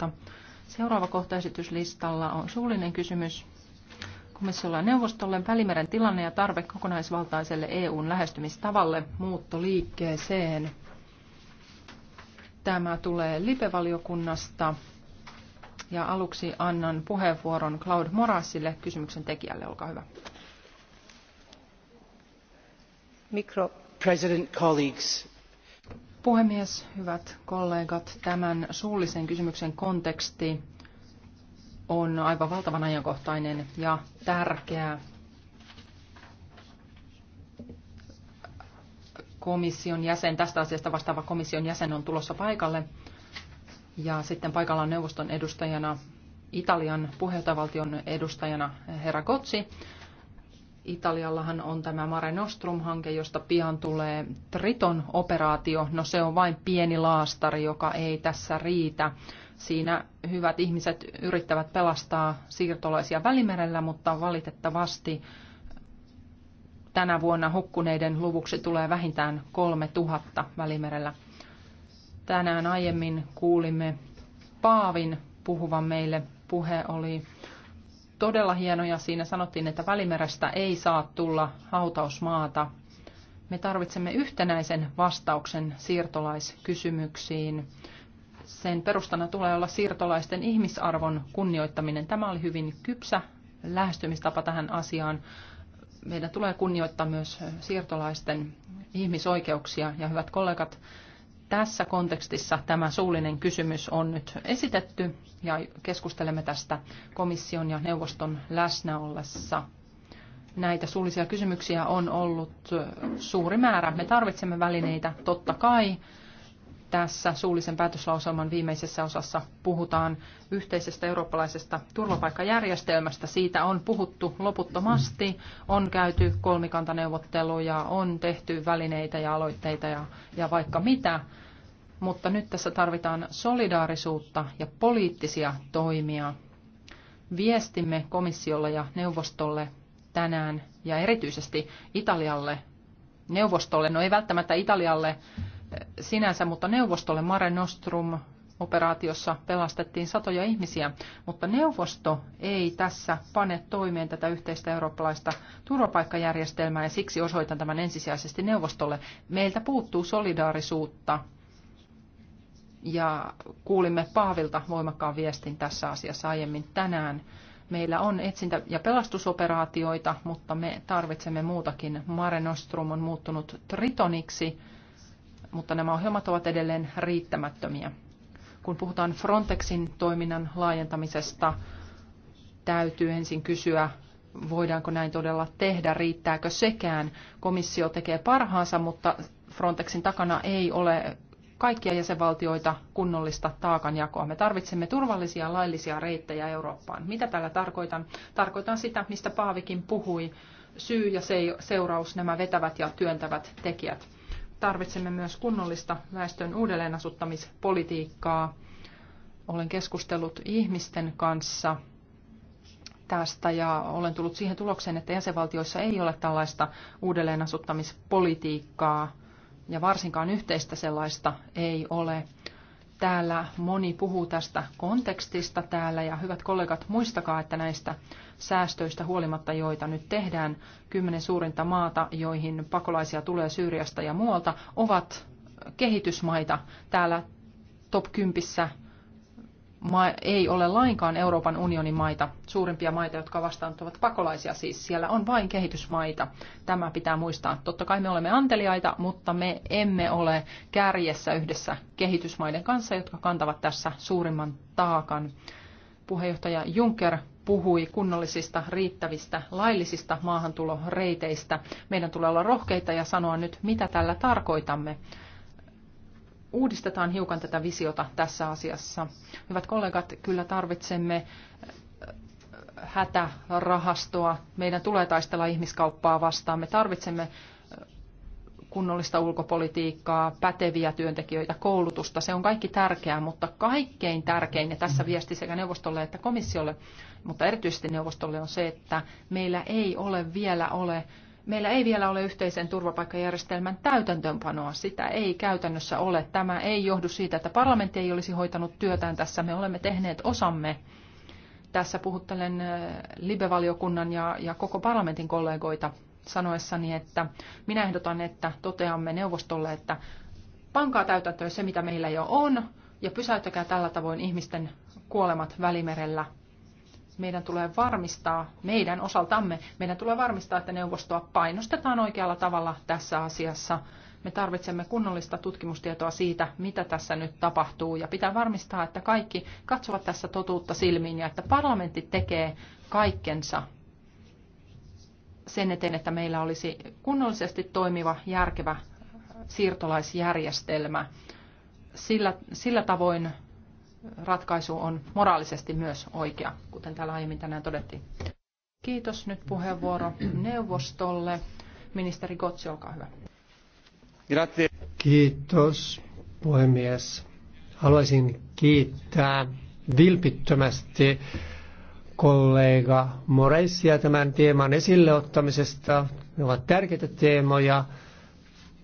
kautta. Seuraava kohta esityslistalla on suullinen kysymys komissiolla ja neuvostolle Välimeren tilanne ja tarve kokonaisvaltaiselle EUn lähestymistavalle muuttoliikkeeseen. Tämä tulee lipevaliokunnasta ja aluksi annan puheenvuoron Claude Morassille kysymyksen tekijälle. Olkaa hyvä. Mikro. President, colleagues, Puhemies, hyvät kollegat, tämän suullisen kysymyksen konteksti on aivan valtavan ajankohtainen ja tärkeä. Komission jäsen, tästä asiasta vastaava komission jäsen on tulossa paikalle. Ja sitten paikalla on neuvoston edustajana Italian puheenjohtajavaltion edustajana herra Kotsi. Italiallahan on tämä Mare Nostrum-hanke, josta pian tulee Triton-operaatio. No se on vain pieni laastari, joka ei tässä riitä. Siinä hyvät ihmiset yrittävät pelastaa siirtolaisia välimerellä, mutta valitettavasti tänä vuonna hukkuneiden luvuksi tulee vähintään 3000 välimerellä. Tänään aiemmin kuulimme Paavin puhuvan meille. Puhe oli todella hienoja siinä sanottiin, että Välimerestä ei saa tulla hautausmaata. Me tarvitsemme yhtenäisen vastauksen siirtolaiskysymyksiin. Sen perustana tulee olla siirtolaisten ihmisarvon kunnioittaminen. Tämä oli hyvin kypsä lähestymistapa tähän asiaan. Meidän tulee kunnioittaa myös siirtolaisten ihmisoikeuksia. Ja hyvät kollegat, tässä kontekstissa tämä suullinen kysymys on nyt esitetty ja keskustelemme tästä komission ja neuvoston läsnä ollessa. Näitä suullisia kysymyksiä on ollut suuri määrä. Me tarvitsemme välineitä totta kai tässä suullisen päätöslauselman viimeisessä osassa puhutaan yhteisestä eurooppalaisesta turvapaikkajärjestelmästä. Siitä on puhuttu loputtomasti, on käyty kolmikantaneuvotteluja, on tehty välineitä ja aloitteita ja, ja vaikka mitä. Mutta nyt tässä tarvitaan solidaarisuutta ja poliittisia toimia. Viestimme komissiolle ja neuvostolle tänään ja erityisesti Italialle, neuvostolle, no ei välttämättä Italialle, sinänsä, mutta neuvostolle Mare Nostrum operaatiossa pelastettiin satoja ihmisiä, mutta neuvosto ei tässä pane toimeen tätä yhteistä eurooppalaista turvapaikkajärjestelmää ja siksi osoitan tämän ensisijaisesti neuvostolle. Meiltä puuttuu solidaarisuutta ja kuulimme Paavilta voimakkaan viestin tässä asiassa aiemmin tänään. Meillä on etsintä- ja pelastusoperaatioita, mutta me tarvitsemme muutakin. Mare Nostrum on muuttunut Tritoniksi mutta nämä ohjelmat ovat edelleen riittämättömiä. Kun puhutaan Frontexin toiminnan laajentamisesta, täytyy ensin kysyä, voidaanko näin todella tehdä, riittääkö sekään. Komissio tekee parhaansa, mutta Frontexin takana ei ole kaikkia jäsenvaltioita kunnollista taakanjakoa. Me tarvitsemme turvallisia laillisia reittejä Eurooppaan. Mitä tällä tarkoitan? Tarkoitan sitä, mistä Paavikin puhui. Syy ja seuraus, nämä vetävät ja työntävät tekijät tarvitsemme myös kunnollista väestön uudelleenasuttamispolitiikkaa. Olen keskustellut ihmisten kanssa tästä ja olen tullut siihen tulokseen, että jäsenvaltioissa ei ole tällaista uudelleenasuttamispolitiikkaa ja varsinkaan yhteistä sellaista ei ole. Täällä moni puhuu tästä kontekstista täällä ja hyvät kollegat, muistakaa, että näistä säästöistä huolimatta, joita nyt tehdään, kymmenen suurinta maata, joihin pakolaisia tulee Syyriasta ja muualta, ovat kehitysmaita täällä top 10 ei ole lainkaan Euroopan unionin maita, suurimpia maita, jotka vastaanottavat pakolaisia siis. Siellä on vain kehitysmaita. Tämä pitää muistaa. Totta kai me olemme anteliaita, mutta me emme ole kärjessä yhdessä kehitysmaiden kanssa, jotka kantavat tässä suurimman taakan. Puheenjohtaja Juncker puhui kunnollisista, riittävistä, laillisista maahantuloreiteistä. Meidän tulee olla rohkeita ja sanoa nyt, mitä tällä tarkoitamme uudistetaan hiukan tätä visiota tässä asiassa. Hyvät kollegat, kyllä tarvitsemme äh, hätärahastoa. Meidän tulee taistella ihmiskauppaa vastaan. Me tarvitsemme äh, kunnollista ulkopolitiikkaa, päteviä työntekijöitä, koulutusta. Se on kaikki tärkeää, mutta kaikkein tärkein, ja tässä viesti sekä neuvostolle että komissiolle, mutta erityisesti neuvostolle on se, että meillä ei ole vielä ole Meillä ei vielä ole yhteisen turvapaikkajärjestelmän täytäntöönpanoa. Sitä ei käytännössä ole. Tämä ei johdu siitä, että parlamentti ei olisi hoitanut työtään tässä. Me olemme tehneet osamme. Tässä puhuttelen äh, libevaliokunnan ja, ja koko parlamentin kollegoita sanoessani, että minä ehdotan, että toteamme neuvostolle, että pankaa täytäntöön se, mitä meillä jo on, ja pysäyttäkää tällä tavoin ihmisten kuolemat välimerellä meidän tulee varmistaa, meidän osaltamme, meidän tulee varmistaa, että neuvostoa painostetaan oikealla tavalla tässä asiassa. Me tarvitsemme kunnollista tutkimustietoa siitä, mitä tässä nyt tapahtuu, ja pitää varmistaa, että kaikki katsovat tässä totuutta silmiin ja että parlamentti tekee kaikkensa sen eteen, että meillä olisi kunnollisesti toimiva, järkevä siirtolaisjärjestelmä. Sillä, sillä tavoin ratkaisu on moraalisesti myös oikea, kuten täällä aiemmin tänään todettiin. Kiitos. Nyt puheenvuoro neuvostolle. Ministeri Gotsi, olkaa hyvä. Kiitos, puhemies. Haluaisin kiittää vilpittömästi kollega Moreisia tämän teeman esille ottamisesta. Ne ovat tärkeitä teemoja.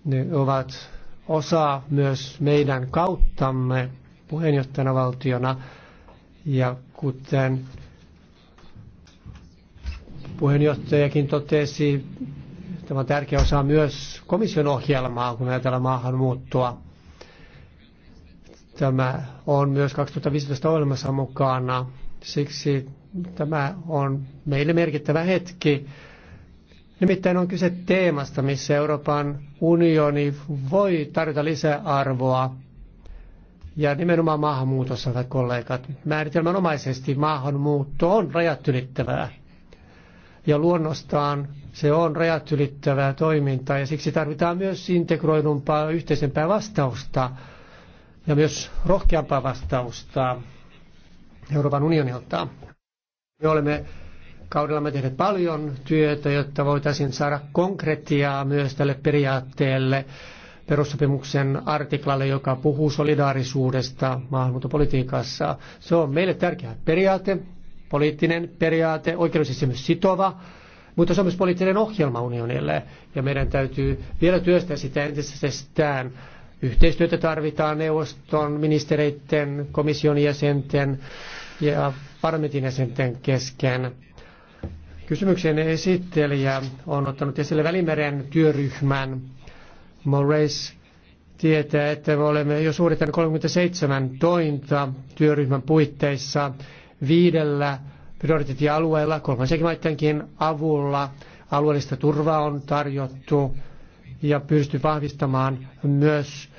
Ne ovat osa myös meidän kauttamme puheenjohtajana valtiona. Ja kuten puheenjohtajakin totesi, tämä on tärkeä osa myös komission ohjelmaa, kun ajatellaan maahanmuuttoa. Tämä on myös 2015 ohjelmassa mukana. Siksi tämä on meille merkittävä hetki. Nimittäin on kyse teemasta, missä Euroopan unioni voi tarjota lisäarvoa ja nimenomaan maahanmuutossa, hyvät kollegat. Määritelmänomaisesti maahanmuutto on rajat ylittävää. Ja luonnostaan se on rajat ylittävää toimintaa ja siksi tarvitaan myös integroidumpaa yhteisempää vastausta ja myös rohkeampaa vastausta Euroopan unionilta. Me olemme me tehneet paljon työtä, jotta voitaisiin saada konkretiaa myös tälle periaatteelle perussopimuksen artiklalle, joka puhuu solidaarisuudesta maahanmuuttopolitiikassa. Se on meille tärkeä periaate, poliittinen periaate, oikeudellisesti myös sitova, mutta se on myös poliittinen ohjelma unionille, ja meidän täytyy vielä työstää sitä entisestään. Yhteistyötä tarvitaan neuvoston, ministereiden, komission jäsenten ja parlamentin jäsenten kesken. Kysymyksen esittelijä on ottanut esille Välimeren työryhmän Morales tietää, että me olemme jo suorittaneet 37 tointa työryhmän puitteissa viidellä prioriteettialueella, kolmansiakin maidenkin avulla. Alueellista turvaa on tarjottu ja pyritty vahvistamaan myös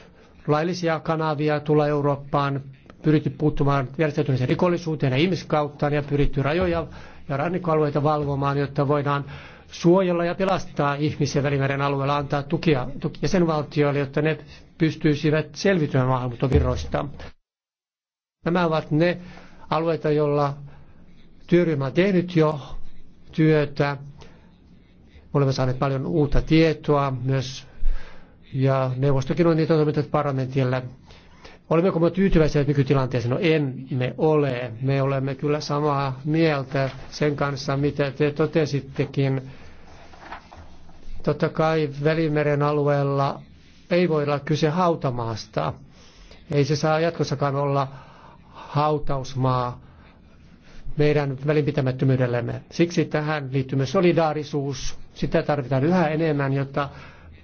laillisia kanavia tulla Eurooppaan, pyritty puuttumaan järjestäytymisen rikollisuuteen ja ihmiskauttaan ja pyritty rajoja ja rannikkoalueita valvomaan, jotta voidaan suojella ja pelastaa ihmisiä Välimeren alueella, antaa tukia jäsenvaltioille, jotta ne pystyisivät selviytymään maahanmuuttovirroista. Nämä ovat ne alueita, joilla työryhmä on tehnyt jo työtä. Me olemme saaneet paljon uutta tietoa myös ja neuvostokin on niitä toimittanut parlamentille. Olemmeko me tyytyväisiä nykytilanteeseen? No emme ole. Me olemme kyllä samaa mieltä sen kanssa, mitä te totesittekin. Totta kai Välimeren alueella ei voi olla kyse hautamaasta. Ei se saa jatkossakaan olla hautausmaa meidän välinpitämättömyydellemme. Siksi tähän liittyy myös solidaarisuus. Sitä tarvitaan yhä enemmän, jotta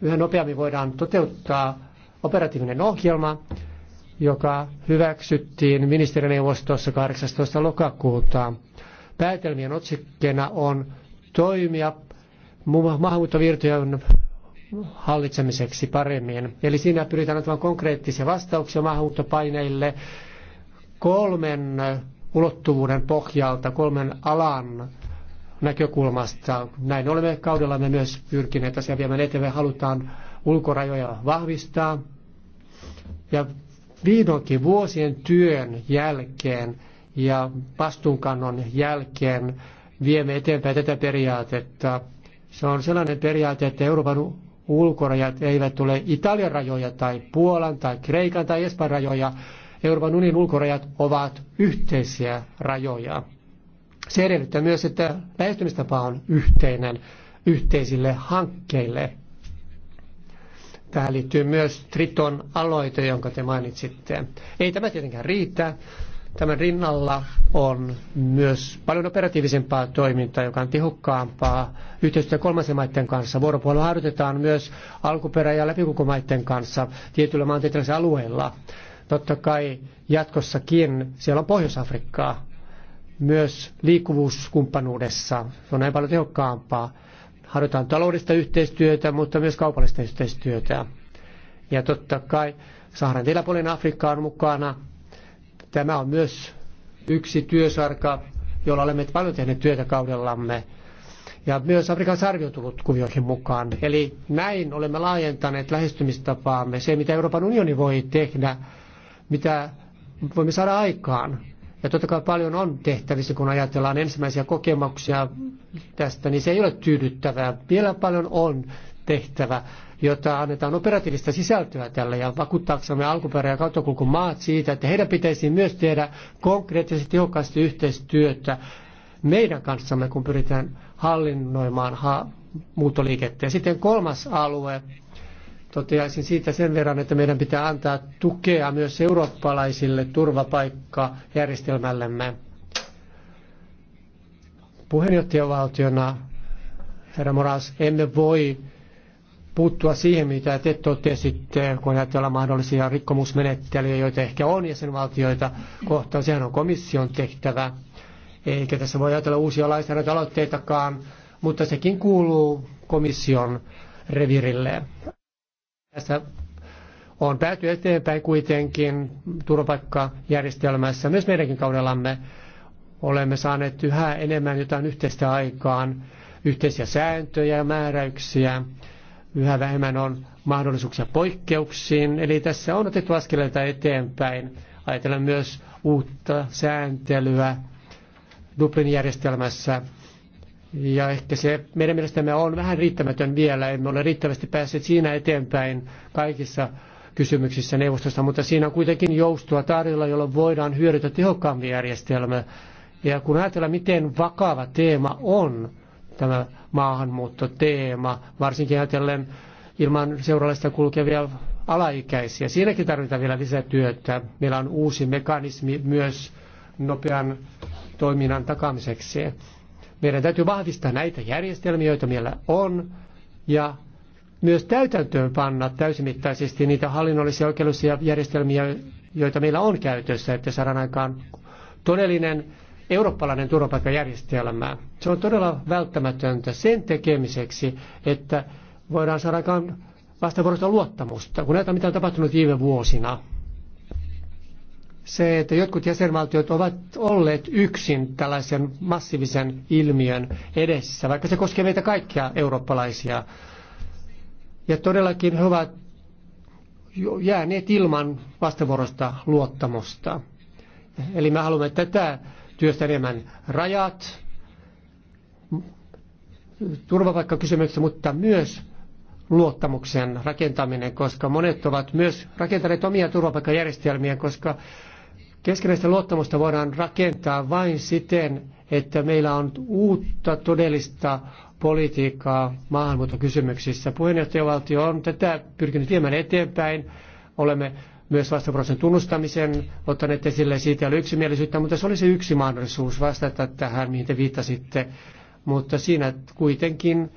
yhä nopeammin voidaan toteuttaa operatiivinen ohjelma joka hyväksyttiin ministerineuvostossa 18. lokakuuta. Päätelmien otsikkeena on toimia maahanmuuttovirtojen hallitsemiseksi paremmin. Eli siinä pyritään antamaan konkreettisia vastauksia maahanmuuttopaineille kolmen ulottuvuuden pohjalta, kolmen alan näkökulmasta. Näin olemme kaudella me myös pyrkineet asiaa viemään eteenpäin. Halutaan ulkorajoja vahvistaa ja vihdoinkin vuosien työn jälkeen ja vastuunkannon jälkeen viemme eteenpäin tätä periaatetta. Se on sellainen periaate, että Euroopan ulkorajat eivät ole Italian rajoja tai Puolan tai Kreikan tai Espanjan rajoja. Euroopan unionin ulkorajat ovat yhteisiä rajoja. Se edellyttää myös, että lähestymistapa on yhteinen yhteisille hankkeille – Tähän liittyy myös Triton aloite, jonka te mainitsitte. Ei tämä tietenkään riitä. Tämän rinnalla on myös paljon operatiivisempaa toimintaa, joka on tehokkaampaa. Yhteistyö kolmansien maiden kanssa. Vuoropuhelu harjoitetaan myös alkuperä- ja läpikulkumaiden kanssa tietyillä maantieteellisillä alueilla. Totta kai jatkossakin siellä on Pohjois-Afrikkaa myös liikkuvuuskumppanuudessa. Se on näin paljon tehokkaampaa Harjoitetaan taloudellista yhteistyötä, mutta myös kaupallista yhteistyötä. Ja totta kai Saharan teläpuolen Afrikka on mukana. Tämä on myös yksi työsarka, jolla olemme paljon tehneet työtä kaudellamme. Ja myös Afrikan sarvi on tullut kuvioihin mukaan. Eli näin olemme laajentaneet lähestymistapaamme. Se, mitä Euroopan unioni voi tehdä, mitä voimme saada aikaan. Ja totta kai paljon on tehtävissä, kun ajatellaan ensimmäisiä kokemuksia tästä, niin se ei ole tyydyttävää. Vielä paljon on tehtävä, jota annetaan operatiivista sisältöä tällä ja vakuuttaaksemme alkuperä- ja maat siitä, että heidän pitäisi myös tehdä konkreettisesti tehokkaasti yhteistyötä meidän kanssamme, kun pyritään hallinnoimaan ha- muuttoliikettä. Ja sitten kolmas alue, Toteaisin siitä sen verran, että meidän pitää antaa tukea myös eurooppalaisille turvapaikkajärjestelmällemme. Puheenjohtajavaltiona, herra Moras, emme voi puuttua siihen, mitä te totesitte, kun ajatellaan mahdollisia rikkomusmenettelyjä, joita ehkä on jäsenvaltioita kohtaan. Sehän on komission tehtävä, eikä tässä voi ajatella uusia lainsäädäntöaloitteitakaan, mutta sekin kuuluu komission reviirilleen. Tässä on päätty eteenpäin kuitenkin turvapaikkajärjestelmässä. Myös meidänkin kaudellamme olemme saaneet yhä enemmän jotain yhteistä aikaan, yhteisiä sääntöjä ja määräyksiä. Yhä vähemmän on mahdollisuuksia poikkeuksiin, eli tässä on otettu askeleita eteenpäin. Ajatellaan myös uutta sääntelyä Dublin-järjestelmässä ja ehkä se meidän mielestämme on vähän riittämätön vielä. Emme ole riittävästi päässeet siinä eteenpäin kaikissa kysymyksissä neuvostosta, mutta siinä on kuitenkin joustoa tarjolla, jolla voidaan hyödyntää tehokkaampi järjestelmä. Ja kun ajatellaan, miten vakava teema on tämä maahanmuuttoteema, varsinkin ajatellen ilman seuralaista kulkevia alaikäisiä. Siinäkin tarvitaan vielä lisätyötä. Meillä on uusi mekanismi myös nopean toiminnan takamiseksi. Meidän täytyy vahvistaa näitä järjestelmiä, joita meillä on, ja myös täytäntöön panna täysimittaisesti niitä hallinnollisia oikeudellisia järjestelmiä, joita meillä on käytössä, että saadaan aikaan todellinen eurooppalainen turvapaikkajärjestelmä. Se on todella välttämätöntä sen tekemiseksi, että voidaan saada aikaan vastavuoroista luottamusta, kun näitä mitä on tapahtunut viime vuosina se, että jotkut jäsenvaltiot ovat olleet yksin tällaisen massiivisen ilmiön edessä, vaikka se koskee meitä kaikkia eurooppalaisia. Ja todellakin he ovat jääneet ilman vastavuorosta luottamusta. Eli me haluamme tätä työstä enemmän rajat, turvapaikkakysymyksiä, mutta myös luottamuksen rakentaminen, koska monet ovat myös rakentaneet omia turvapaikkajärjestelmiä, koska Keskinäistä luottamusta voidaan rakentaa vain siten, että meillä on uutta todellista politiikkaa maahanmuuttokysymyksissä. Puheenjohtajavaltio on tätä pyrkinyt viemään eteenpäin. Olemme myös vastaprosessin tunnustamisen ottaneet esille. Siitä oli yksimielisyyttä, mutta se olisi yksi mahdollisuus vastata tähän, mihin te viittasitte. Mutta siinä kuitenkin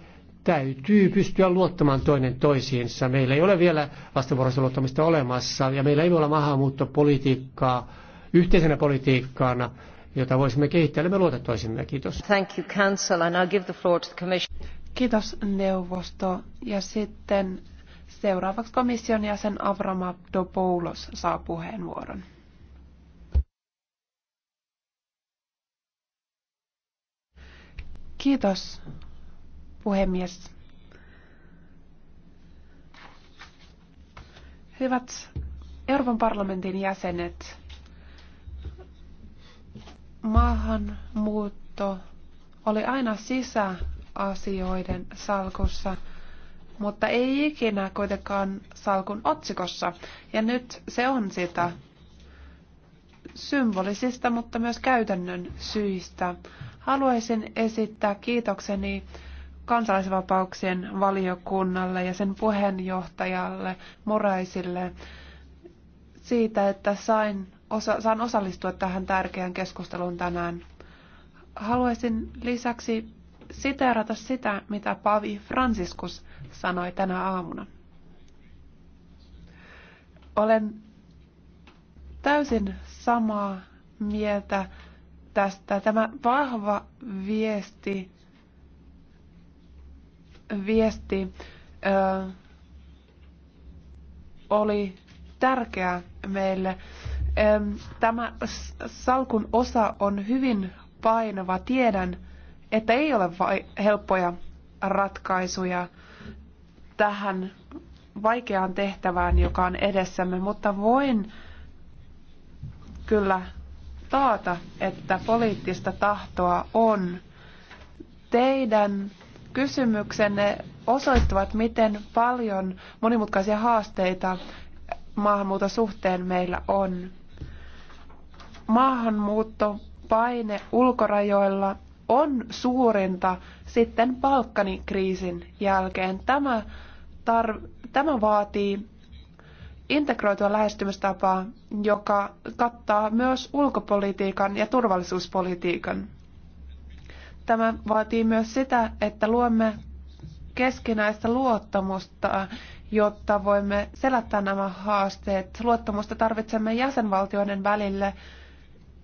täytyy pystyä luottamaan toinen toisiinsa. Meillä ei ole vielä vastavuoroista luottamista olemassa ja meillä ei ole maahanmuuttopolitiikkaa, yhteisenä politiikkaana, jota voisimme kehittää. Eli me luota toisimme. Kiitos. Thank you, Council, and I'll give the floor to the Commission. Kiitos neuvosto. Ja sitten seuraavaksi komission jäsen Avramadopoulos saa puheenvuoron. Kiitos, puhemies. Hyvät Euroopan parlamentin jäsenet, Maahanmuutto oli aina sisäasioiden salkussa, mutta ei ikinä kuitenkaan salkun otsikossa. Ja nyt se on sitä symbolisista, mutta myös käytännön syistä. Haluaisin esittää kiitokseni kansalaisvapauksien valiokunnalle ja sen puheenjohtajalle Moraisille siitä, että sain osa, saan osallistua tähän tärkeään keskusteluun tänään. Haluaisin lisäksi siteerata sitä, mitä Paavi Franciscus sanoi tänä aamuna. Olen täysin samaa mieltä tästä. Tämä vahva viesti, viesti ö, oli tärkeä meille. Tämä salkun osa on hyvin painava. Tiedän, että ei ole helppoja ratkaisuja tähän vaikeaan tehtävään, joka on edessämme, mutta voin kyllä taata, että poliittista tahtoa on. Teidän kysymyksenne osoittavat, miten paljon monimutkaisia haasteita maahanmuuton suhteen meillä on maahanmuutto paine ulkorajoilla on suurinta sitten Balkanin kriisin jälkeen. Tämä, tar- tämä vaatii integroitua lähestymistapaa, joka kattaa myös ulkopolitiikan ja turvallisuuspolitiikan. Tämä vaatii myös sitä, että luomme keskinäistä luottamusta, jotta voimme selättää nämä haasteet. Luottamusta tarvitsemme jäsenvaltioiden välille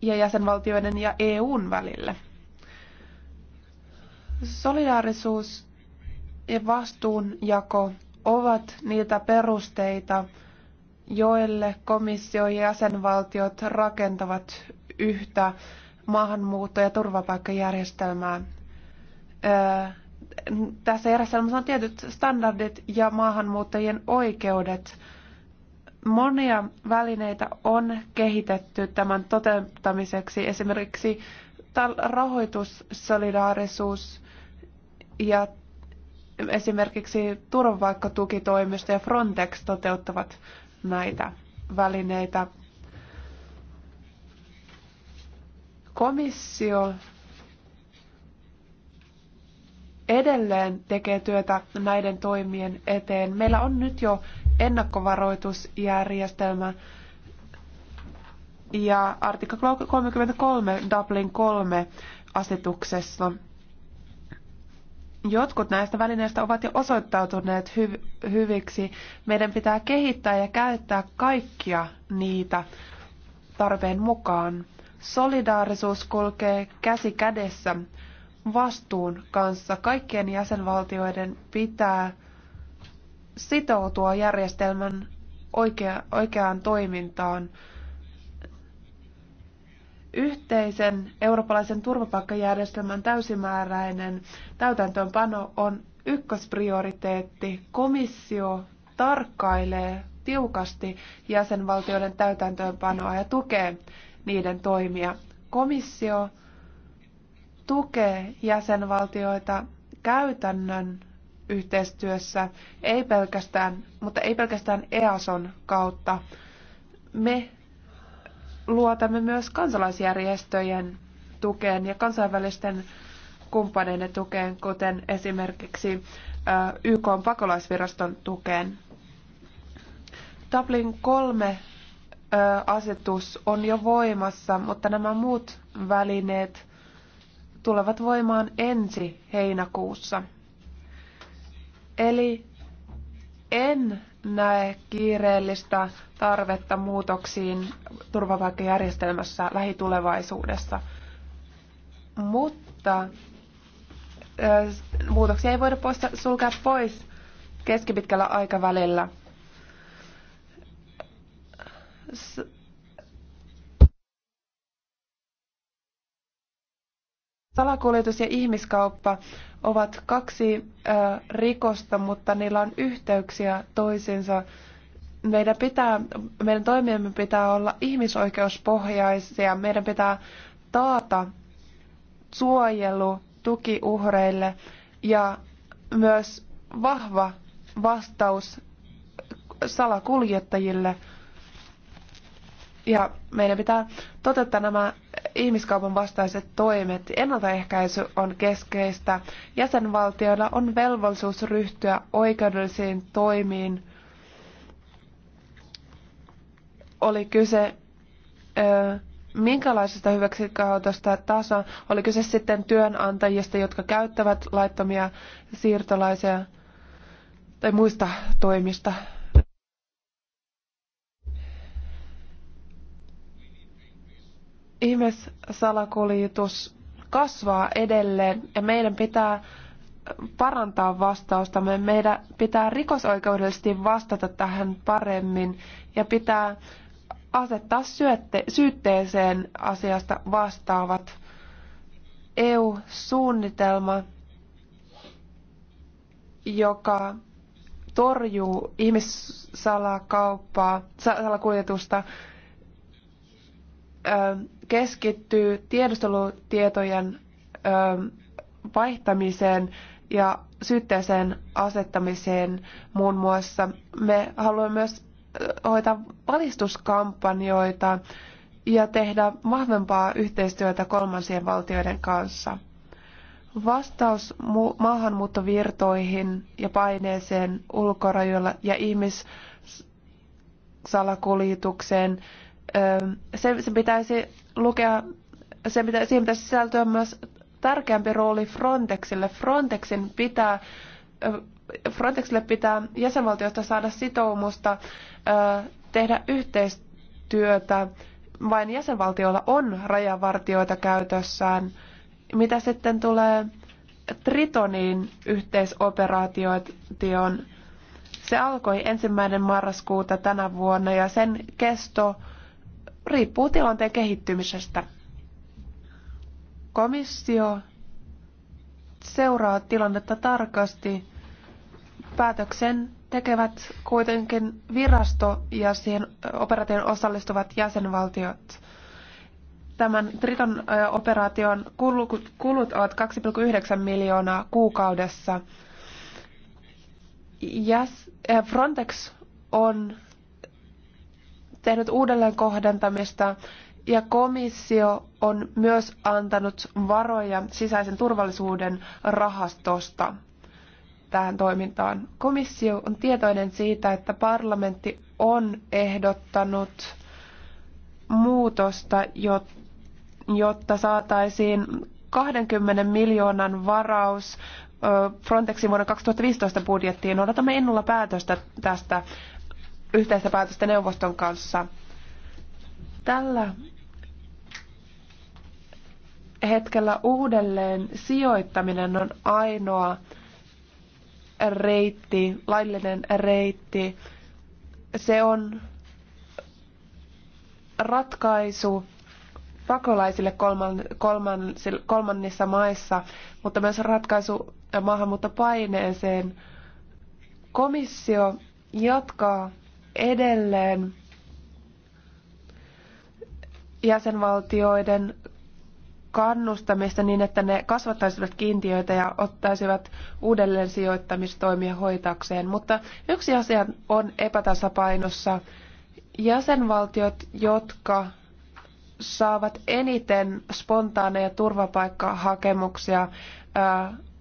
ja jäsenvaltioiden ja EUn välille. Solidaarisuus ja vastuunjako ovat niitä perusteita, joille komissio ja jäsenvaltiot rakentavat yhtä maahanmuutto- ja turvapaikkajärjestelmää. Tässä järjestelmässä on tietyt standardit ja maahanmuuttajien oikeudet. Monia välineitä on kehitetty tämän toteuttamiseksi, esimerkiksi rahoitussolidaarisuus ja esimerkiksi turvapaikkatukitoimisto ja Frontex toteuttavat näitä välineitä. Komissio edelleen tekee työtä näiden toimien eteen. Meillä on nyt jo ennakkovaroitusjärjestelmä ja artikla 33 Dublin 3 asetuksessa. Jotkut näistä välineistä ovat jo osoittautuneet hyv- hyviksi. Meidän pitää kehittää ja käyttää kaikkia niitä tarpeen mukaan. Solidaarisuus kulkee käsi kädessä vastuun kanssa. Kaikkien jäsenvaltioiden pitää sitoutua järjestelmän oikea, oikeaan toimintaan. Yhteisen eurooppalaisen turvapaikkajärjestelmän täysimääräinen täytäntöönpano on ykkösprioriteetti. Komissio tarkkailee tiukasti jäsenvaltioiden täytäntöönpanoa ja tukee niiden toimia. Komissio tukee jäsenvaltioita käytännön yhteistyössä, ei pelkästään, mutta ei pelkästään EASON kautta. Me luotamme myös kansalaisjärjestöjen tukeen ja kansainvälisten kumppaneiden tukeen, kuten esimerkiksi YK pakolaisviraston tukeen. Dublin 3 asetus on jo voimassa, mutta nämä muut välineet tulevat voimaan ensi heinäkuussa. Eli en näe kiireellistä tarvetta muutoksiin turvapaikkajärjestelmässä lähitulevaisuudessa, mutta muutoksia ei voida poista, sulkea pois keskipitkällä aikavälillä. S- Salakuljetus ja ihmiskauppa ovat kaksi rikosta, mutta niillä on yhteyksiä toisiinsa. Meidän, pitää, meidän toimiemme pitää olla ihmisoikeuspohjaisia. Meidän pitää taata suojelu tukiuhreille ja myös vahva vastaus salakuljettajille. Ja meidän pitää toteuttaa nämä ihmiskaupan vastaiset toimet. Ennaltaehkäisy on keskeistä. Jäsenvaltioilla on velvollisuus ryhtyä oikeudellisiin toimiin. Oli kyse ö, minkälaisesta hyväksikäytöstä tasa, oli kyse sitten työnantajista, jotka käyttävät laittomia siirtolaisia tai muista toimista. ihmissalakuljetus kasvaa edelleen ja meidän pitää parantaa vastausta. Meidän pitää rikosoikeudellisesti vastata tähän paremmin ja pitää asettaa syötte, syytteeseen asiasta vastaavat. EU-suunnitelma, joka torjuu ihmissalakuljetusta, keskittyy tiedustelutietojen vaihtamiseen ja syytteeseen asettamiseen muun muassa. Me haluamme myös hoitaa valistuskampanjoita ja tehdä vahvempaa yhteistyötä kolmansien valtioiden kanssa. Vastaus maahanmuuttovirtoihin ja paineeseen ulkorajoilla ja ihmissalakuljetukseen se, se pitäisi lukea, se pitä, siihen pitäisi sisältyä myös tärkeämpi rooli Frontexille. Frontexin pitää, Frontexille pitää jäsenvaltiosta saada sitoumusta tehdä yhteistyötä. Vain jäsenvaltioilla on rajavartioita käytössään. Mitä sitten tulee Tritoniin yhteisoperaatioon, se alkoi ensimmäinen marraskuuta tänä vuonna ja sen kesto riippuu tilanteen kehittymisestä. Komissio seuraa tilannetta tarkasti. Päätöksen tekevät kuitenkin virasto ja siihen operaatioon osallistuvat jäsenvaltiot. Tämän Triton operaation kulut ovat 2,9 miljoonaa kuukaudessa. Frontex on tehnyt uudelleen kohdentamista ja komissio on myös antanut varoja sisäisen turvallisuuden rahastosta tähän toimintaan. Komissio on tietoinen siitä, että parlamentti on ehdottanut muutosta, jotta saataisiin 20 miljoonan varaus Frontexin vuoden 2015 budjettiin. Odotamme innolla päätöstä tästä yhteistä päätöstä neuvoston kanssa. Tällä hetkellä uudelleen sijoittaminen on ainoa reitti, laillinen reitti. Se on ratkaisu pakolaisille kolman, kolman, kolmannissa maissa, mutta myös ratkaisu maahanmuuttopaineeseen. Komissio jatkaa edelleen jäsenvaltioiden kannustamista niin, että ne kasvattaisivat kiintiöitä ja ottaisivat uudelleen sijoittamistoimia hoitakseen. Mutta yksi asia on epätasapainossa. Jäsenvaltiot, jotka saavat eniten spontaaneja turvapaikkahakemuksia,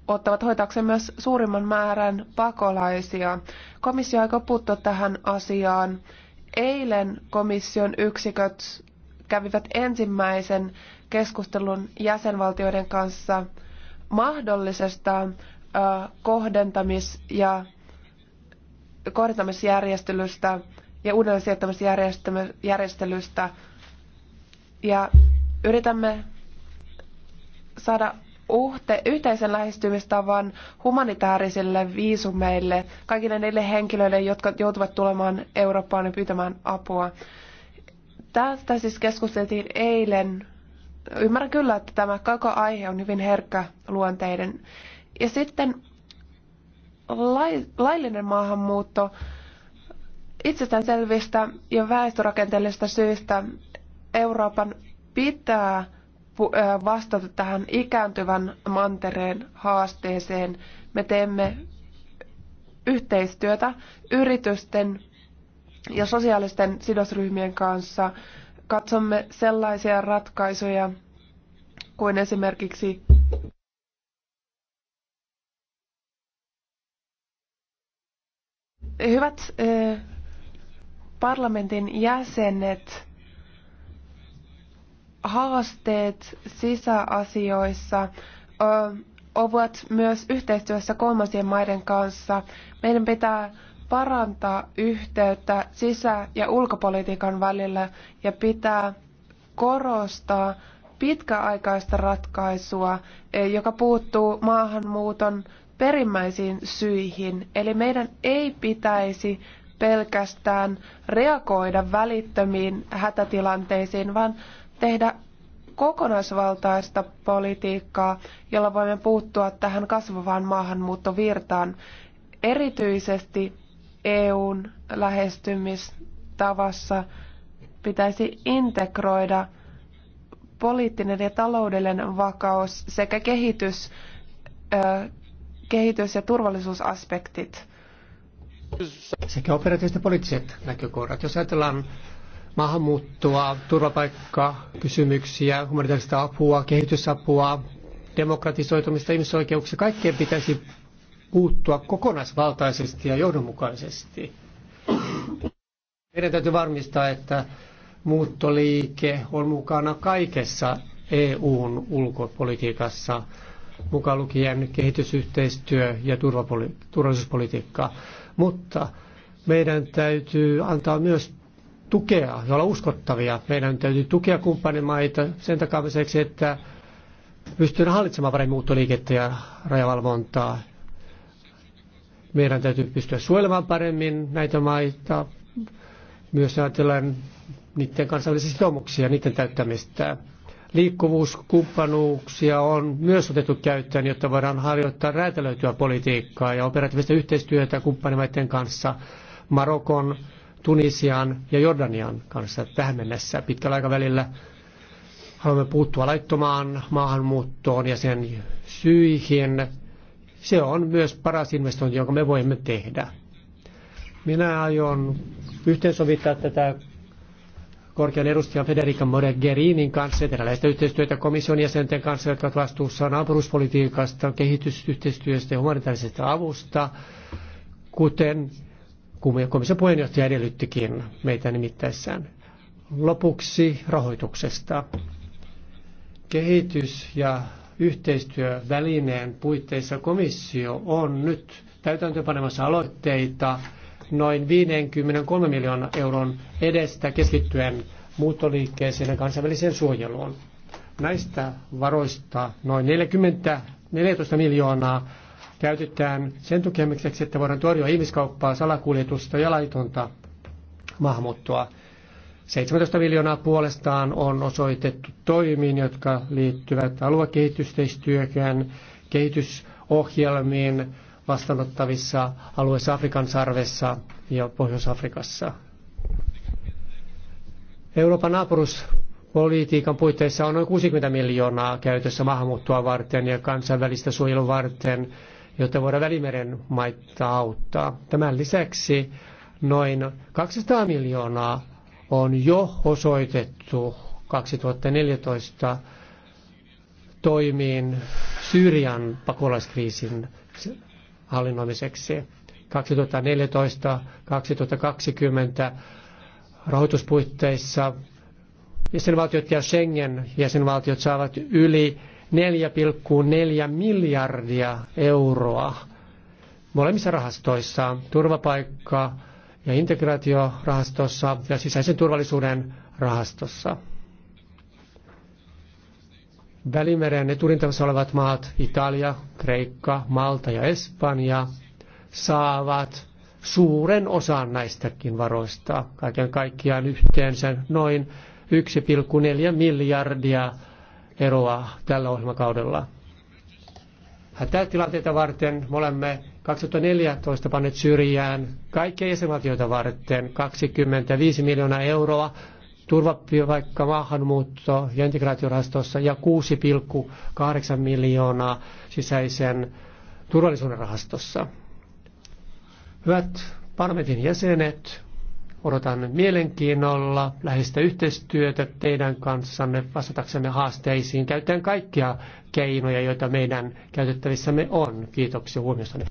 ottavat hoitaakseen myös suurimman määrän pakolaisia. Komissio aikoo puuttua tähän asiaan. Eilen komission yksiköt kävivät ensimmäisen keskustelun jäsenvaltioiden kanssa mahdollisesta kohdentamis- ja kohdentamisjärjestelystä ja uudelleensijoittamisjärjestelystä. Ja yritämme saada uhte, yhteisen lähestymistavan humanitaarisille viisumeille kaikille niille henkilöille, jotka joutuvat tulemaan Eurooppaan ja pyytämään apua. Tästä siis keskusteltiin eilen. Ymmärrän kyllä, että tämä koko aihe on hyvin herkkä luonteiden. Ja sitten lai, laillinen maahanmuutto itsestäänselvistä ja väestörakenteellisista syistä Euroopan pitää Äh, vastata tähän ikääntyvän mantereen haasteeseen. Me teemme yhteistyötä yritysten ja sosiaalisten sidosryhmien kanssa. Katsomme sellaisia ratkaisuja kuin esimerkiksi hyvät äh, parlamentin jäsenet, haasteet sisäasioissa ovat myös yhteistyössä kolmansien maiden kanssa. Meidän pitää parantaa yhteyttä sisä- ja ulkopolitiikan välillä ja pitää korostaa pitkäaikaista ratkaisua, e, joka puuttuu maahanmuuton perimmäisiin syihin. Eli meidän ei pitäisi pelkästään reagoida välittömiin hätätilanteisiin, vaan tehdä kokonaisvaltaista politiikkaa, jolla voimme puuttua tähän kasvavaan maahanmuuttovirtaan, erityisesti EUn lähestymistavassa pitäisi integroida poliittinen ja taloudellinen vakaus sekä kehitys, kehitys- ja turvallisuusaspektit. Sekä operatiiviset ja poliittiset näkökohdat. Jos ajatellaan maahanmuuttoa, turvapaikkakysymyksiä, humanitaarista apua, kehitysapua, demokratisoitumista, ihmisoikeuksia. Kaikkeen pitäisi puuttua kokonaisvaltaisesti ja johdonmukaisesti. Meidän täytyy varmistaa, että muuttoliike on mukana kaikessa EUn ulkopolitiikassa, mukaan lukien kehitysyhteistyö ja turvallisuuspolitiikka. Mutta meidän täytyy antaa myös tukea ja olla uskottavia. Meidän täytyy tukea kumppanimaita sen takaamiseksi, että pystyy hallitsemaan paremmin muuttoliikettä ja rajavalvontaa. Meidän täytyy pystyä suojelemaan paremmin näitä maita, myös ajatellaan niiden kansallisia sitoumuksia ja niiden täyttämistä. Liikkuvuuskumppanuuksia on myös otettu käyttöön, jotta voidaan harjoittaa räätälöityä politiikkaa ja operatiivista yhteistyötä kumppanimaiden kanssa. Marokon Tunisian ja Jordanian kanssa tähän mennessä pitkällä aikavälillä. Haluamme puuttua laittomaan maahanmuuttoon ja sen syihin. Se on myös paras investointi, jonka me voimme tehdä. Minä aion yhteensovittaa tätä korkean edustajan Federica Moregherinin kanssa, eteläistä yhteistyötä komission jäsenten kanssa, jotka ovat vastuussa naapuruspolitiikasta, kehitysyhteistyöstä ja humanitaarisesta avusta, kuten komission puheenjohtaja edellyttikin meitä nimittäessään. Lopuksi rahoituksesta. Kehitys- ja yhteistyövälineen puitteissa komissio on nyt täytäntöönpanemassa aloitteita noin 53 miljoonan euron edestä keskittyen muuttoliikkeeseen ja kansainväliseen suojeluun. Näistä varoista noin 40, 14 miljoonaa käytetään sen tukemiseksi, että voidaan torjua ihmiskauppaa, salakuljetusta ja laitonta maahanmuuttoa. 17 miljoonaa puolestaan on osoitettu toimiin, jotka liittyvät aluekehitysteistyökään, kehitysohjelmiin vastaanottavissa alueissa Afrikan sarvessa ja Pohjois-Afrikassa. Euroopan naapuruspolitiikan puitteissa on noin 60 miljoonaa käytössä maahanmuuttoa varten ja kansainvälistä suojelua varten jotta voidaan Välimeren maita auttaa. Tämän lisäksi noin 200 miljoonaa on jo osoitettu 2014 toimiin Syyrian pakolaiskriisin hallinnoimiseksi. 2014-2020 rahoituspuitteissa jäsenvaltiot ja Schengen jäsenvaltiot saavat yli 4,4 miljardia euroa molemmissa rahastoissa, turvapaikka- ja integraatiorahastossa ja sisäisen turvallisuuden rahastossa. Välimeren eturintamassa olevat maat, Italia, Kreikka, Malta ja Espanja, saavat suuren osan näistäkin varoista, kaiken kaikkiaan yhteensä noin 1,4 miljardia eroa tällä ohjelmakaudella. Hätätilanteita varten me olemme 2014 panneet syrjään kaikkia jäsenvaltioita varten 25 miljoonaa euroa turvapaikka, maahanmuutto ja integraatiorahastossa ja 6,8 miljoonaa sisäisen turvallisuuden rahastossa. Hyvät parlamentin jäsenet, Odotan mielenkiinnolla läheistä yhteistyötä teidän kanssanne vastataksemme haasteisiin käyttäen kaikkia keinoja, joita meidän käytettävissämme on. Kiitoksia huomiostanne.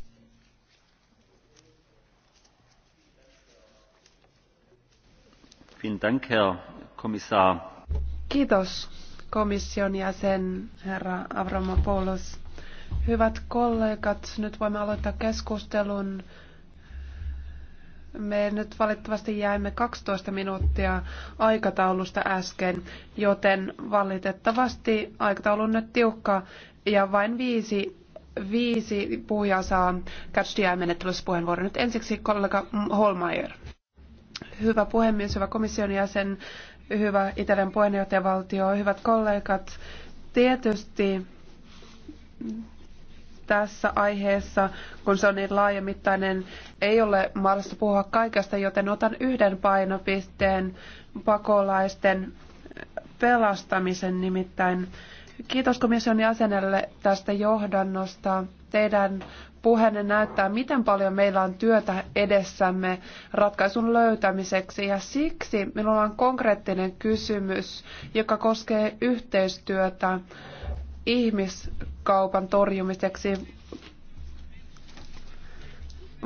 Kiitos komission jäsen herra Avramopoulos. Hyvät kollegat, nyt voimme aloittaa keskustelun. Me nyt valitettavasti jäimme 12 minuuttia aikataulusta äsken, joten valitettavasti aikataulu on nyt tiukka ja vain viisi, viisi puhujaa saa catch the menettelyssä puheenvuoron. Nyt ensiksi kollega Holmeier. Hyvä puhemies, hyvä komission jäsen, hyvä Italian puheenjohtajavaltio, hyvät kollegat. Tietysti tässä aiheessa, kun se on niin laajamittainen, ei ole mahdollista puhua kaikesta, joten otan yhden painopisteen pakolaisten pelastamisen nimittäin. Kiitos komission jäsenelle tästä johdannosta. Teidän puheenne näyttää, miten paljon meillä on työtä edessämme ratkaisun löytämiseksi. Ja siksi minulla on konkreettinen kysymys, joka koskee yhteistyötä ihmiskaupan torjumiseksi.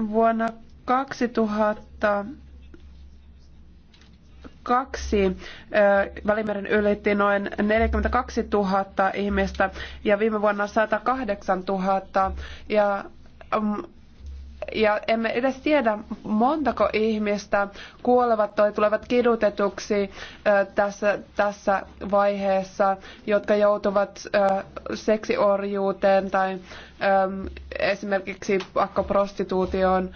Vuonna 2002 kaksi. Välimeren ylitti noin 42 000 ihmistä ja viime vuonna 108 000. Ja mm, ja emme edes tiedä, montako ihmistä kuolevat tai tulevat kidutetuksi tässä, tässä vaiheessa, jotka joutuvat seksiorjuuteen tai esimerkiksi pakkoprostituutioon.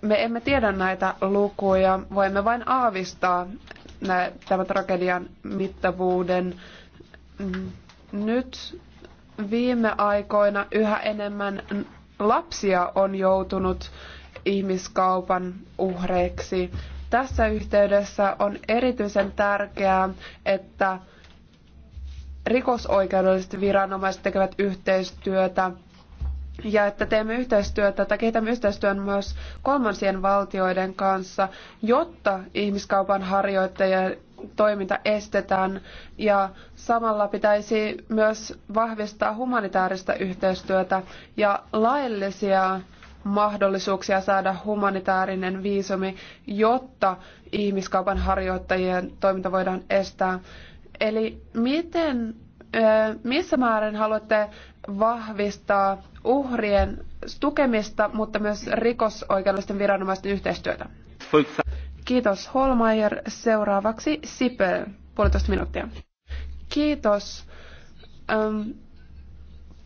Me emme tiedä näitä lukuja, voimme vain aavistaa tämän tragedian mittavuuden. Nyt viime aikoina yhä enemmän lapsia on joutunut ihmiskaupan uhreiksi. Tässä yhteydessä on erityisen tärkeää, että rikosoikeudelliset viranomaiset tekevät yhteistyötä ja että teemme yhteistyötä tai kehitämme yhteistyön myös kolmansien valtioiden kanssa, jotta ihmiskaupan harjoittajia toiminta estetään ja samalla pitäisi myös vahvistaa humanitaarista yhteistyötä ja laillisia mahdollisuuksia saada humanitaarinen viisumi, jotta ihmiskaupan harjoittajien toiminta voidaan estää. Eli miten, missä määrin haluatte vahvistaa uhrien tukemista, mutta myös rikosoikeudellisten viranomaisten yhteistyötä? Kiitos Holmeier. Seuraavaksi Sipö, puolitoista minuuttia. Kiitos. Ähm,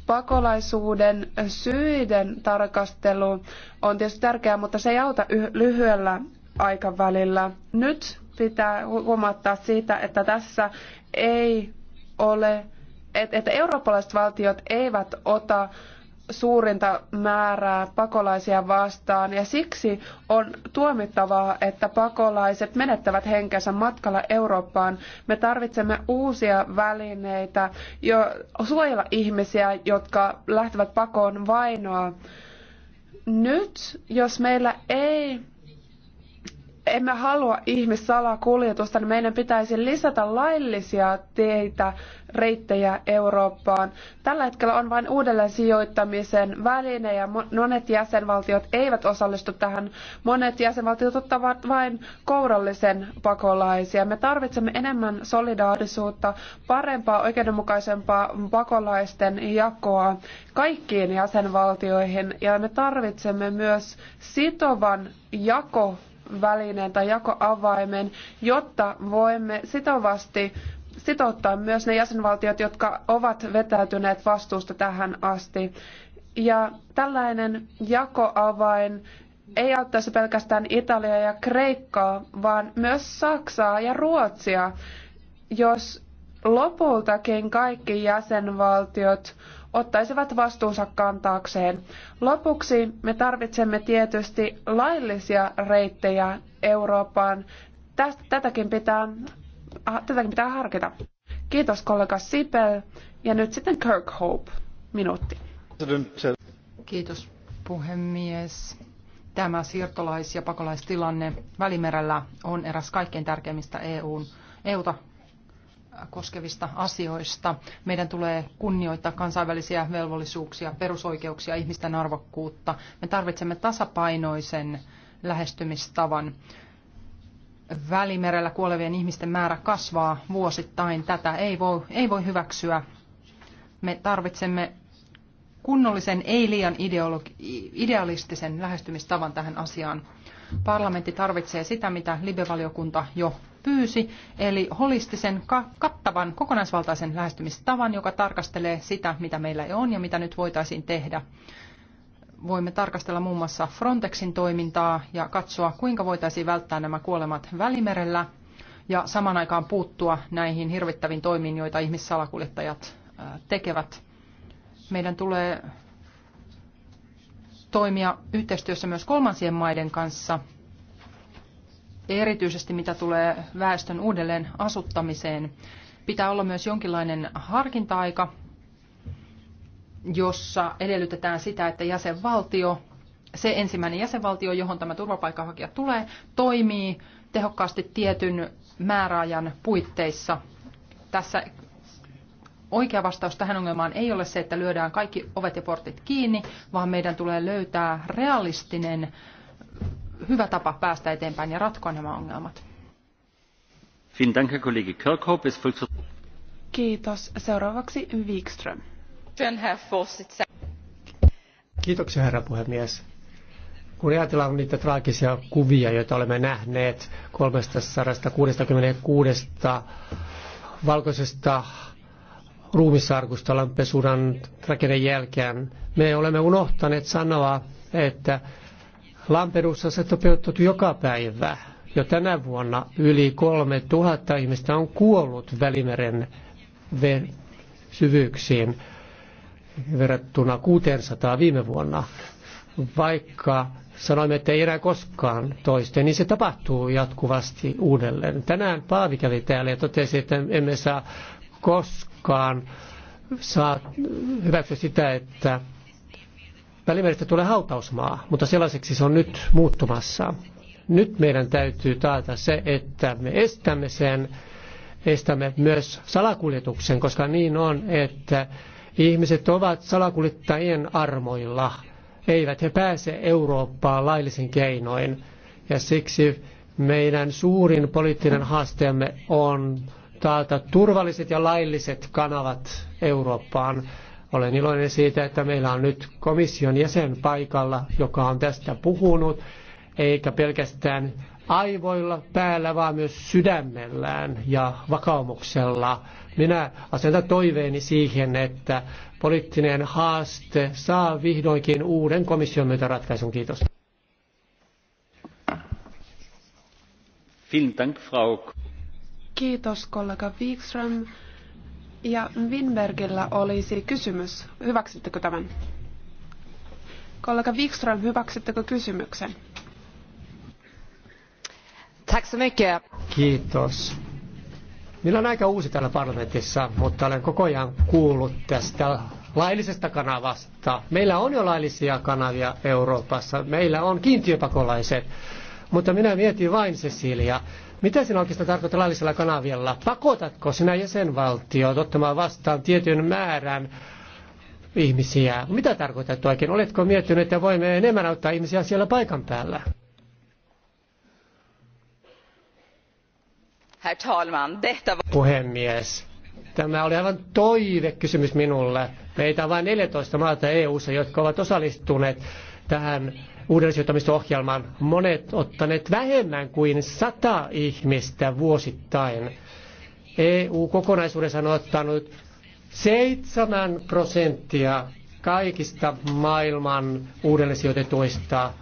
pakolaisuuden syiden tarkastelu on tietysti tärkeää, mutta se ei auta lyhyellä aikavälillä. Nyt pitää huomattaa siitä, että tässä ei ole, että eurooppalaiset valtiot eivät ota suurinta määrää pakolaisia vastaan ja siksi on tuomittavaa, että pakolaiset menettävät henkensä matkalla Eurooppaan. Me tarvitsemme uusia välineitä jo suojella ihmisiä, jotka lähtevät pakoon vainoa. Nyt, jos meillä ei emme halua ihmissalakuljetusta, niin meidän pitäisi lisätä laillisia teitä, reittejä Eurooppaan. Tällä hetkellä on vain uudelleen sijoittamisen väline ja monet jäsenvaltiot eivät osallistu tähän. Monet jäsenvaltiot ottavat vain kourallisen pakolaisia. Me tarvitsemme enemmän solidaarisuutta, parempaa, oikeudenmukaisempaa pakolaisten jakoa kaikkiin jäsenvaltioihin ja me tarvitsemme myös sitovan jako välineen tai jakoavaimen, jotta voimme sitovasti sitouttaa myös ne jäsenvaltiot, jotka ovat vetäytyneet vastuusta tähän asti. Ja tällainen jakoavain ei auttaisi pelkästään Italiaa ja Kreikkaa, vaan myös Saksaa ja Ruotsia, jos lopultakin kaikki jäsenvaltiot ottaisivat vastuunsa kantaakseen. Lopuksi me tarvitsemme tietysti laillisia reittejä Eurooppaan. Tästä, tätäkin, pitää, tätäkin pitää harkita. Kiitos kollega Sipel ja nyt sitten Kirkhope. Minuutti. Kiitos puhemies. Tämä siirtolais- ja pakolaistilanne Välimerellä on eräs kaikkein tärkeimmistä EUn, EUta koskevista asioista. Meidän tulee kunnioittaa kansainvälisiä velvollisuuksia, perusoikeuksia, ihmisten arvokkuutta. Me tarvitsemme tasapainoisen lähestymistavan. Välimerellä kuolevien ihmisten määrä kasvaa vuosittain. Tätä ei voi, ei voi hyväksyä. Me tarvitsemme kunnollisen, ei liian idealistisen lähestymistavan tähän asiaan parlamentti tarvitsee sitä, mitä libevaliokunta jo pyysi, eli holistisen, kattavan, kokonaisvaltaisen lähestymistavan, joka tarkastelee sitä, mitä meillä on ja mitä nyt voitaisiin tehdä. Voimme tarkastella muun muassa Frontexin toimintaa ja katsoa, kuinka voitaisiin välttää nämä kuolemat välimerellä ja saman aikaan puuttua näihin hirvittäviin toimiin, joita ihmissalakuljettajat tekevät. Meidän tulee toimia yhteistyössä myös kolmansien maiden kanssa, erityisesti mitä tulee väestön uudelleen asuttamiseen. Pitää olla myös jonkinlainen harkinta-aika, jossa edellytetään sitä, että jäsenvaltio, se ensimmäinen jäsenvaltio, johon tämä turvapaikanhakija tulee, toimii tehokkaasti tietyn määräajan puitteissa. Tässä oikea vastaus tähän ongelmaan ei ole se, että lyödään kaikki ovet ja portit kiinni, vaan meidän tulee löytää realistinen hyvä tapa päästä eteenpäin ja ratkoa nämä ongelmat. Kiitos. Seuraavaksi Wikström. Kiitoksia herra puhemies. Kun ajatellaan niitä traagisia kuvia, joita olemme nähneet 366 valkoisesta ruumisarkusta Lampesudan tragedian jälkeen. Me olemme unohtaneet sanoa, että se toteutettu joka päivä. Jo tänä vuonna yli 3000 ihmistä on kuollut Välimeren syvyyksiin verrattuna 600 viime vuonna. Vaikka sanoimme, että ei enää koskaan toisten, niin se tapahtuu jatkuvasti uudelleen. Tänään Paavi kävi täällä ja totesi, että emme saa koskaan saa hyväksyä sitä, että Välimeristä tulee hautausmaa, mutta sellaiseksi se on nyt muuttumassa. Nyt meidän täytyy taata se, että me estämme sen, estämme myös salakuljetuksen, koska niin on, että ihmiset ovat salakuljettajien armoilla. Eivät he pääse Eurooppaan laillisin keinoin. Ja siksi meidän suurin poliittinen haasteemme on taata turvalliset ja lailliset kanavat Eurooppaan. Olen iloinen siitä, että meillä on nyt komission jäsen paikalla, joka on tästä puhunut, eikä pelkästään aivoilla päällä, vaan myös sydämellään ja vakaumuksella. Minä asetan toiveeni siihen, että poliittinen haaste saa vihdoinkin uuden komission myötä ratkaisun. Kiitos. Kiitos kollega Wikström. Ja Winbergillä olisi kysymys. Hyväksyttekö tämän? Kollega Wikström, hyväksyttekö kysymyksen? Tack Kiitos. Minä olen aika uusi täällä parlamentissa, mutta olen koko ajan kuullut tästä laillisesta kanavasta. Meillä on jo laillisia kanavia Euroopassa. Meillä on kiintiöpakolaiset. Mutta minä mietin vain, Cecilia, mitä sinä oikeastaan tarkoitat laillisella kanavilla? Pakotatko sinä jäsenvaltiot ottamaan vastaan tietyn määrän ihmisiä? Mitä tarkoitat oikein? Oletko miettinyt, että voimme enemmän auttaa ihmisiä siellä paikan päällä? Herr talman, detta... Puhemies, tämä oli aivan toivekysymys minulle. Meitä on vain 14 maata EU-ssa, jotka ovat osallistuneet tähän uudellisijoittamisohjelman monet ottaneet vähemmän kuin sata ihmistä vuosittain. EU kokonaisuudessaan on ottanut 7 prosenttia kaikista maailman uudellisijoitetuista,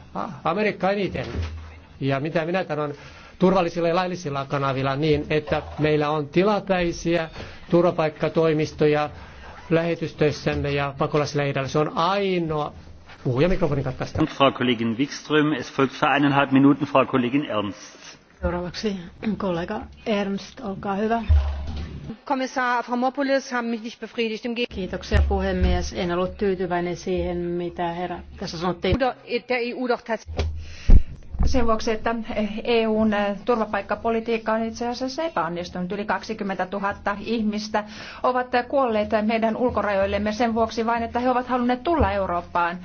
Amerikka eniten. Ja mitä minä sanon, turvallisilla ja laillisilla kanavilla niin, että meillä on tilapäisiä turvapaikkatoimistoja lähetystöissämme ja pakolaisleireillä. Se on ainoa Puhuja mikrofoni katkaistaan. Frau Kollegin Wikström, es folgt für eineinhalb Minuten Frau Kollegin Ernst. Seuraavaksi kollega hyvä. Kommissar Avramopoulos haben mich nicht befriedigt. Kiitoksia puhemies. En ollut tyytyväinen siihen, mitä herra tässä sanottiin. E sen vuoksi, että EUn äh, turvapaikkapolitiikka on itse asiassa epäonnistunut. Yli 20 000 ihmistä ovat kuolleet meidän ulkorajoillemme sen vuoksi vain, että he ovat halunneet tulla Eurooppaan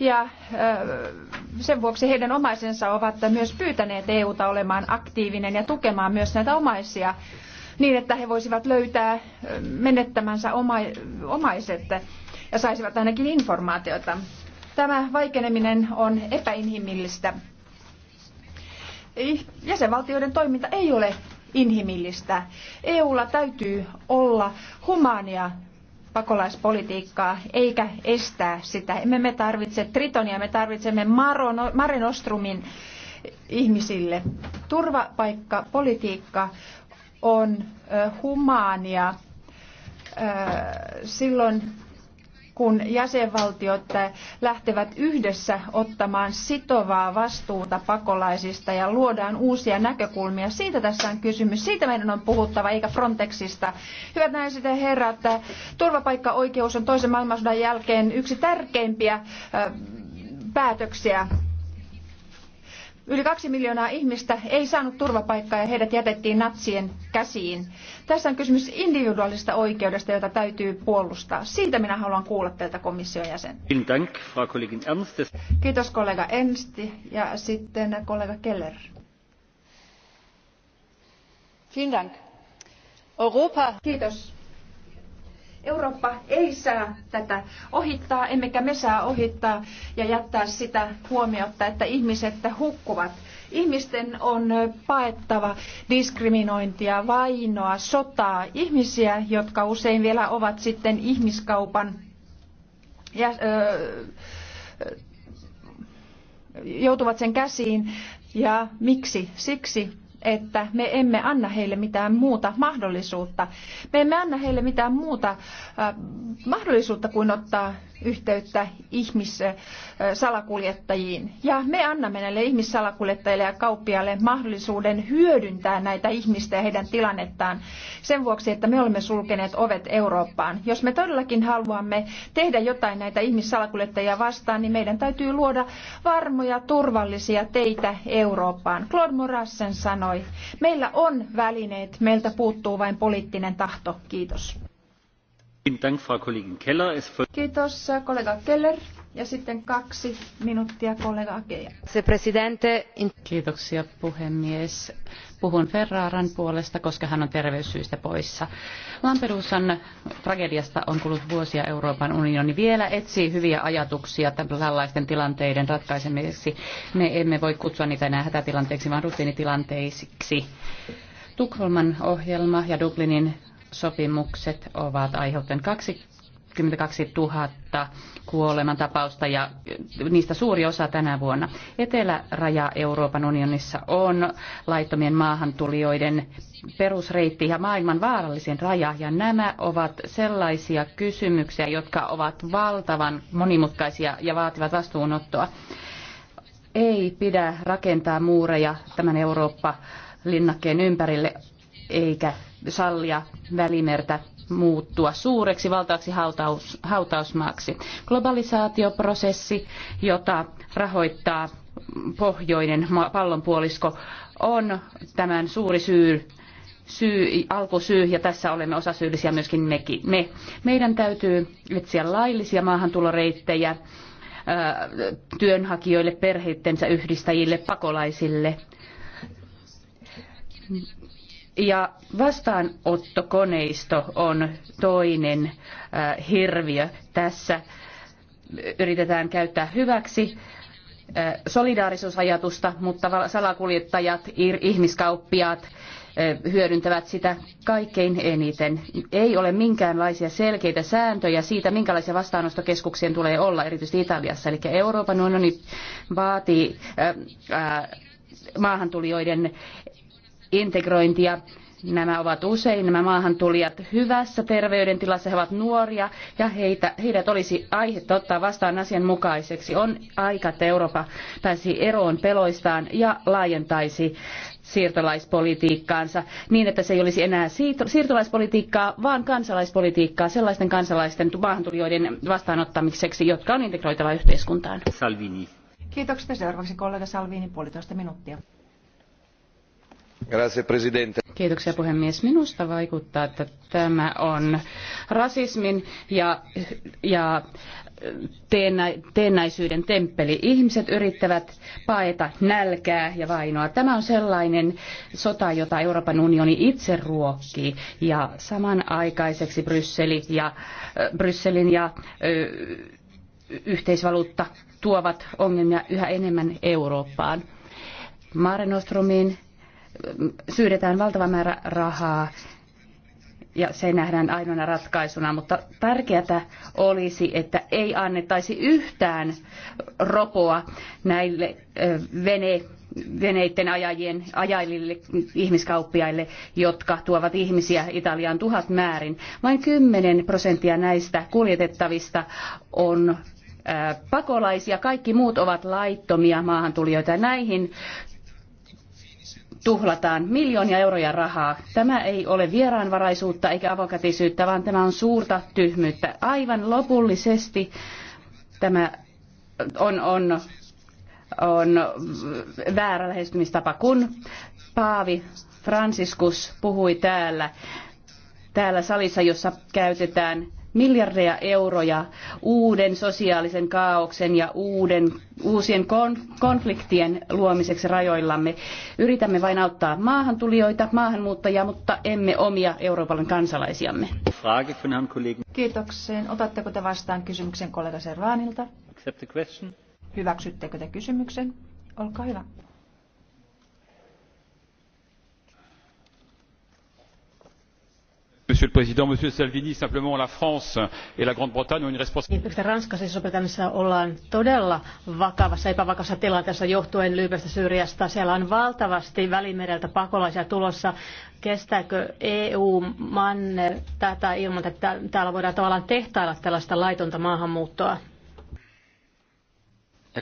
ja sen vuoksi heidän omaisensa ovat myös pyytäneet EUta olemaan aktiivinen ja tukemaan myös näitä omaisia niin, että he voisivat löytää menettämänsä omaiset ja saisivat ainakin informaatiota. Tämä vaikeneminen on epäinhimillistä. Jäsenvaltioiden toiminta ei ole inhimillistä. EUlla täytyy olla humania pakolaispolitiikkaa eikä estää sitä. Emme me tarvitse Tritonia, me tarvitsemme no- Mare Nostrumin ihmisille. Turvapaikkapolitiikka on humaania silloin, kun jäsenvaltiot lähtevät yhdessä ottamaan sitovaa vastuuta pakolaisista ja luodaan uusia näkökulmia. Siitä tässä on kysymys. Siitä meidän on puhuttava, eikä Frontexista. Hyvät naiset ja herrat, turvapaikkaoikeus on toisen maailmansodan jälkeen yksi tärkeimpiä päätöksiä Yli kaksi miljoonaa ihmistä ei saanut turvapaikkaa ja heidät jätettiin natsien käsiin. Tässä on kysymys individuaalista oikeudesta, jota täytyy puolustaa. Siitä minä haluan kuulla teiltä komission jäsen. Kiitos kollega Ernst ja sitten kollega Keller. Kiitos. Kiitos. Eurooppa ei saa tätä ohittaa, emmekä me saa ohittaa ja jättää sitä huomiota, että ihmiset hukkuvat. Ihmisten on paettava diskriminointia, vainoa, sotaa, ihmisiä, jotka usein vielä ovat sitten ihmiskaupan ja, öö, joutuvat sen käsiin. Ja miksi? Siksi, että me emme anna heille mitään muuta mahdollisuutta. Me emme anna heille mitään muuta äh, mahdollisuutta kuin ottaa yhteyttä ihmissalakuljettajiin. Ja me annamme näille ihmissalakuljettajille ja kauppiaille mahdollisuuden hyödyntää näitä ihmistä ja heidän tilannettaan sen vuoksi, että me olemme sulkeneet ovet Eurooppaan. Jos me todellakin haluamme tehdä jotain näitä ihmissalakuljettajia vastaan, niin meidän täytyy luoda varmoja, turvallisia teitä Eurooppaan. Claude Morassen sanoi, meillä on välineet, meiltä puuttuu vain poliittinen tahto. Kiitos. Kiitos kollega Keller. Ja sitten kaksi minuuttia kollega Kiitoksia puhemies. Puhun Ferraran puolesta, koska hän on terveyssyistä poissa. Lampedusan tragediasta on kulunut vuosia Euroopan unioni. Vielä etsii hyviä ajatuksia tällaisten tilanteiden ratkaisemiseksi. Me emme voi kutsua niitä enää hätätilanteiksi, vaan rutiinitilanteiksi. Tukholman ohjelma ja Dublinin sopimukset ovat aiheuttaneet 22 000 kuolemantapausta ja niistä suuri osa tänä vuonna. Eteläraja Euroopan unionissa on laittomien maahantulijoiden perusreitti ja maailman vaarallisin raja ja nämä ovat sellaisia kysymyksiä, jotka ovat valtavan monimutkaisia ja vaativat vastuunottoa. Ei pidä rakentaa muureja tämän Eurooppa linnakkeen ympärille eikä sallia välimertä muuttua suureksi valtaaksi hautaus, hautausmaaksi. Globalisaatioprosessi, jota rahoittaa pohjoinen pallonpuolisko, on tämän suuri syy, syy, alkusyy, ja tässä olemme osasyyllisiä myöskin mekin, me. Meidän täytyy etsiä laillisia maahantuloreittejä työnhakijoille, perheittensä yhdistäjille, pakolaisille ja vastaanottokoneisto on toinen äh, hirviö tässä. Yritetään käyttää hyväksi äh, solidaarisuusajatusta, mutta salakuljettajat, ihmiskauppiaat, äh, hyödyntävät sitä kaikkein eniten. Ei ole minkäänlaisia selkeitä sääntöjä siitä, minkälaisia vastaanostokeskuksien tulee olla, erityisesti Italiassa. Eli Euroopan unioni vaatii äh, äh, maahantulijoiden integrointia. Nämä ovat usein nämä maahantulijat hyvässä terveydentilassa, he ovat nuoria ja heitä, heidät olisi aihetta ottaa vastaan asianmukaiseksi. On aika, että Eurooppa pääsi eroon peloistaan ja laajentaisi siirtolaispolitiikkaansa niin, että se ei olisi enää siirtolaispolitiikkaa, vaan kansalaispolitiikkaa sellaisten kansalaisten maahantulijoiden vastaanottamiseksi, jotka on integroitava yhteiskuntaan. Salvini. Kiitokset seuraavaksi kollega Salvini puolitoista minuuttia. Kiitoksia puhemies. Minusta vaikuttaa, että tämä on rasismin ja, ja teennäisyyden temppeli. Ihmiset yrittävät paeta nälkää ja vainoa. Tämä on sellainen sota, jota Euroopan unioni itse ruokkii. Ja samanaikaiseksi Brysseli ja, äh, Brysselin ja ö, äh, yhteisvaluutta tuovat ongelmia yhä enemmän Eurooppaan. Mare Nostromin syydetään valtava määrä rahaa ja se nähdään ainoana ratkaisuna, mutta tärkeää olisi, että ei annettaisi yhtään ropoa näille vene, veneiden ajajien, ajajille, ihmiskauppiaille, jotka tuovat ihmisiä Italiaan tuhat määrin. Vain kymmenen prosenttia näistä kuljetettavista on pakolaisia, kaikki muut ovat laittomia maahantulijoita. Näihin tuhlataan miljoonia euroja rahaa. Tämä ei ole vieraanvaraisuutta eikä avokätisyyttä, vaan tämä on suurta tyhmyyttä. Aivan lopullisesti tämä on, on, on väärä lähestymistapa. Kun Paavi Franciscus puhui täällä, täällä salissa, jossa käytetään miljardeja euroja uuden sosiaalisen kaauksen ja uuden, uusien konfliktien luomiseksi rajoillamme. Yritämme vain auttaa maahantulijoita, maahanmuuttajia, mutta emme omia Euroopan kansalaisiamme. Kiitokseen. Otatteko te vastaan kysymyksen kollega Servaanilta? Hyväksyttekö te kysymyksen? Olkaa hyvä. Monsieur le Président, Monsieur Salvini, simplement la France et la Grande-Bretagne ont une responsabilité. Niin, siis ollaan todella vakavassa, tilanteessa johtuen lyypästä Syyriasta. Siellä on valtavasti välimereltä pakolaisia tulossa. Kestääkö EU-manner tätä ilman, että täällä voidaan tavallaan tehtailla tällaista laitonta maahanmuuttoa?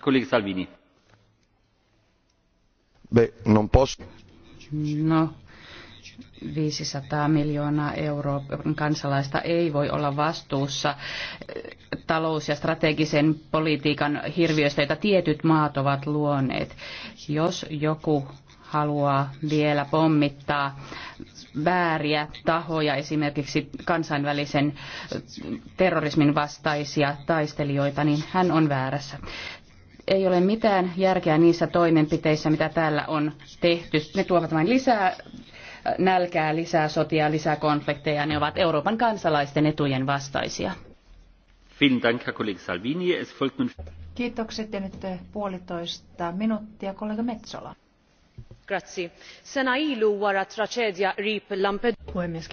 kollega Salvini. Beh, non posso. No, 500 miljoonaa euroa kansalaista ei voi olla vastuussa eh, talous- ja strategisen politiikan hirviöstä, joita tietyt maat ovat luoneet. Jos joku haluaa vielä pommittaa vääriä tahoja, esimerkiksi kansainvälisen eh, terrorismin vastaisia taistelijoita, niin hän on väärässä ei ole mitään järkeä niissä toimenpiteissä, mitä täällä on tehty. Ne tuovat vain lisää nälkää, lisää sotia, lisää konflikteja, ne ovat Euroopan kansalaisten etujen vastaisia. Kiitokset ja nyt puolitoista minuuttia kollega Metsola sena ilu tragedia qrib lampedusa. puhemies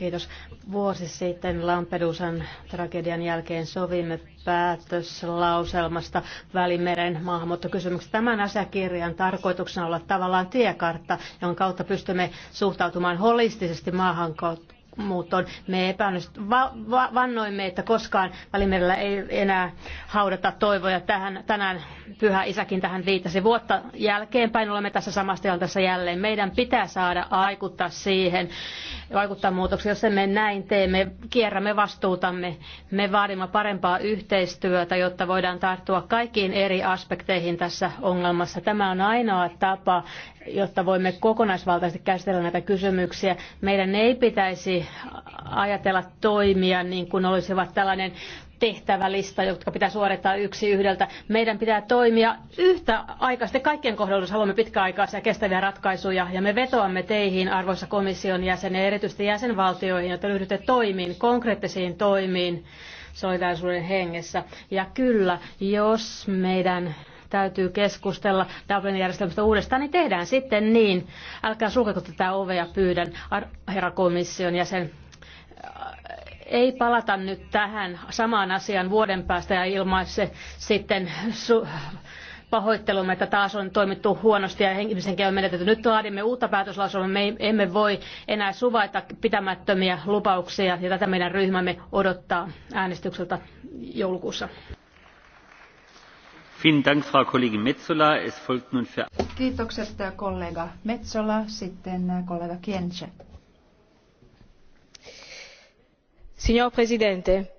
vuosi sitten lampedusan tragedian jälkeen sovimme päätöslauselmasta välimeren maahanmuuttokysymyksestä. tämän asiakirjan tarkoituksena on olla tavallaan tiekartta jonka kautta pystymme suhtautumaan holistisesti maahanmuuttoon maahanmuuttoon. Me epäonnist- va- va- vannoimme, että koskaan Välimerellä ei enää haudata toivoja. Tähän, tänään pyhä isäkin tähän viittasi. Vuotta jälkeenpäin olemme tässä samassa tilanteessa jälleen. Meidän pitää saada vaikuttaa siihen, vaikuttaa muutoksiin. Jos emme näin tee, me kierrämme vastuutamme. Me vaadimme parempaa yhteistyötä, jotta voidaan tarttua kaikkiin eri aspekteihin tässä ongelmassa. Tämä on ainoa tapa, jotta voimme kokonaisvaltaisesti käsitellä näitä kysymyksiä. Meidän ei pitäisi ajatella toimia niin kuin olisivat tällainen tehtävälista, jotka pitää suorittaa yksi yhdeltä. Meidän pitää toimia yhtä aikaisesti kaikkien kohdalla, jos haluamme pitkäaikaisia kestäviä ratkaisuja. Ja me vetoamme teihin, arvoisa komission jäsen ja erityisesti jäsenvaltioihin, jotta ryhdytte toimiin, konkreettisiin toimiin solidaarisuuden hengessä. Ja kyllä, jos meidän täytyy keskustella Dublinin järjestelmästä uudestaan, niin tehdään sitten niin. Älkää sulkeko tätä ovea pyydän, herra komission jäsen äh, ei palata nyt tähän samaan asiaan vuoden päästä ja ilmaise sitten su- pahoittelumme, että taas on toimittu huonosti ja ihmisenkin on menetetty. Nyt laadimme uutta päätöslauselmaa. Me emme voi enää suvaita pitämättömiä lupauksia ja tätä meidän ryhmämme odottaa äänestykseltä joulukuussa. Kiitokset kollega Metsola. Sitten äh, kollega Kienche. Signor Presidente,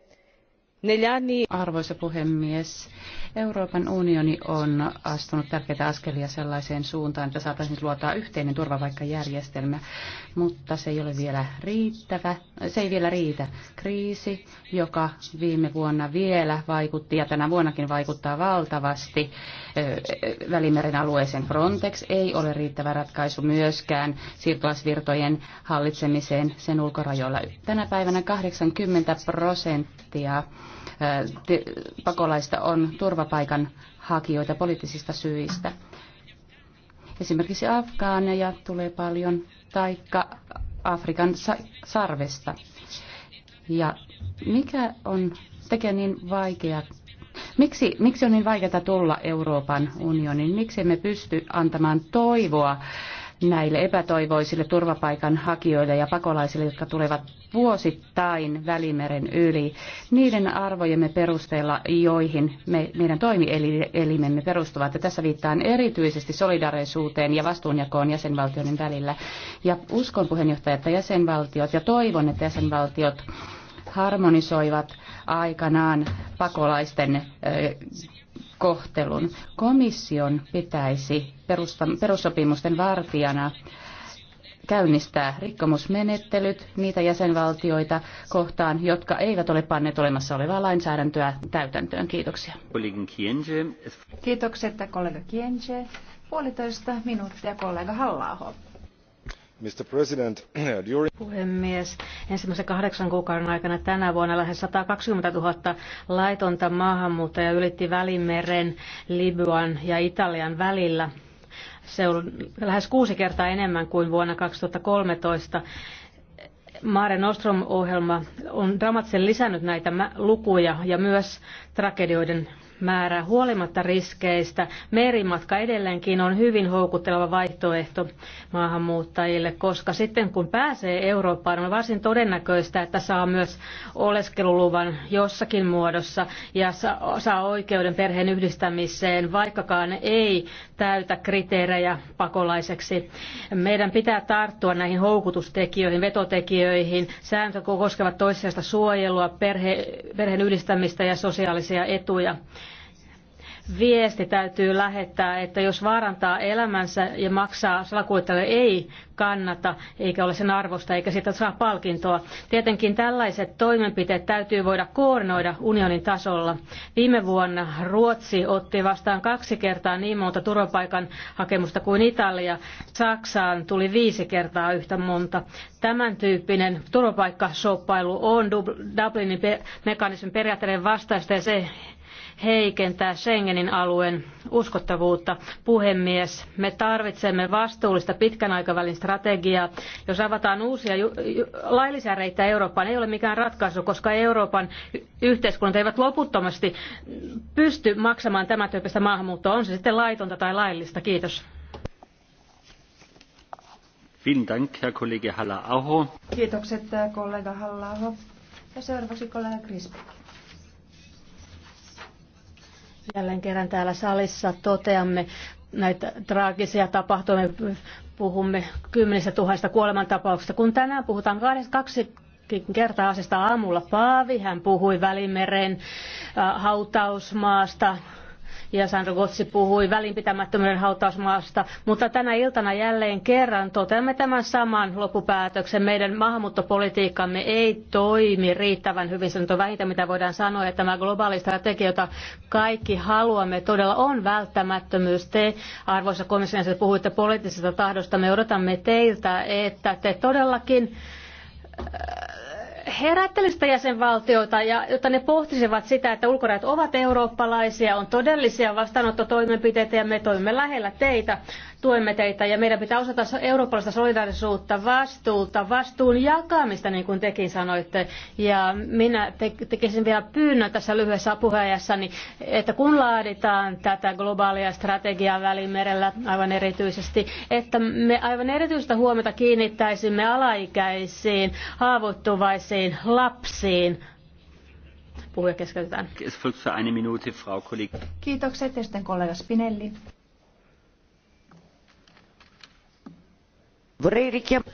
negli anni... Arvoisa puhemies, Euroopan unioni on astunut tärkeitä askelia sellaiseen suuntaan, että saataisiin luotaa yhteinen turvapaikkajärjestelmä, mutta se ei ole vielä riittävä. Se ei vielä riitä. Kriisi, joka viime vuonna vielä vaikutti ja tänä vuonnakin vaikuttaa valtavasti Välimeren alueeseen Frontex, ei ole riittävä ratkaisu myöskään siirtolaisvirtojen hallitsemiseen sen ulkorajoilla. Tänä päivänä 80 prosenttia pakolaista on turvapaikan hakijoita poliittisista syistä. Esimerkiksi afgaaneja tulee paljon, taikka Afrikan sarvesta. Ja mikä on, tekee niin vaikea Miksi, miksi on niin vaikeaa tulla Euroopan unioniin? Miksi emme pysty antamaan toivoa näille epätoivoisille turvapaikanhakijoille ja pakolaisille, jotka tulevat vuosittain Välimeren yli niiden arvojemme perusteella, joihin me, meidän toimielimemme perustuvat. Ja tässä viittaan erityisesti solidaarisuuteen ja vastuunjakoon jäsenvaltioiden välillä. Ja uskon puheenjohtaja, että jäsenvaltiot ja toivon, että jäsenvaltiot harmonisoivat aikanaan pakolaisten kohtelun. Komission pitäisi perussopimusten vartijana käynnistää rikkomusmenettelyt niitä jäsenvaltioita kohtaan, jotka eivät ole panneet olemassa olevaa lainsäädäntöä täytäntöön. Kiitoksia. Kiitokset kollega Kienge. Puolitoista minuuttia kollega Hallaho. puhemies ensimmäisen kahdeksan kuukauden aikana tänä vuonna lähes 120 000 laitonta maahanmuuttajaa ylitti Välimeren, Libyan ja Italian välillä. Se on lähes kuusi kertaa enemmän kuin vuonna 2013. Mare Nostrom-ohjelma on dramaattisesti lisännyt näitä lukuja ja myös tragedioiden määrä huolimatta riskeistä. Merimatka edelleenkin on hyvin houkutteleva vaihtoehto maahanmuuttajille, koska sitten kun pääsee Eurooppaan, on varsin todennäköistä, että saa myös oleskeluluvan jossakin muodossa ja saa oikeuden perheen yhdistämiseen, vaikkakaan ei täytä kriteerejä pakolaiseksi. Meidän pitää tarttua näihin houkutustekijöihin, vetotekijöihin, sääntökö koskevat toissijaista suojelua, perhe, perheen yhdistämistä ja sosiaalisia etuja viesti täytyy lähettää, että jos vaarantaa elämänsä ja maksaa salakuljettajalle ei kannata, eikä ole sen arvosta, eikä siitä saa palkintoa. Tietenkin tällaiset toimenpiteet täytyy voida koordinoida unionin tasolla. Viime vuonna Ruotsi otti vastaan kaksi kertaa niin monta turvapaikan hakemusta kuin Italia. Saksaan tuli viisi kertaa yhtä monta. Tämän tyyppinen turvapaikkasoppailu on Dublinin mekanismin periaatteiden vastaista ja se heikentää Schengenin alueen uskottavuutta. Puhemies, me tarvitsemme vastuullista pitkän aikavälin strategiaa. Jos avataan uusia laillisia reittejä Eurooppaan, ei ole mikään ratkaisu, koska Euroopan yhteiskunnat eivät loputtomasti pysty maksamaan tämän tyyppistä maahanmuuttoa, on se sitten laitonta tai laillista. Kiitos. Kiitokset äh, kollega Halla-aho. Ja seuraavaksi kollega Grisbeck. Jälleen kerran täällä salissa toteamme näitä traagisia tapahtumia. Puhumme kymmenistä tuhansista kuolemantapauksista. Kun tänään puhutaan kaksi kertaa asiasta aamulla Paavi, hän puhui Välimeren äh, hautausmaasta, ja Sandro Gotsi puhui välinpitämättömyyden hautausmaasta, mutta tänä iltana jälleen kerran toteamme tämän saman loppupäätöksen. Meidän maahanmuuttopolitiikkamme ei toimi riittävän hyvin, se nyt on vähintä mitä voidaan sanoa, että tämä globaali strategia, jota kaikki haluamme, todella on välttämättömyys. Te, arvoisa komission jäsen, puhuitte poliittisesta tahdosta, me odotamme teiltä, että te todellakin herättelisi jäsenvaltioita, ja, jotta ne pohtisivat sitä, että ulkorajat ovat eurooppalaisia, on todellisia vastaanottotoimenpiteitä ja me toimimme lähellä teitä tuemme teitä ja meidän pitää osata eurooppalaista solidaarisuutta, vastuuta, vastuun jakamista, niin kuin tekin sanoitte. Ja minä te- tekisin vielä pyynnön tässä lyhyessä puheessa, että kun laaditaan tätä globaalia strategiaa välimerellä aivan erityisesti, että me aivan erityistä huomiota kiinnittäisimme alaikäisiin, haavoittuvaisiin lapsiin, puhuja keskeytetään. Kiitokset ja sitten kollega Spinelli.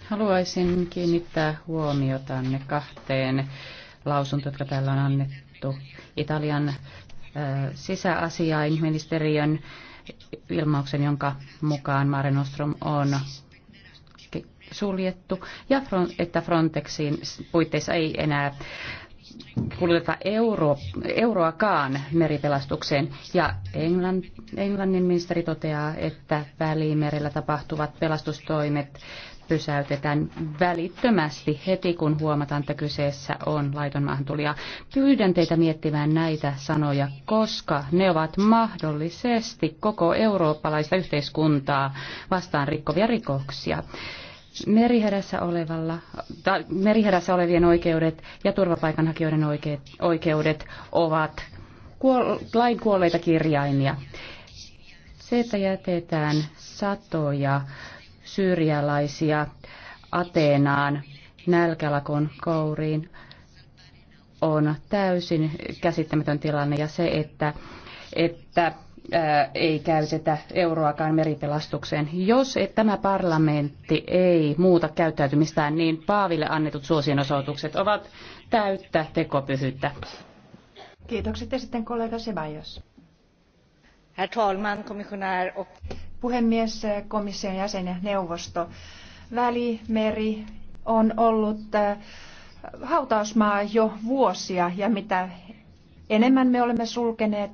Haluaisin kiinnittää ne kahteen lausuntoon, jotka täällä on annettu. Italian sisäasiainministeriön ilmauksen, jonka mukaan Mare Nostrum on suljettu ja että Frontexin puitteissa ei enää kuluteta euro, euroakaan meripelastukseen. Ja Englann, Englannin ministeri toteaa, että välimerellä tapahtuvat pelastustoimet pysäytetään välittömästi heti, kun huomataan, että kyseessä on laiton maahantulija. Pyydän teitä miettimään näitä sanoja, koska ne ovat mahdollisesti koko eurooppalaista yhteiskuntaa vastaan rikkovia rikoksia merihädässä, olevalla, tai merihädässä olevien oikeudet ja turvapaikanhakijoiden oikeet, oikeudet ovat kuol, lain kuolleita kirjaimia. Se, että jätetään satoja syyrialaisia Ateenaan nälkälakon kouriin, on täysin käsittämätön tilanne ja se, että, että ei käytetä euroakaan meripelastukseen. Jos tämä parlamentti ei muuta käyttäytymistään, niin Paaville annetut suosionosoitukset ovat täyttä tekopyhyyttä. Kiitokset ja sitten kollega Sebajos. Herr talman, kommissionär och... Puhemies, komission jäsen ja neuvosto. Välimeri on ollut äh, hautausmaa jo vuosia ja mitä Enemmän me olemme sulkeneet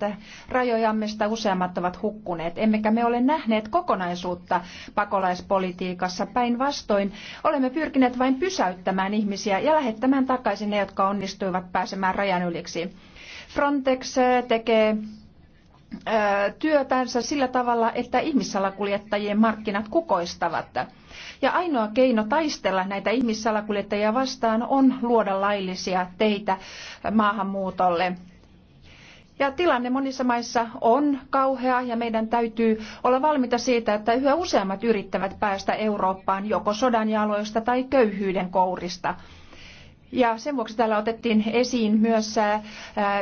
rajojamme, sitä useammat ovat hukkuneet. Emmekä me ole nähneet kokonaisuutta pakolaispolitiikassa. Päinvastoin olemme pyrkineet vain pysäyttämään ihmisiä ja lähettämään takaisin ne, jotka onnistuivat pääsemään rajan yliksi. Frontex äh, tekee äh, työtänsä sillä tavalla, että ihmissalakuljettajien markkinat kukoistavat. Ja ainoa keino taistella näitä ihmissalakuljettajia vastaan on luoda laillisia teitä maahanmuutolle. Ja tilanne monissa maissa on kauhea ja meidän täytyy olla valmiita siitä, että yhä useammat yrittävät päästä Eurooppaan joko sodan jaloista tai köyhyyden kourista. Ja sen vuoksi täällä otettiin esiin myös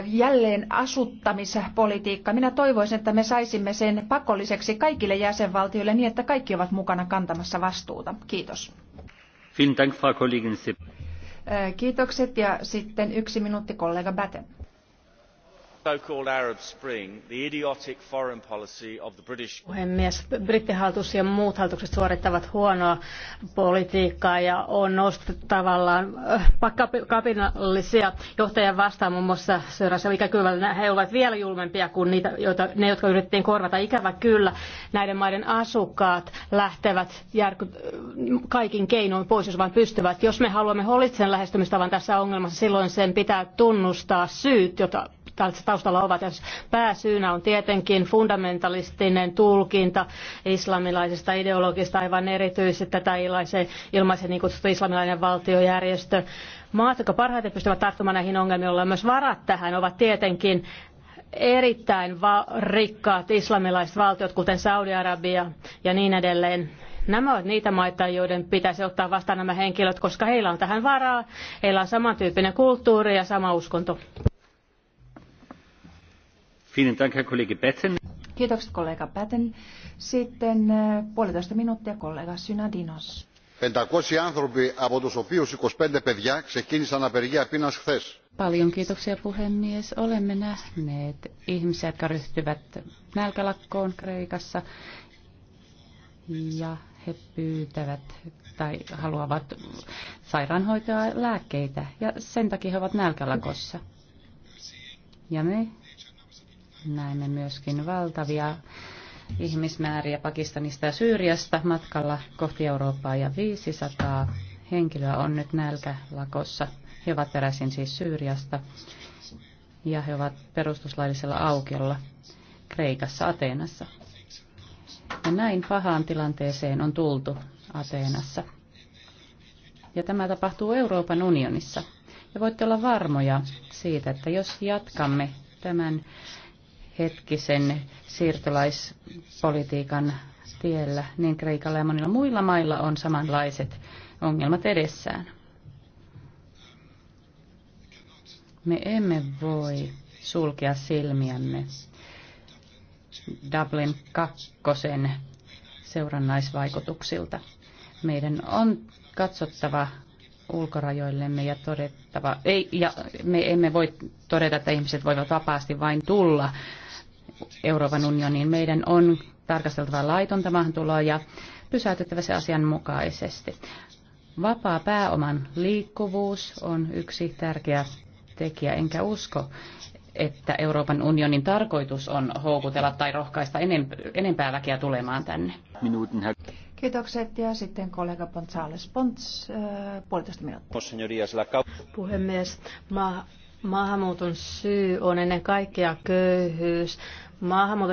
jälleen asuttamispolitiikka. Minä toivoisin, että me saisimme sen pakolliseksi kaikille jäsenvaltioille niin, että kaikki ovat mukana kantamassa vastuuta. Kiitos. Kiitokset ja sitten yksi minuutti kollega Batten puhemies brittihallitus ja muut hallitukset suorittavat huonoa politiikkaa ja on nostettu tavallaan äh, kapinallisia johtajia vastaan muun muassa syrjässä ikäkyvällä. He ovat vielä julmempia kuin niitä, joita, ne, jotka yritettiin korvata. Ikävä kyllä näiden maiden asukkaat lähtevät järky, kaikin keinoin pois, jos vain pystyvät. Jos me haluamme hallitsen lähestymistavan tässä ongelmassa, silloin sen pitää tunnustaa syyt, jota taustalla ovat. Ja pääsyynä on tietenkin fundamentalistinen tulkinta islamilaisesta ideologista, aivan erityisesti tätä ilaise, ilmaisen niin kutsuttu islamilainen valtiojärjestö. Maat, jotka parhaiten pystyvät tarttumaan näihin ongelmiin, joilla on myös varat tähän, ovat tietenkin erittäin va- rikkaat islamilaiset valtiot, kuten Saudi-Arabia ja niin edelleen. Nämä ovat niitä maita, joiden pitäisi ottaa vastaan nämä henkilöt, koska heillä on tähän varaa, heillä on samantyyppinen kulttuuri ja sama uskonto. Kiitokset kollega Päten. Sitten äh, puolitoista minuuttia kollega Synadinos. 500 άνθρωποι, από τους οποίους 25 παιδιά, ξεκίνησαν απεργία πείνας χθες. Paljon kiitoksia puhemies. Olemme nähneet ihmisiä, jotka ryhtyvät nälkälakkoon Kreikassa ja he pyytävät tai haluavat sairaanhoitoa lääkkeitä ja sen takia he ovat nälkälakossa. Ja me Näemme myöskin valtavia ihmismääriä Pakistanista ja Syyriasta matkalla kohti Eurooppaa ja 500 henkilöä on nyt nälkälakossa. He ovat peräisin siis Syyriasta ja he ovat perustuslaillisella aukiolla Kreikassa, Ateenassa. Ja näin pahaan tilanteeseen on tultu Ateenassa. Ja tämä tapahtuu Euroopan unionissa. Ja voitte olla varmoja siitä, että jos jatkamme tämän hetkisen siirtolaispolitiikan tiellä, niin Kreikalla ja monilla muilla mailla on samanlaiset ongelmat edessään. Me emme voi sulkea silmiämme Dublin kakkosen seurannaisvaikutuksilta. Meidän on katsottava ulkorajoillemme ja todettava, ei, ja me emme voi todeta, että ihmiset voivat vapaasti vain tulla Euroopan unioniin. Meidän on tarkasteltava laitonta maahantuloa ja pysäytettävä se asianmukaisesti. Vapaa pääoman liikkuvuus on yksi tärkeä tekijä, enkä usko, että Euroopan unionin tarkoitus on houkutella tai rohkaista enempää väkeä tulemaan tänne. Minuutin Kiitokset ja sitten kollega González Pons, äh, puolitoista minuuttia. Puhemies, ma- maahanmuuton syy on ennen kaikkea köyhyys,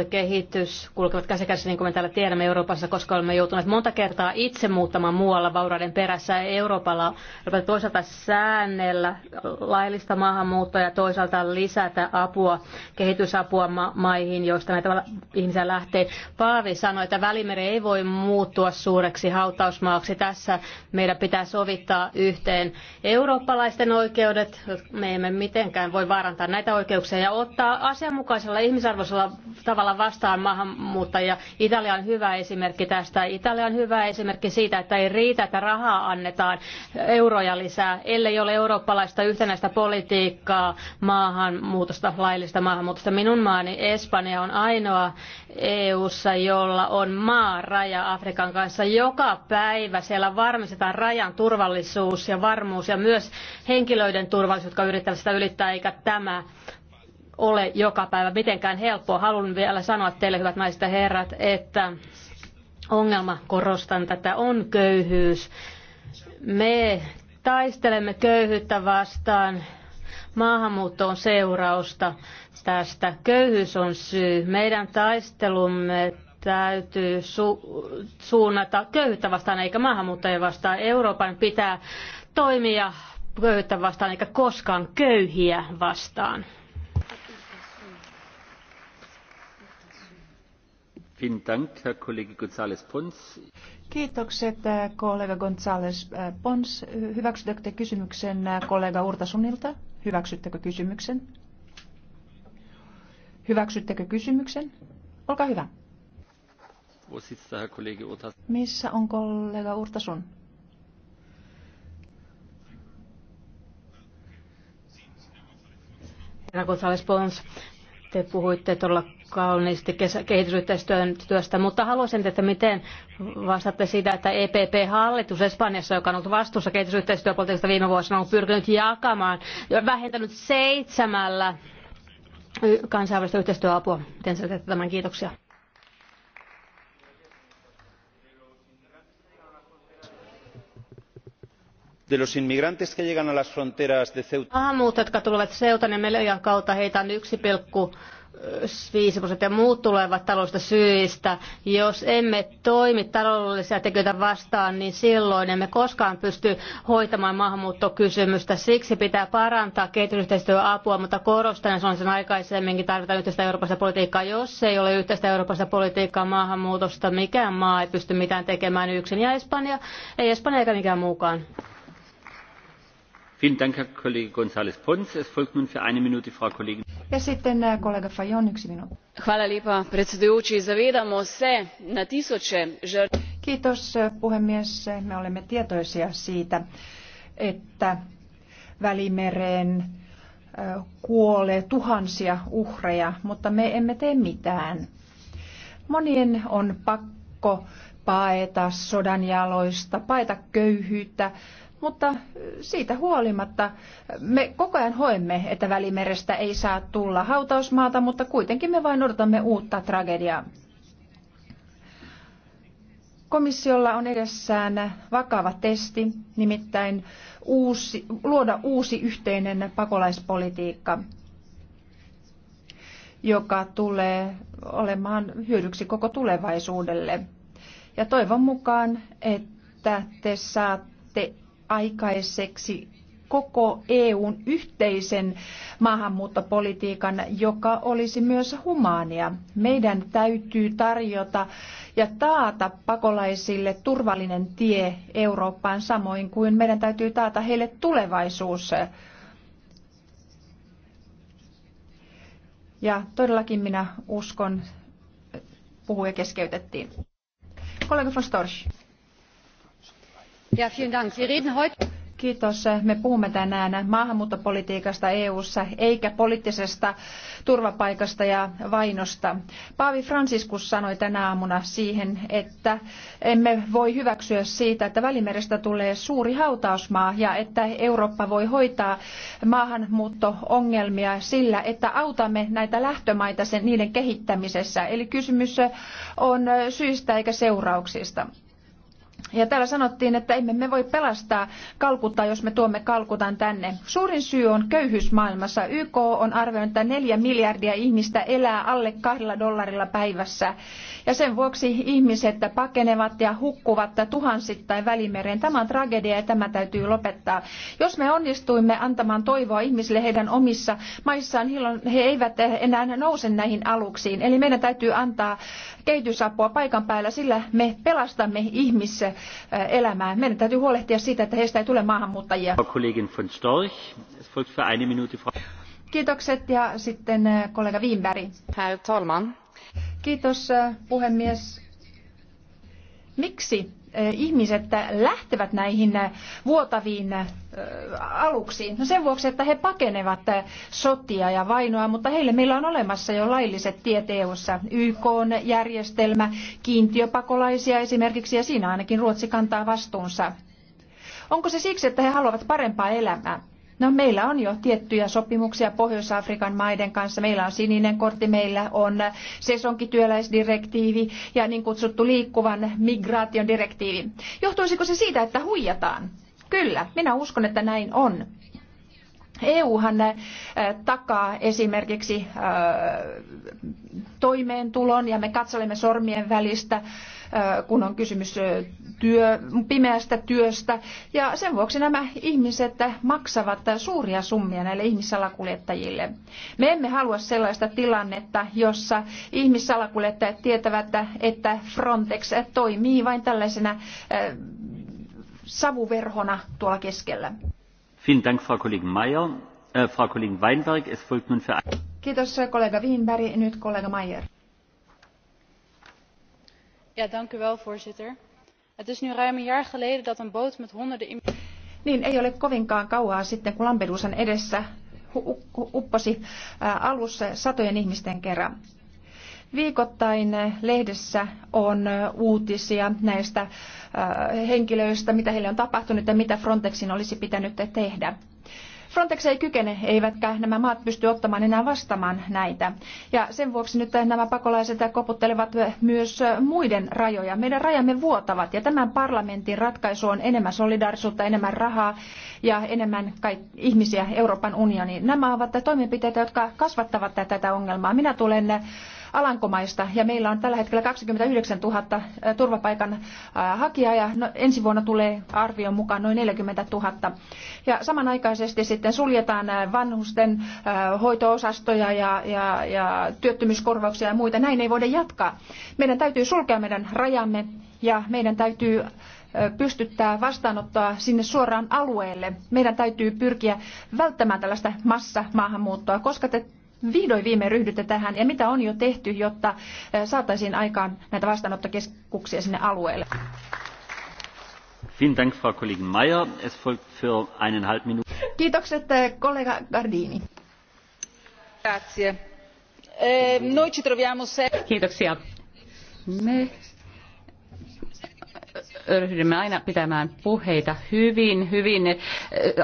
kehitys kulkevat käsikässä, niin kuin me täällä tiedämme Euroopassa, koska olemme joutuneet monta kertaa itse muuttamaan muualla vaurauden perässä Euroopalla. on toisaalta säännellä laillista maahanmuuttoa ja toisaalta lisätä apua, kehitysapua ma- maihin, joista näitä ihmisiä lähtee. Paavi sanoi, että Välimeri ei voi muuttua suureksi hautausmaaksi. Tässä meidän pitää sovittaa yhteen eurooppalaisten oikeudet. Me emme mitenkään voi vaarantaa näitä oikeuksia ja ottaa asianmukaisella ihmisarvoisella tavalla vastaan maahanmuuttajia. Italia on hyvä esimerkki tästä. Italia on hyvä esimerkki siitä, että ei riitä, että rahaa annetaan euroja lisää, ellei ole eurooppalaista yhtenäistä politiikkaa maahanmuutosta, laillista maahanmuutosta. Minun maani Espanja on ainoa EU-ssa, jolla on maaraja Afrikan kanssa. Joka päivä siellä varmistetaan rajan turvallisuus ja varmuus ja myös henkilöiden turvallisuus, jotka yrittävät sitä ylittää, eikä tämä ole joka päivä mitenkään helppoa. Haluan vielä sanoa teille, hyvät naiset ja herrat, että ongelma, korostan tätä, on köyhyys. Me taistelemme köyhyyttä vastaan. Maahanmuutto on seurausta tästä. Köyhyys on syy. Meidän taistelumme täytyy su- suunnata köyhyyttä vastaan eikä maahanmuuttajia vastaan. Euroopan pitää toimia köyhyyttä vastaan eikä koskaan köyhiä vastaan. Kiitokset äh, kollega González äh, Pons. Hyväksyttekö te kysymyksen äh, kollega Urtasunilta? Hyväksyttekö kysymyksen? Hyväksyttekö kysymyksen? Olkaa hyvä. Missä on kollega Urtasun? Herra González Pons, te puhuitte todella kauniisti kehitysyhteistyöstä, mutta haluaisin, että miten vastatte siitä, että EPP-hallitus Espanjassa, joka on ollut vastuussa kehitysyhteistyöpolitiikasta viime vuosina, on pyrkinyt jakamaan, ja vähentänyt seitsemällä kansainvälistä yhteistyöapua. Miten selitätte tämän? Kiitoksia. de los inmigrantes que llegan a las fronteras de Ceuta. mutta jotka tulevat Ceutan ja Melian kautta, heitä on 5 prosenttia muut tulevat taloudellisista syistä. Jos emme toimi taloudellisia tekijöitä vastaan, niin silloin emme koskaan pysty hoitamaan maahanmuuttokysymystä. Siksi pitää parantaa apua, mutta korostan, että se on sen aikaisemminkin, tarvitaan yhteistä eurooppalaista politiikkaa. Jos ei ole yhteistä eurooppalaista politiikkaa maahanmuutosta, mikään maa ei pysty mitään tekemään yksin. Ja Espanja, ei Espanja eikä mikään muukaan zavedamo se na tisoče kiitos äh, puhemies me olemme tietoisia siitä että välimereen äh, kuolee tuhansia uhreja mutta me emme tee mitään. monien on pakko paeta sodan jaloista paeta köyhyyttä mutta siitä huolimatta me koko ajan hoemme, että Välimerestä ei saa tulla hautausmaata, mutta kuitenkin me vain odotamme uutta tragediaa. Komissiolla on edessään vakava testi, nimittäin uusi, luoda uusi yhteinen pakolaispolitiikka, joka tulee olemaan hyödyksi koko tulevaisuudelle. Ja toivon mukaan, että te saatte aikaiseksi koko EUn yhteisen maahanmuuttopolitiikan, joka olisi myös humaania. Meidän täytyy tarjota ja taata pakolaisille turvallinen tie Eurooppaan samoin kuin meidän täytyy taata heille tulevaisuus. Ja todellakin minä uskon, puhuja keskeytettiin. Kollega von Storch. Kiitos. Me puhumme tänään maahanmuuttopolitiikasta EU:ssa eikä poliittisesta turvapaikasta ja vainosta. Paavi Franciscus sanoi tänä aamuna siihen, että emme voi hyväksyä siitä, että Välimerestä tulee suuri hautausmaa ja että Eurooppa voi hoitaa maahanmuutto-ongelmia sillä, että autamme näitä lähtömaita sen niiden kehittämisessä. Eli kysymys on syistä eikä seurauksista ja täällä sanottiin, että emme me voi pelastaa kalkuttaa, jos me tuomme Kalkutan tänne. Suurin syy on köyhyys maailmassa. YK on arvioinut, että neljä miljardia ihmistä elää alle kahdella dollarilla päivässä. Ja sen vuoksi ihmiset pakenevat ja hukkuvat tuhansittain välimereen. Tämä on tragedia ja tämä täytyy lopettaa. Jos me onnistuimme antamaan toivoa ihmisille heidän omissa maissaan, silloin he eivät enää nouse näihin aluksiin. Eli meidän täytyy antaa kehitysapua paikan päällä, sillä me pelastamme ihmissä elämää. Meidän täytyy huolehtia siitä, että heistä ei tule maahanmuuttajia. Kiitokset ja sitten äh, kollega Wimberg. Herr talman. Kiitos äh, puhemies. Miksi ihmiset lähtevät näihin vuotaviin aluksiin? No sen vuoksi, että he pakenevat sotia ja vainoa, mutta heille meillä on olemassa jo lailliset tiet EU-ssa. YK-järjestelmä, kiintiöpakolaisia esimerkiksi, ja siinä ainakin Ruotsi kantaa vastuunsa. Onko se siksi, että he haluavat parempaa elämää? No meillä on jo tiettyjä sopimuksia Pohjois-Afrikan maiden kanssa. Meillä on sininen kortti, meillä on sesonkityöläisdirektiivi ja niin kutsuttu liikkuvan migraation direktiivi. Johtuisiko se siitä, että huijataan? Kyllä, minä uskon, että näin on. EUhan äh, takaa esimerkiksi äh, toimeentulon ja me katselemme sormien välistä kun on kysymys työ, pimeästä työstä. Ja sen vuoksi nämä ihmiset maksavat suuria summia näille ihmissalakuljettajille. Me emme halua sellaista tilannetta, jossa ihmissalakuljettajat tietävät, että Frontex toimii vain tällaisena savuverhona tuolla keskellä. Äh, Kiitos kollega Wienberg, nyt kollega Mayer voorzitter het is nu ruim een jaar geleden dat een boot met honderden. niin ei ole kovinkaan kauaa sitten kun lampedusan edessä upposi alus satojen ihmisten kerran. Viikoittain lehdessä on uutisia näistä henkilöistä, mitä heille on tapahtunut ja mitä Frontexin olisi pitänyt tehdä Frontex ei kykene, eivätkä nämä maat pysty ottamaan enää vastaan näitä. Ja sen vuoksi nyt nämä pakolaiset koputtelevat myös muiden rajoja. Meidän rajamme vuotavat ja tämän parlamentin ratkaisu on enemmän solidaarisuutta, enemmän rahaa ja enemmän ihmisiä Euroopan unioniin. Nämä ovat toimenpiteitä, jotka kasvattavat tätä ongelmaa. Minä tulen Alankomaista ja meillä on tällä hetkellä 29 000 turvapaikan hakijaa ja no, ensi vuonna tulee arvion mukaan noin 40 000. Ja samanaikaisesti sitten suljetaan vanhusten hoitoosastoja ja, ja, ja työttömyyskorvauksia ja muita. Näin ei voida jatkaa. Meidän täytyy sulkea meidän rajamme ja meidän täytyy pystyttää vastaanottoa sinne suoraan alueelle. Meidän täytyy pyrkiä välttämään tällaista massamaahanmuuttoa, koska te vihdoin viime ryhdytte tähän ja mitä on jo tehty, jotta eh, saataisiin aikaan näitä vastaanottokeskuksia sinne alueelle? Kiitokset eh, kollega Gardini. Eh, Kiitoksia. Me ryhdymme aina pitämään puheita hyvin, hyvin eh,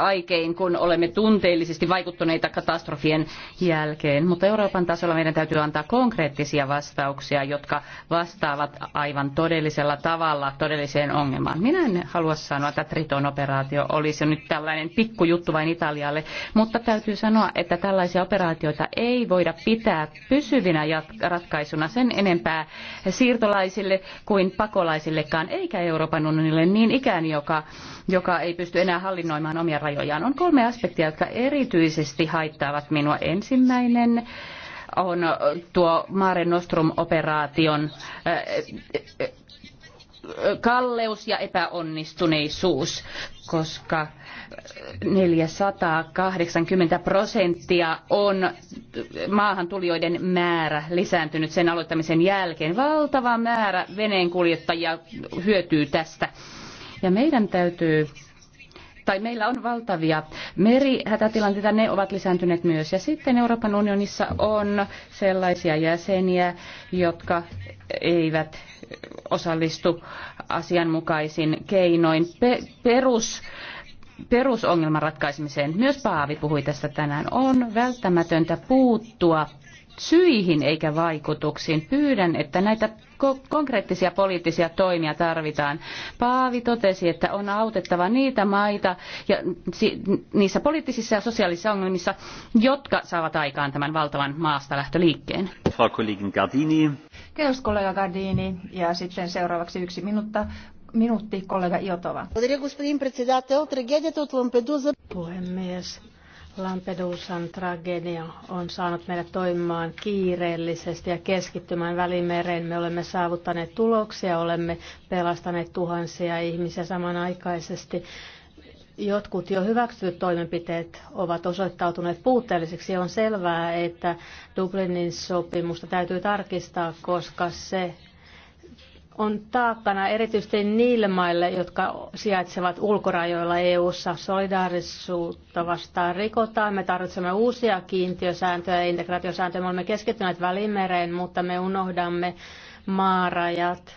aikein, kun olemme tunteellisesti vaikuttuneita katastrofien jälkeen. Mutta Euroopan tasolla meidän täytyy antaa konkreettisia vastauksia, jotka vastaavat aivan todellisella tavalla todelliseen ongelmaan. Minä en halua sanoa, että Triton-operaatio olisi nyt tällainen pikkujuttu vain Italialle, mutta täytyy sanoa, että tällaisia operaatioita ei voida pitää pysyvinä ratkaisuna sen enempää siirtolaisille kuin pakolaisillekaan, eikä Euroopan Euroopan unionille niin ikään, joka, joka ei pysty enää hallinnoimaan omia rajojaan. On kolme aspektia, jotka erityisesti haittaavat minua. Ensimmäinen on tuo Mare Nostrum-operaation äh, äh, äh, kalleus ja epäonnistuneisuus, koska 480 prosenttia on maahantulijoiden määrä lisääntynyt sen aloittamisen jälkeen. Valtava määrä veneenkuljettajia hyötyy tästä. Ja meidän täytyy tai meillä on valtavia merihätätilanteita, ne ovat lisääntyneet myös. Ja sitten Euroopan unionissa on sellaisia jäseniä, jotka eivät osallistu asianmukaisin keinoin pe- perus perusongelman ratkaisemiseen, myös Paavi puhui tästä tänään, on välttämätöntä puuttua syihin eikä vaikutuksiin. Pyydän, että näitä ko- konkreettisia poliittisia toimia tarvitaan. Paavi totesi, että on autettava niitä maita ja si- niissä poliittisissa ja sosiaalisissa ongelmissa, jotka saavat aikaan tämän valtavan maasta lähtöliikkeen. Frau Kollegin Gardini. Kiitos kollega Gardini. Ja sitten seuraavaksi yksi minuutta Minuutti, kollega Iotova. Puhemies, Lampedusan tragedia on saanut meidät toimimaan kiireellisesti ja keskittymään välimereen. Me olemme saavuttaneet tuloksia, olemme pelastaneet tuhansia ihmisiä samanaikaisesti. Jotkut jo hyväksytyt toimenpiteet ovat osoittautuneet puutteellisiksi. On selvää, että Dublinin sopimusta täytyy tarkistaa, koska se on taakkana erityisesti niille maille, jotka sijaitsevat ulkorajoilla EU-ssa. Solidaarisuutta vastaan rikotaan. Me tarvitsemme uusia kiintiösääntöjä ja integraatiosääntöjä. Me olemme keskittyneet välimereen, mutta me unohdamme maarajat.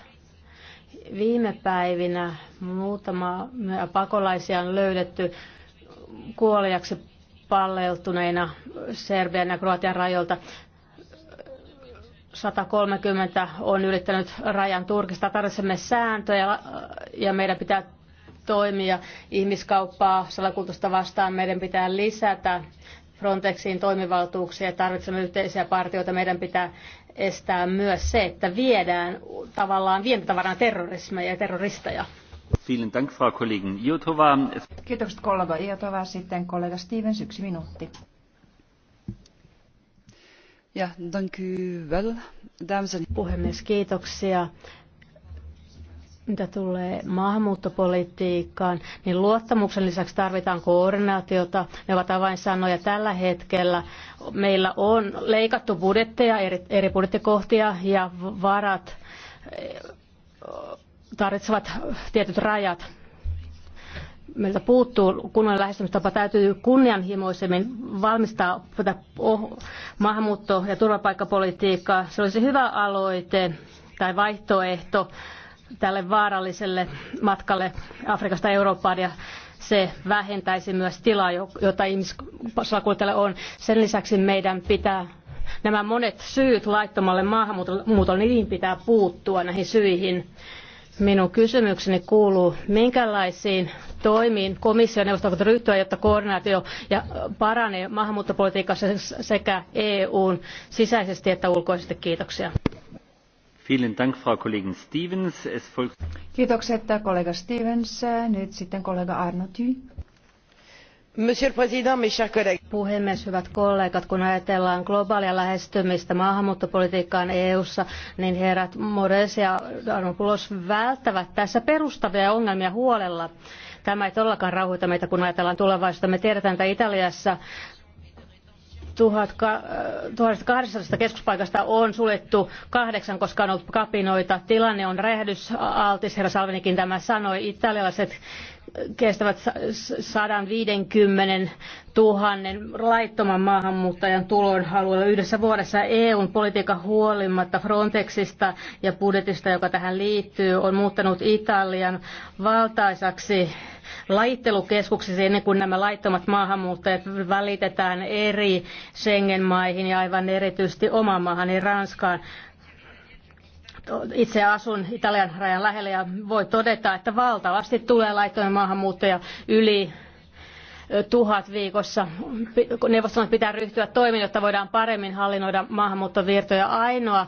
Viime päivinä muutama pakolaisia on löydetty kuoliaksi palleltuneina Serbian ja Kroatian rajoilta. 130 on ylittänyt rajan Turkista. Tarvitsemme sääntöjä ja meidän pitää toimia ihmiskauppaa salakultusta vastaan. Meidän pitää lisätä Frontexin toimivaltuuksia, tarvitsemme yhteisiä partioita, meidän pitää estää myös se, että viedään tavallaan vientitavarana terrorismeja ja terroristeja. Dank, Kiitokset kollega Iotova. Sitten kollega Stevens, yksi minuutti. Ja, dank u wel, dames en... Puhemies, kiitoksia. Mitä tulee maahanmuuttopolitiikkaan, niin luottamuksen lisäksi tarvitaan koordinaatiota. Ne ovat avainsanoja tällä hetkellä. Meillä on leikattu budjetteja, eri, eri budjettikohtia ja varat eh, tarvitsevat tietyt rajat meiltä puuttuu kunnon lähestymistapa. Täytyy kunnianhimoisemmin valmistaa tätä oh- maahanmuutto- ja turvapaikkapolitiikkaa. Se olisi hyvä aloite tai vaihtoehto tälle vaaralliselle matkalle Afrikasta Eurooppaan ja se vähentäisi myös tilaa, jota ihmissalakuljettajille on. Sen lisäksi meidän pitää nämä monet syyt laittomalle maahanmuutolle, niin niihin pitää puuttua näihin syihin. Minun kysymykseni kuuluu, minkälaisiin toimiin komissio ja neuvosto voivat ryhtyä, jotta koordinaatio ja paranee maahanmuuttopolitiikassa sekä EUn sisäisesti että ulkoisesti. Kiitoksia. Kiitokset kollega Stevens. Nyt sitten kollega Arno Monsieur le Puhemies, hyvät kollegat, kun ajatellaan globaalia lähestymistä maahanmuuttopolitiikkaan EU-ssa, niin herrat moraes ja avramopoulos välttävät tässä perustavia ongelmia huolella. Tämä ei todellakaan rauhoita meitä, kun ajatellaan tulevaisuutta. Me tiedetään, että Italiassa kahdeksansataa keskuspaikasta on suljettu kahdeksan, koska on ollut kapinoita. Tilanne on räjähdysaltis, herra Salvinikin tämä sanoi. Italialaiset kestävät 150 000 laittoman maahanmuuttajan tulon alueella yhdessä vuodessa EUn politiikka huolimatta Frontexista ja budjetista, joka tähän liittyy, on muuttanut Italian valtaisaksi laittelukeskuksiksi ennen kuin nämä laittomat maahanmuuttajat välitetään eri Schengen-maihin ja aivan erityisesti omaan maahani Ranskaan itse asun Italian rajan lähellä ja voi todeta, että valtavasti tulee laittomia maahanmuuttajia yli tuhat viikossa. Neuvoston pitää ryhtyä toimiin, jotta voidaan paremmin hallinnoida maahanmuuttovirtoja. Ainoa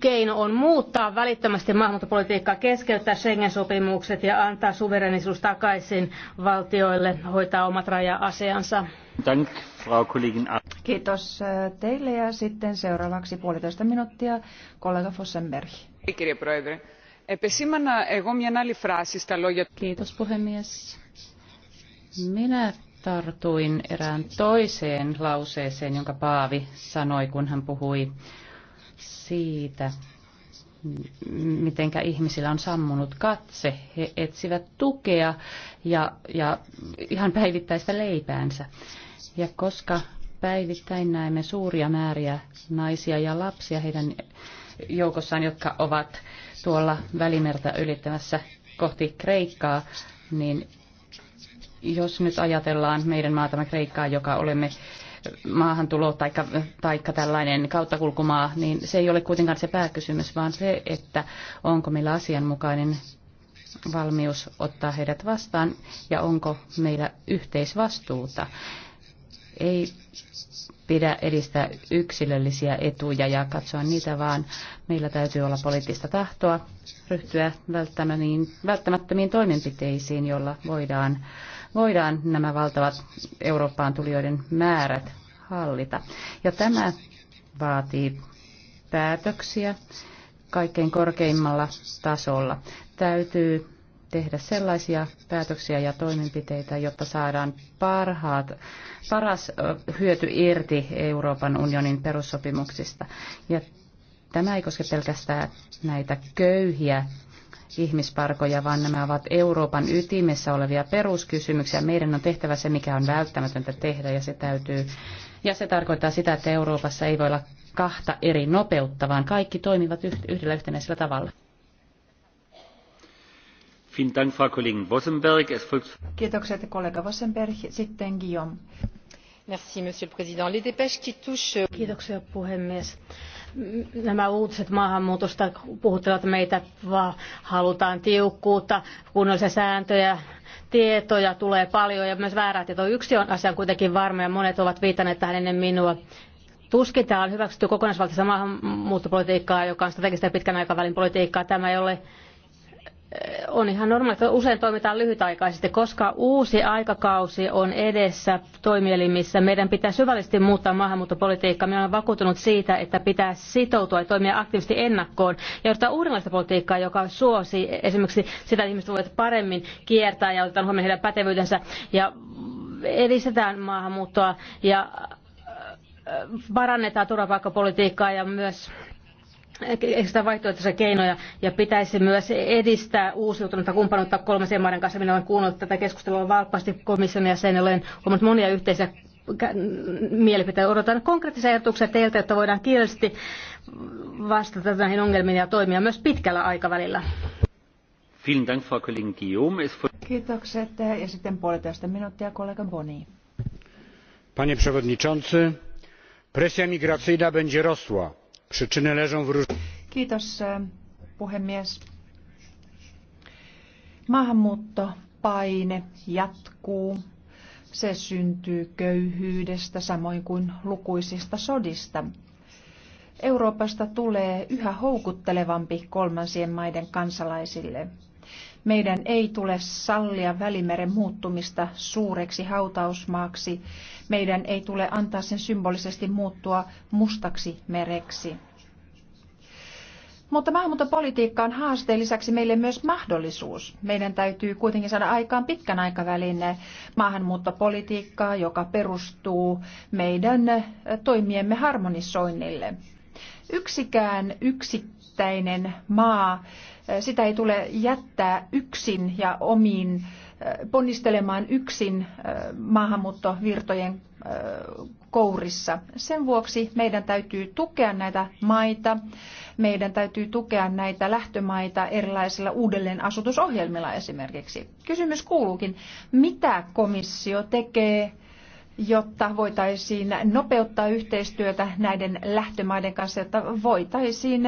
keino on muuttaa välittömästi maahanmuuttopolitiikkaa, keskeyttää Schengen-sopimukset ja antaa suverenisuus takaisin valtioille hoitaa omat raja-asiansa. Dank, Frau Kollegin. Kiitos äh, teille ja sitten seuraavaksi puolitoista minuuttia kollega Fossenberg. Kiitos puhemies. Minä tartuin erään toiseen lauseeseen, jonka Paavi sanoi, kun hän puhui siitä, mitenkä ihmisillä on sammunut katse. He etsivät tukea ja, ja ihan päivittäistä leipäänsä. Ja koska päivittäin näemme suuria määriä naisia ja lapsia heidän joukossaan, jotka ovat tuolla välimerta ylittämässä kohti Kreikkaa, niin jos nyt ajatellaan meidän maatamme Kreikkaa, joka olemme maahantulo tai taikka tällainen kauttakulkumaa, niin se ei ole kuitenkaan se pääkysymys, vaan se, että onko meillä asianmukainen valmius ottaa heidät vastaan ja onko meillä yhteisvastuuta. Ei pidä edistää yksilöllisiä etuja ja katsoa niitä, vaan meillä täytyy olla poliittista tahtoa ryhtyä välttämättömiin toimenpiteisiin, joilla voidaan voidaan nämä valtavat Eurooppaan tulijoiden määrät hallita. Ja tämä vaatii päätöksiä kaikkein korkeimmalla tasolla. Täytyy tehdä sellaisia päätöksiä ja toimenpiteitä, jotta saadaan parhaat, paras hyöty irti Euroopan unionin perussopimuksista. Ja tämä ei koske pelkästään näitä köyhiä ihmisparkoja, vaan nämä ovat Euroopan ytimessä olevia peruskysymyksiä. Meidän on tehtävä se, mikä on välttämätöntä tehdä, ja se, täytyy, ja se tarkoittaa sitä, että Euroopassa ei voi olla kahta eri nopeutta, vaan kaikki toimivat yhdellä yhtenäisellä tavalla. Kiitokset kollega Vossenberg. Sitten Guillaume monsieur le président les dépêches qui touchent. Euh, kiitoksia puhemies nämä uutiset maahanmuutosta puhuttelevat meitä vaan halutaan tiukkuutta kunnollisia sääntöjä tietoja tulee paljon ja myös väärää tietoa. yksi on asia on kuitenkin varma ja monet ovat viitanneet tähän ennen minua Tuskin täällä on hyväksytty kokonaisvaltaista maahanmuuttopolitiikkaa, joka on strategista ja pitkän aikavälin politiikkaa. Tämä ei ole on ihan normaalia, että usein toimitaan lyhytaikaisesti, koska uusi aikakausi on edessä toimielimissä. Meidän pitää syvällisesti muuttaa maahanmuuttopolitiikkaa. Minä olen vakuutunut siitä, että pitää sitoutua ja toimia aktiivisesti ennakkoon ja ottaa uudenlaista politiikkaa, joka suosii esimerkiksi sitä, että ihmiset voivat paremmin kiertää ja otetaan huomioon heidän pätevyytensä ja edistetään maahanmuuttoa ja parannetaan turvapaikkapolitiikkaa ja myös sitä vaihtoehtoisia keinoja ja pitäisi myös edistää uusiutunutta kumppanuutta kolmansien maiden kanssa. Minä olen kuunnellut tätä keskustelua valppaasti komission ja sen olen huomannut monia yhteisiä mielipiteitä. Odotan konkreettisia ajatuksia teiltä, jotta voidaan kiireellisesti vastata näihin ongelmiin ja toimia myös pitkällä aikavälillä. Kiitokset. Ja sitten puolitoista minuuttia kollega Boni. Panie przewodniczący, presja migracyjna będzie rosła Kiitos e, puhemies. Maahanmuuttopaine jatkuu. Se syntyy köyhyydestä samoin kuin lukuisista sodista. Euroopasta tulee yhä houkuttelevampi kolmansien maiden kansalaisille. Meidän ei tule sallia Välimeren muuttumista suureksi hautausmaaksi, meidän ei tule antaa sen symbolisesti muuttua mustaksi mereksi. Mutta maahanmuuttopolitiikka on haasteen lisäksi meille myös mahdollisuus. Meidän täytyy kuitenkin saada aikaan pitkän aikavälin maahanmuuttopolitiikkaa, joka perustuu meidän toimiemme harmonisoinnille. Yksikään yksittäinen maa, sitä ei tule jättää yksin ja omiin ponnistelemaan yksin maahanmuuttovirtojen kourissa. Sen vuoksi meidän täytyy tukea näitä maita, meidän täytyy tukea näitä lähtömaita erilaisilla uudelleenasutusohjelmilla esimerkiksi. Kysymys kuuluukin, mitä komissio tekee jotta voitaisiin nopeuttaa yhteistyötä näiden lähtömaiden kanssa, jotta voitaisiin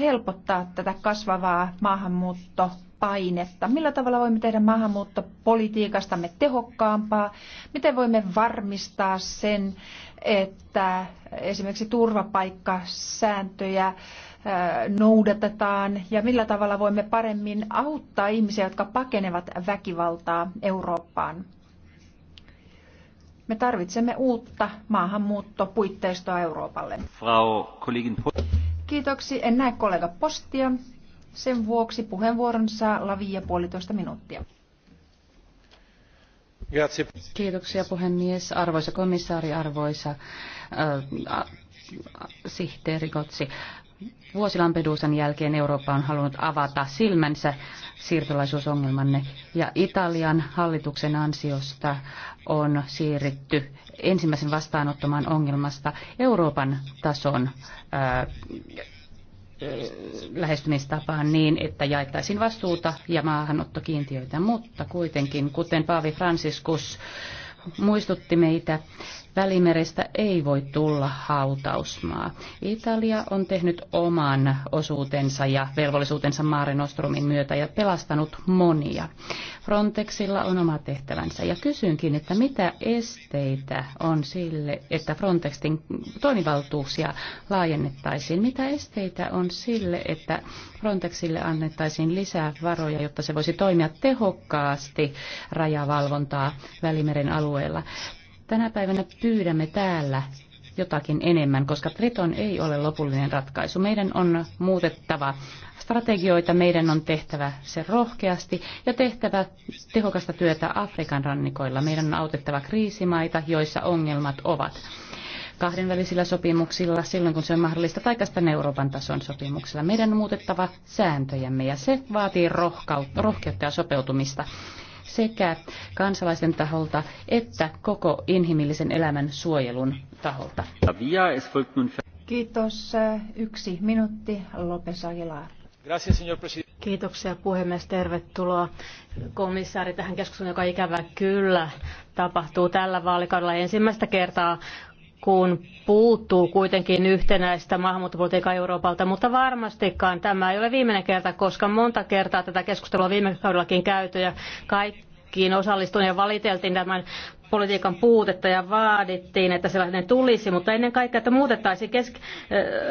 helpottaa tätä kasvavaa maahanmuuttoa painetta? Millä tavalla voimme tehdä maahanmuuttopolitiikastamme tehokkaampaa? Miten voimme varmistaa sen, että esimerkiksi turvapaikkasääntöjä äh, noudatetaan ja millä tavalla voimme paremmin auttaa ihmisiä, jotka pakenevat väkivaltaa Eurooppaan? Me tarvitsemme uutta maahanmuuttopuitteistoa Euroopalle. Frau Kollegin Kiitoksi. En näe kollega Postia. Sen vuoksi puheenvuoron saa Lavia puolitoista minuuttia. Kiitoksia puhemies, arvoisa komissaari, arvoisa äh, sihteeri Kotsi. Vuosi Lampedusan jälkeen Eurooppa on halunnut avata silmänsä siirtolaisuusongelmanne ja Italian hallituksen ansiosta on siirrytty ensimmäisen vastaanottomaan ongelmasta Euroopan tason äh, lähestymistapaan niin, että jaettaisiin vastuuta ja maahanottokiintiöitä, mutta kuitenkin, kuten Paavi Franciscus muistutti meitä, Välimerestä ei voi tulla hautausmaa. Italia on tehnyt oman osuutensa ja velvollisuutensa Mare Nostrumin myötä ja pelastanut monia. Frontexilla on oma tehtävänsä ja kysynkin, että mitä esteitä on sille, että Frontexin toimivaltuuksia laajennettaisiin? Mitä esteitä on sille, että Frontexille annettaisiin lisää varoja, jotta se voisi toimia tehokkaasti rajavalvontaa Välimeren alueella? Tänä päivänä pyydämme täällä jotakin enemmän, koska Triton ei ole lopullinen ratkaisu. Meidän on muutettava strategioita, meidän on tehtävä se rohkeasti ja tehtävä tehokasta työtä Afrikan rannikoilla. Meidän on autettava kriisimaita, joissa ongelmat ovat kahdenvälisillä sopimuksilla silloin, kun se on mahdollista, tai Euroopan tason sopimuksella. Meidän on muutettava sääntöjämme ja se vaatii rohkeutta ja sopeutumista sekä kansalaisten taholta että koko inhimillisen elämän suojelun taholta. Kiitos. Yksi minuutti. Lopes Aguilar. Kiitoksia puhemies. Tervetuloa komissaari tähän keskusteluun, joka ikävä kyllä tapahtuu tällä vaalikaudella ensimmäistä kertaa kun puuttuu kuitenkin yhtenäistä maahanmuuttopolitiikkaa Euroopalta, mutta varmastikaan tämä ei ole viimeinen kerta, koska monta kertaa tätä keskustelua viime kaudellakin käyty ja kaikkiin osallistuin ja valiteltiin tämän politiikan puutetta ja vaadittiin, että sellainen tulisi, mutta ennen kaikkea, että muutettaisiin kesk-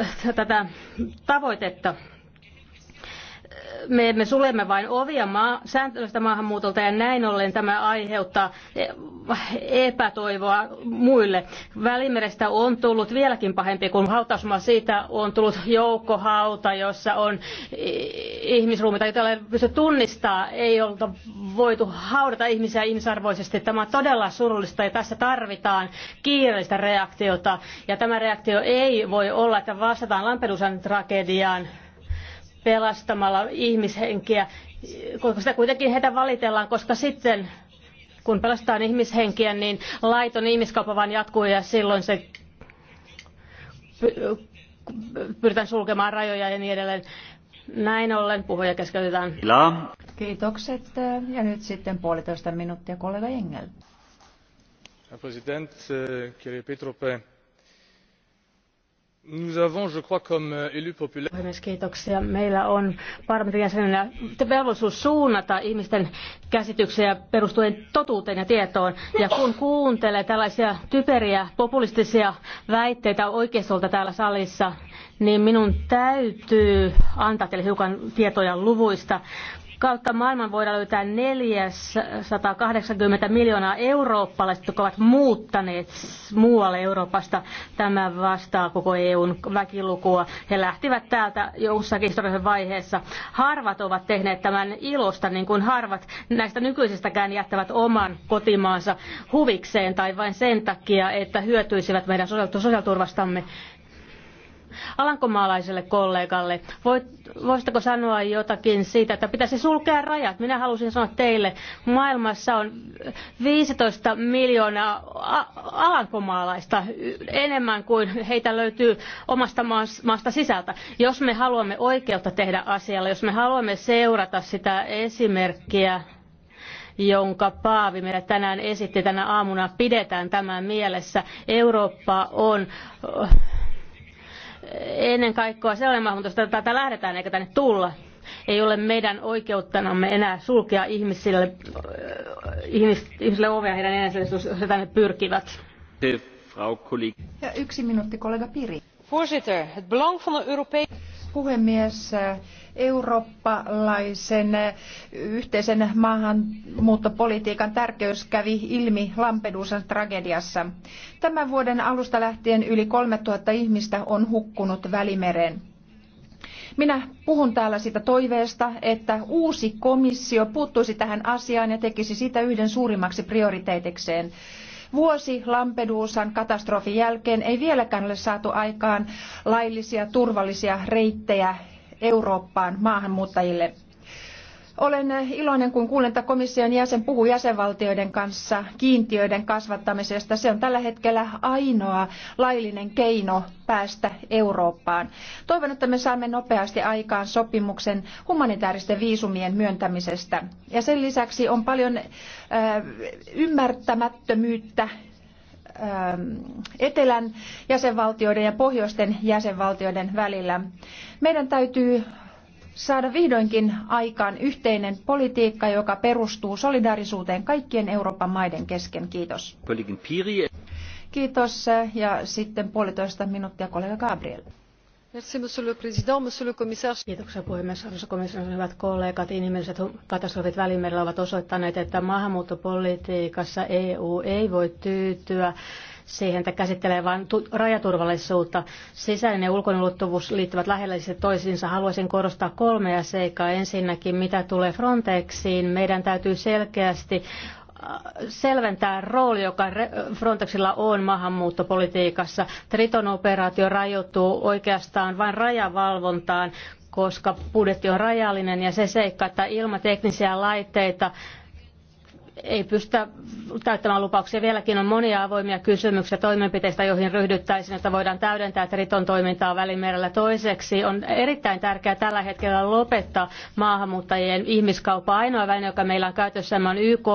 äh, tätä tavoitetta me emme sulemme vain ovia maa, sääntelystä maahanmuutolta ja näin ollen tämä aiheuttaa epätoivoa muille. Välimerestä on tullut vieläkin pahempi, kuin hautausmaa siitä on tullut joukkohauta, jossa on ihmisruumiita, joita ei ole pysty tunnistaa, ei ole voitu haudata ihmisiä ihmisarvoisesti. Tämä on todella surullista ja tässä tarvitaan kiireellistä reaktiota ja tämä reaktio ei voi olla, että vastataan Lampedusan tragediaan pelastamalla ihmishenkiä, koska sitä kuitenkin heitä valitellaan, koska sitten kun pelastetaan ihmishenkiä, niin laiton ihmiskauppa vaan jatkuu ja silloin se pyritään sulkemaan rajoja ja niin edelleen. Näin ollen puhuja keskeytetään. Kiitokset. Ja nyt sitten puolitoista minuuttia kollega Engel. Herr Präsident, äh, Kirje Petrope, Euh, Puhemies, kiitoksia. Meillä on parlamentin jäsenenä velvollisuus suunnata ihmisten käsityksiä perustuen totuuteen ja tietoon. Ja kun kuuntelee tällaisia typeriä populistisia väitteitä oikeistolta täällä salissa, niin minun täytyy antaa teille hiukan tietoja luvuista. Kautta maailman voidaan löytää 480 miljoonaa eurooppalaista, jotka ovat muuttaneet muualle Euroopasta. Tämä vastaa koko EUn väkilukua. He lähtivät täältä jossakin historiallisessa vaiheessa. Harvat ovat tehneet tämän ilosta, niin kuin harvat näistä nykyisistäkään jättävät oman kotimaansa huvikseen tai vain sen takia, että hyötyisivät meidän sosiaaliturvastamme alankomaalaiselle kollegalle. Voit, voisitteko sanoa jotakin siitä, että pitäisi sulkea rajat? Minä halusin sanoa teille, maailmassa on 15 miljoonaa alankomaalaista enemmän kuin heitä löytyy omasta maasta sisältä. Jos me haluamme oikeutta tehdä asialla, jos me haluamme seurata sitä esimerkkiä, jonka Paavi meille tänään esitti tänä aamuna, pidetään tämä mielessä. Eurooppa on ennen kaikkea sellainen maahanmuutto, että täältä lähdetään eikä tänne tulla. Ei ole meidän oikeuttanamme enää sulkea ihmisille, äh, ihmisille ovea heidän enänsä, jos he tänne pyrkivät. Ja yksi minuutti kollega Piri. Voorzitter, het belang van de Europese puhemies. Eurooppalaisen yhteisen maahanmuuttopolitiikan tärkeys kävi ilmi Lampedusan tragediassa. Tämän vuoden alusta lähtien yli 3000 ihmistä on hukkunut Välimereen. Minä puhun täällä sitä toiveesta, että uusi komissio puuttuisi tähän asiaan ja tekisi sitä yhden suurimmaksi prioriteetikseen. Vuosi Lampedusan katastrofin jälkeen ei vieläkään ole saatu aikaan laillisia turvallisia reittejä Eurooppaan maahanmuuttajille. Olen iloinen, kun kuulen, että komission jäsen puhuu jäsenvaltioiden kanssa kiintiöiden kasvattamisesta. Se on tällä hetkellä ainoa laillinen keino päästä Eurooppaan. Toivon, että me saamme nopeasti aikaan sopimuksen humanitaaristen viisumien myöntämisestä. Ja sen lisäksi on paljon ymmärtämättömyyttä etelän jäsenvaltioiden ja pohjoisten jäsenvaltioiden välillä. Meidän täytyy saada vihdoinkin aikaan yhteinen politiikka, joka perustuu solidaarisuuteen kaikkien Euroopan maiden kesken. Kiitos. Kiitos äh, ja sitten puolitoista minuuttia kollega Gabriel. Kiitoksia puhemies, arvoisa komission hyvät kollegat. Inhimilliset katastrofit Välimerellä ovat osoittaneet, että maahanmuuttopolitiikassa EU ei voi tyytyä siihen, että käsittelee vain rajaturvallisuutta. Sisäinen ja ulkoinen ulottuvuus liittyvät läheisesti toisiinsa. Haluaisin korostaa kolmea seikkaa. Ensinnäkin, mitä tulee Frontexiin, meidän täytyy selkeästi äh, selventää rooli, joka Frontexilla on maahanmuuttopolitiikassa. Triton operaatio rajoittuu oikeastaan vain rajavalvontaan, koska budjetti on rajallinen ja se seikka, että ilman teknisiä laitteita ei pystytä täyttämään lupauksia. Vieläkin on monia avoimia kysymyksiä toimenpiteistä, joihin ryhdyttäisiin, että voidaan täydentää Triton toimintaa välimerellä. Toiseksi on erittäin tärkeää tällä hetkellä lopettaa maahanmuuttajien ihmiskauppa. Ainoa väline, joka meillä on käytössämme on YK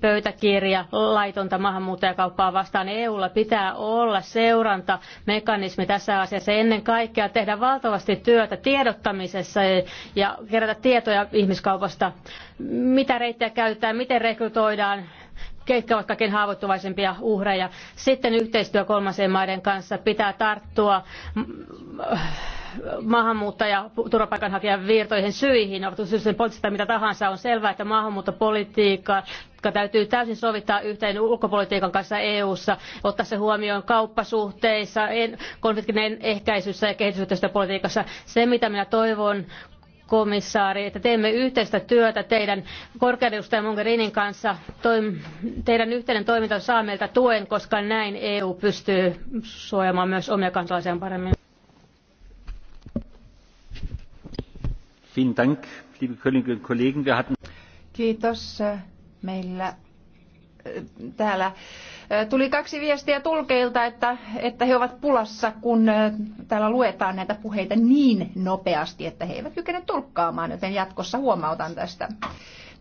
pöytäkirja laitonta maahanmuuttajakauppaa vastaan. EUlla pitää olla seurantamekanismi tässä asiassa ennen kaikkea tehdä valtavasti työtä tiedottamisessa ja kerätä tietoja ihmiskaupasta mitä reittejä käytetään, miten rekrytoidaan, ketkä ovat kaikkein haavoittuvaisempia uhreja. Sitten yhteistyö kolmansien maiden kanssa pitää tarttua äh, maahanmuuttaja turvapaikanhakijan virtoihin syihin, ovat syystä poliittista mitä tahansa, on selvää, että maahanmuuttopolitiikka täytyy täysin sovittaa yhteen ulkopolitiikan kanssa EU-ssa, ottaa se huomioon kauppasuhteissa, konfliktien ehkäisyssä ja kehitysyhteistyöpolitiikassa. Se, mitä minä toivon komissaari, että teemme yhteistä työtä teidän korkeudustajan Mogherinin kanssa. Toim, teidän yhteinen toiminta saa meiltä tuen, koska näin EU pystyy suojamaan myös omia kansalaisiaan paremmin. Kiitos. Meillä äh, täällä Tuli kaksi viestiä tulkeilta, että, että he ovat pulassa, kun täällä luetaan näitä puheita niin nopeasti, että he eivät kykene tulkkaamaan, joten jatkossa huomautan tästä.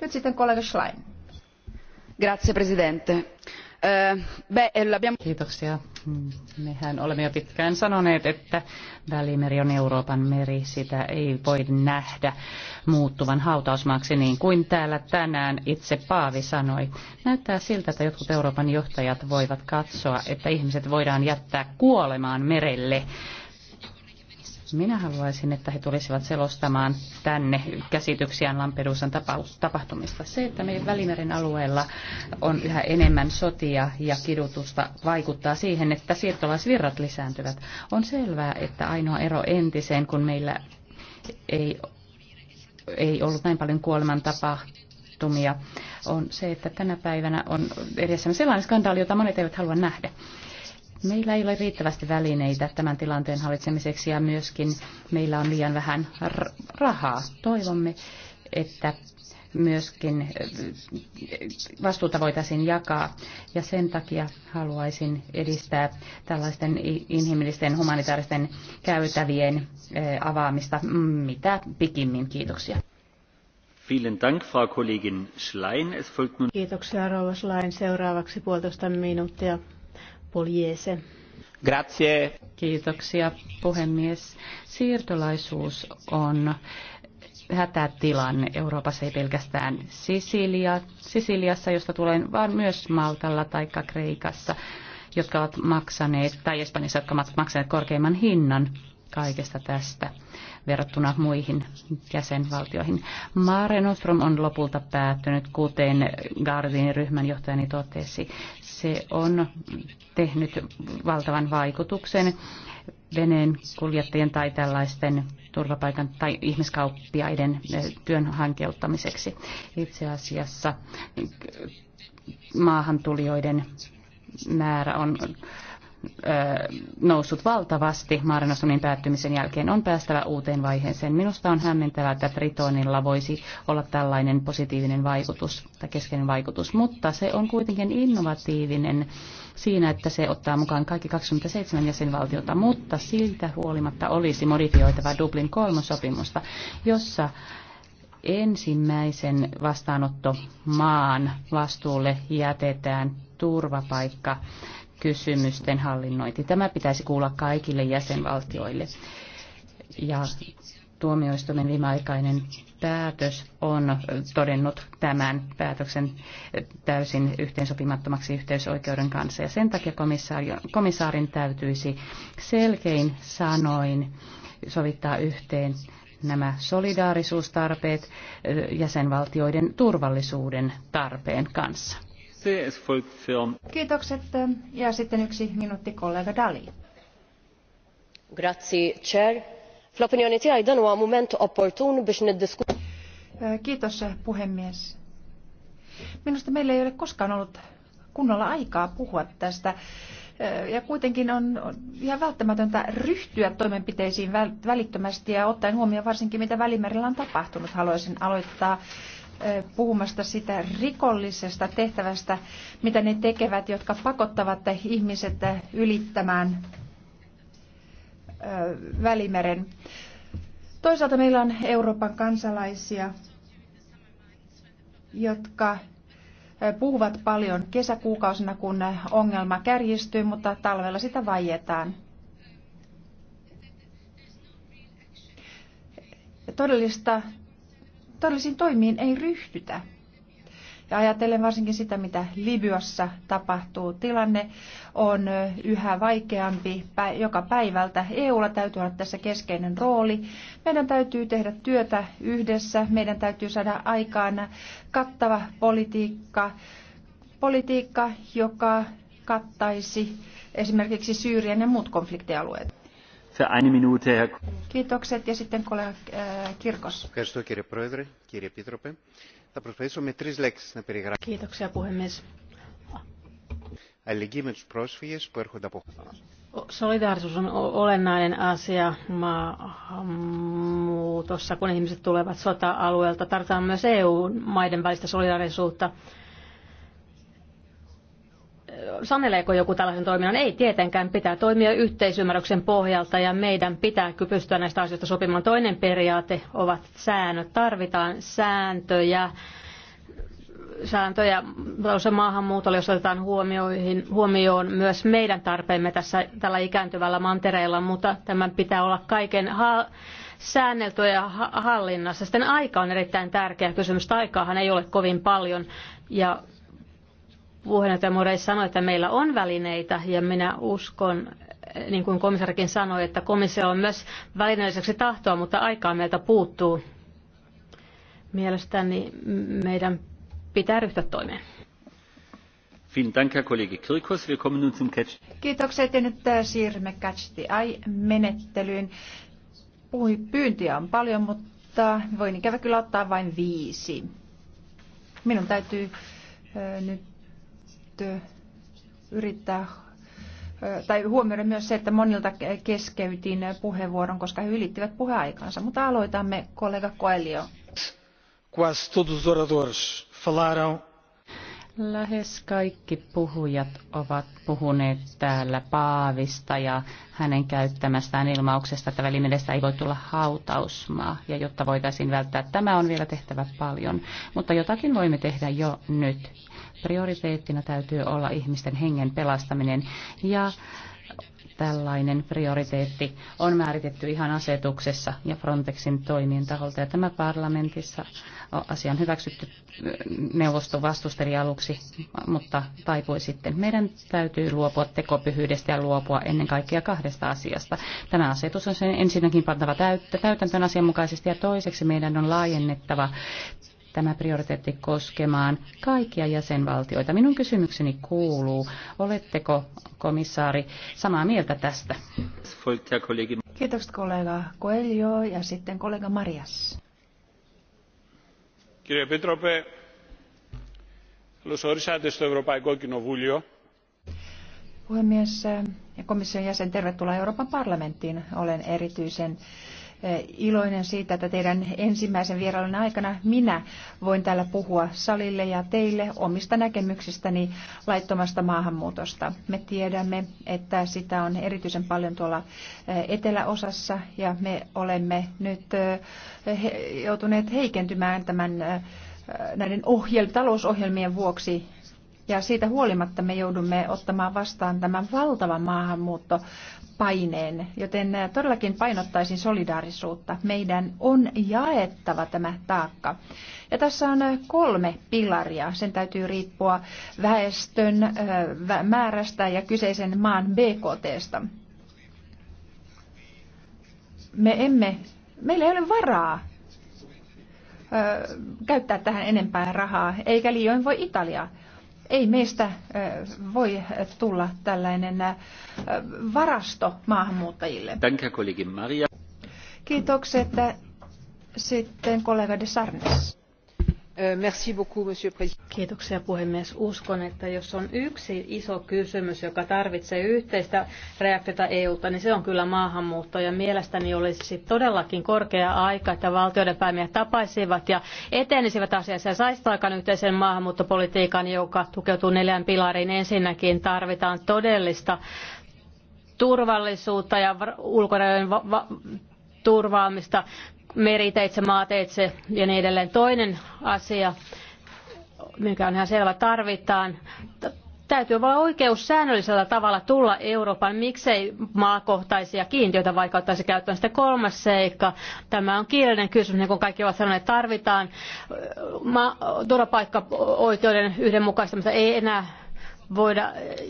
Nyt sitten kollega Schlein. Grazie, presidente Kiitoksia. Mehän olemme jo pitkään sanoneet, että Välimeri on Euroopan meri. Sitä ei voi nähdä muuttuvan hautausmaaksi niin kuin täällä tänään itse Paavi sanoi. Näyttää siltä, että jotkut Euroopan johtajat voivat katsoa, että ihmiset voidaan jättää kuolemaan merelle minä haluaisin, että he tulisivat selostamaan tänne käsityksiään Lampedusan tapahtumista. Se, että meidän Välimeren alueella on yhä enemmän sotia ja kidutusta, vaikuttaa siihen, että siirtolaisvirrat lisääntyvät. On selvää, että ainoa ero entiseen, kun meillä ei, ei ollut näin paljon kuoleman on se, että tänä päivänä on edessä sellainen skandaali, jota monet eivät halua nähdä. Meillä ei ole riittävästi välineitä tämän tilanteen hallitsemiseksi ja myöskin meillä on liian vähän rahaa. Toivomme, että myöskin eh, vastuuta voitaisiin jakaa. Ja sen takia haluaisin edistää tällaisten inhimillisten humanitaaristen käytävien eh, avaamista mm, mitä pikimmin. Kiitoksia. Kiitoksia Rouva Schlein. Seuraavaksi puolitoista minuuttia Grazie. Kiitoksia puhemies. Siirtolaisuus on hätätilanne Euroopassa, ei pelkästään Sisilia, Sisiliassa, josta tulen, vaan myös Maltalla tai Kreikassa, jotka ovat maksaneet, tai Espanjassa, jotka ovat maksaneet korkeimman hinnan kaikesta tästä verrattuna muihin jäsenvaltioihin. Mare Nostrom on lopulta päättynyt, kuten Guardianin ryhmän johtajani totesi. Se on tehnyt valtavan vaikutuksen veneen kuljettajien tai tällaisten turvapaikan tai ihmiskauppiaiden eh, työn hankeuttamiseksi. Itse asiassa maahantulijoiden määrä on noussut valtavasti Maarenosunin päättymisen jälkeen. On päästävä uuteen vaiheeseen. Minusta on hämmentävää, että Tritonilla voisi olla tällainen positiivinen vaikutus tai keskeinen vaikutus, mutta se on kuitenkin innovatiivinen siinä, että se ottaa mukaan kaikki 27 jäsenvaltiota, mutta siltä huolimatta olisi modifioitava Dublin kolmosopimusta, jossa ensimmäisen vastaanottomaan vastuulle jätetään turvapaikka kysymysten hallinnointi. Tämä pitäisi kuulla kaikille jäsenvaltioille. Ja tuomioistuimen viimeaikainen päätös on todennut tämän päätöksen täysin yhteensopimattomaksi yhteysoikeuden kanssa. Ja sen takia komissaarin täytyisi selkein sanoin sovittaa yhteen nämä solidaarisuustarpeet jäsenvaltioiden turvallisuuden tarpeen kanssa. Kiitokset. Ja sitten yksi minuutti kollega Dali. Grazie, Chair. Fl-opinjoni tiegħi dan huwa mument opportun biex niddiskutu. Kiitos puhemies. Minusta meillä ei ole koskaan ollut kunnolla aikaa puhua tästä ja kuitenkin on ihan välttämätöntä ryhtyä toimenpiteisiin välittömästi ja ottaen huomioon varsinkin, mitä välimerillä on tapahtunut. Haluaisin aloittaa puhumasta sitä rikollisesta tehtävästä, mitä ne tekevät, jotka pakottavat ihmiset ylittämään Välimeren. Toisaalta meillä on Euroopan kansalaisia, jotka puhuvat paljon kesäkuukausina, kun ongelma kärjistyy, mutta talvella sitä vaietaan. Todellista todellisiin toimiin ei ryhtytä. Ja ajatellen varsinkin sitä, mitä Libyassa tapahtuu. Tilanne on yhä vaikeampi joka päivältä. EUlla täytyy olla tässä keskeinen rooli. Meidän täytyy tehdä työtä yhdessä. Meidän täytyy saada aikaan kattava politiikka, politiikka joka kattaisi esimerkiksi Syyrian ja muut konfliktialueet. Kiitokset ja sitten kollega äh, Kirkos. Kiitoksia puhemies. Solidaarisuus on olennainen asia maahanmuutossa, kun ihmiset tulevat sota-alueelta. Tarvitaan myös EU-maiden välistä solidaarisuutta saneleeko joku tällaisen toiminnan? Ei tietenkään, pitää toimia yhteisymmärryksen pohjalta ja meidän pitää pystyä näistä asioista sopimaan. Toinen periaate ovat säännöt. Tarvitaan sääntöjä, sääntöjä maahanmuutolle, jos otetaan huomioihin, huomioon myös meidän tarpeemme tässä tällä ikääntyvällä mantereella, mutta tämän pitää olla kaiken ha- säänneltyä ja hallinnassa. Sitten aika on erittäin tärkeä kysymys. Aikaahan ei ole kovin paljon ja puheenjohtaja Morei sanoi, että meillä on välineitä ja minä uskon, niin kuin komissarikin sanoi, että komissio on myös välineelliseksi tahtoa, mutta aikaa meiltä puuttuu. Mielestäni meidän pitää ryhtyä toimeen. Kiitokset ja nyt äh, siirrymme Catch the Eye-menettelyyn. pyyntiä on paljon, mutta voin ikävä kyllä ottaa vain viisi. Minun täytyy äh, nyt yrittää tai huomioida myös se, että monilta keskeytin puheenvuoron, koska he ylittivät puheaikansa. Mutta aloitamme kollega Coelho. Quase todos os oradores falaram Lähes kaikki puhujat ovat puhuneet täällä Paavista ja hänen käyttämästään ilmauksesta, että välimedestä ei voi tulla hautausmaa. Ja jotta voitaisiin välttää, tämä on vielä tehtävä paljon. Mutta jotakin voimme tehdä jo nyt. Prioriteettina täytyy olla ihmisten hengen pelastaminen ja tällainen prioriteetti on määritetty ihan asetuksessa ja Frontexin toimien taholta. Ja tämä parlamentissa asia on hyväksytty neuvosto vastusteli aluksi, mutta taipui sitten. Meidän täytyy luopua tekopyhyydestä ja luopua ennen kaikkea kahdesta asiasta. Tämä asetus on sen ensinnäkin pantava täyttä, täytäntöön asianmukaisesti ja toiseksi meidän on laajennettava tämä prioriteetti koskemaan kaikkia jäsenvaltioita. Minun kysymykseni kuuluu, oletteko komissaari samaa mieltä tästä? Kiitos kollega Coelho ja sitten kollega Marias. Κύριε Πίτροπε, Puhemies ja komission jäsen, tervetuloa Euroopan parlamenttiin. Olen erityisen iloinen siitä, että teidän ensimmäisen vierailun aikana minä voin täällä puhua salille ja teille omista näkemyksistäni laittomasta maahanmuutosta. Me tiedämme, että sitä on erityisen paljon tuolla eh, eteläosassa ja me olemme nyt eh, joutuneet heikentymään tämän eh, näiden ohjel- talousohjelmien vuoksi ja siitä huolimatta me joudumme ottamaan vastaan tämän valtavan maahanmuuttopaineen, joten todellakin painottaisin solidaarisuutta. Meidän on jaettava tämä taakka. Ja tässä on kolme pilaria. Sen täytyy riippua väestön määrästä ja kyseisen maan BKTstä. Me emme, meillä ei ole varaa käyttää tähän enempää rahaa, eikä liioin voi Italiaa ei meistä voi tulla tällainen varasto maahanmuuttajille. Danke, Kiitokset. Sitten kollega de Sarnes arvoisa puhemies. Uskon, että jos on yksi iso kysymys, joka tarvitsee yhteistä reaktiota EUta, niin se on kyllä maahanmuutto. Ja mielestäni olisi todellakin korkea aika, että valtioiden päämiehet tapaisivat ja etenisivät asiassa ja saisivat aikaan yhteisen maahanmuuttopolitiikan, joka tukeutuu neljään pilariin. Ensinnäkin tarvitaan todellista turvallisuutta ja ulkorajojen turvaamista meriteitse, maateitse ja niin edelleen. Toinen asia, mikä on ihan selvä, tarvitaan täytyy olla oikeus säännöllisellä tavalla tulla Euroopan, miksei maakohtaisia kiintiöitä vaikka ottaisi käyttöön. Sitten kolmas seikka, tämä on kielinen kysymys, niin kuin kaikki ovat sanoneet, tarvitaan äh, ma- turvapaikkaoikeuden yhdenmukaistamista. Ei enää voida, eh,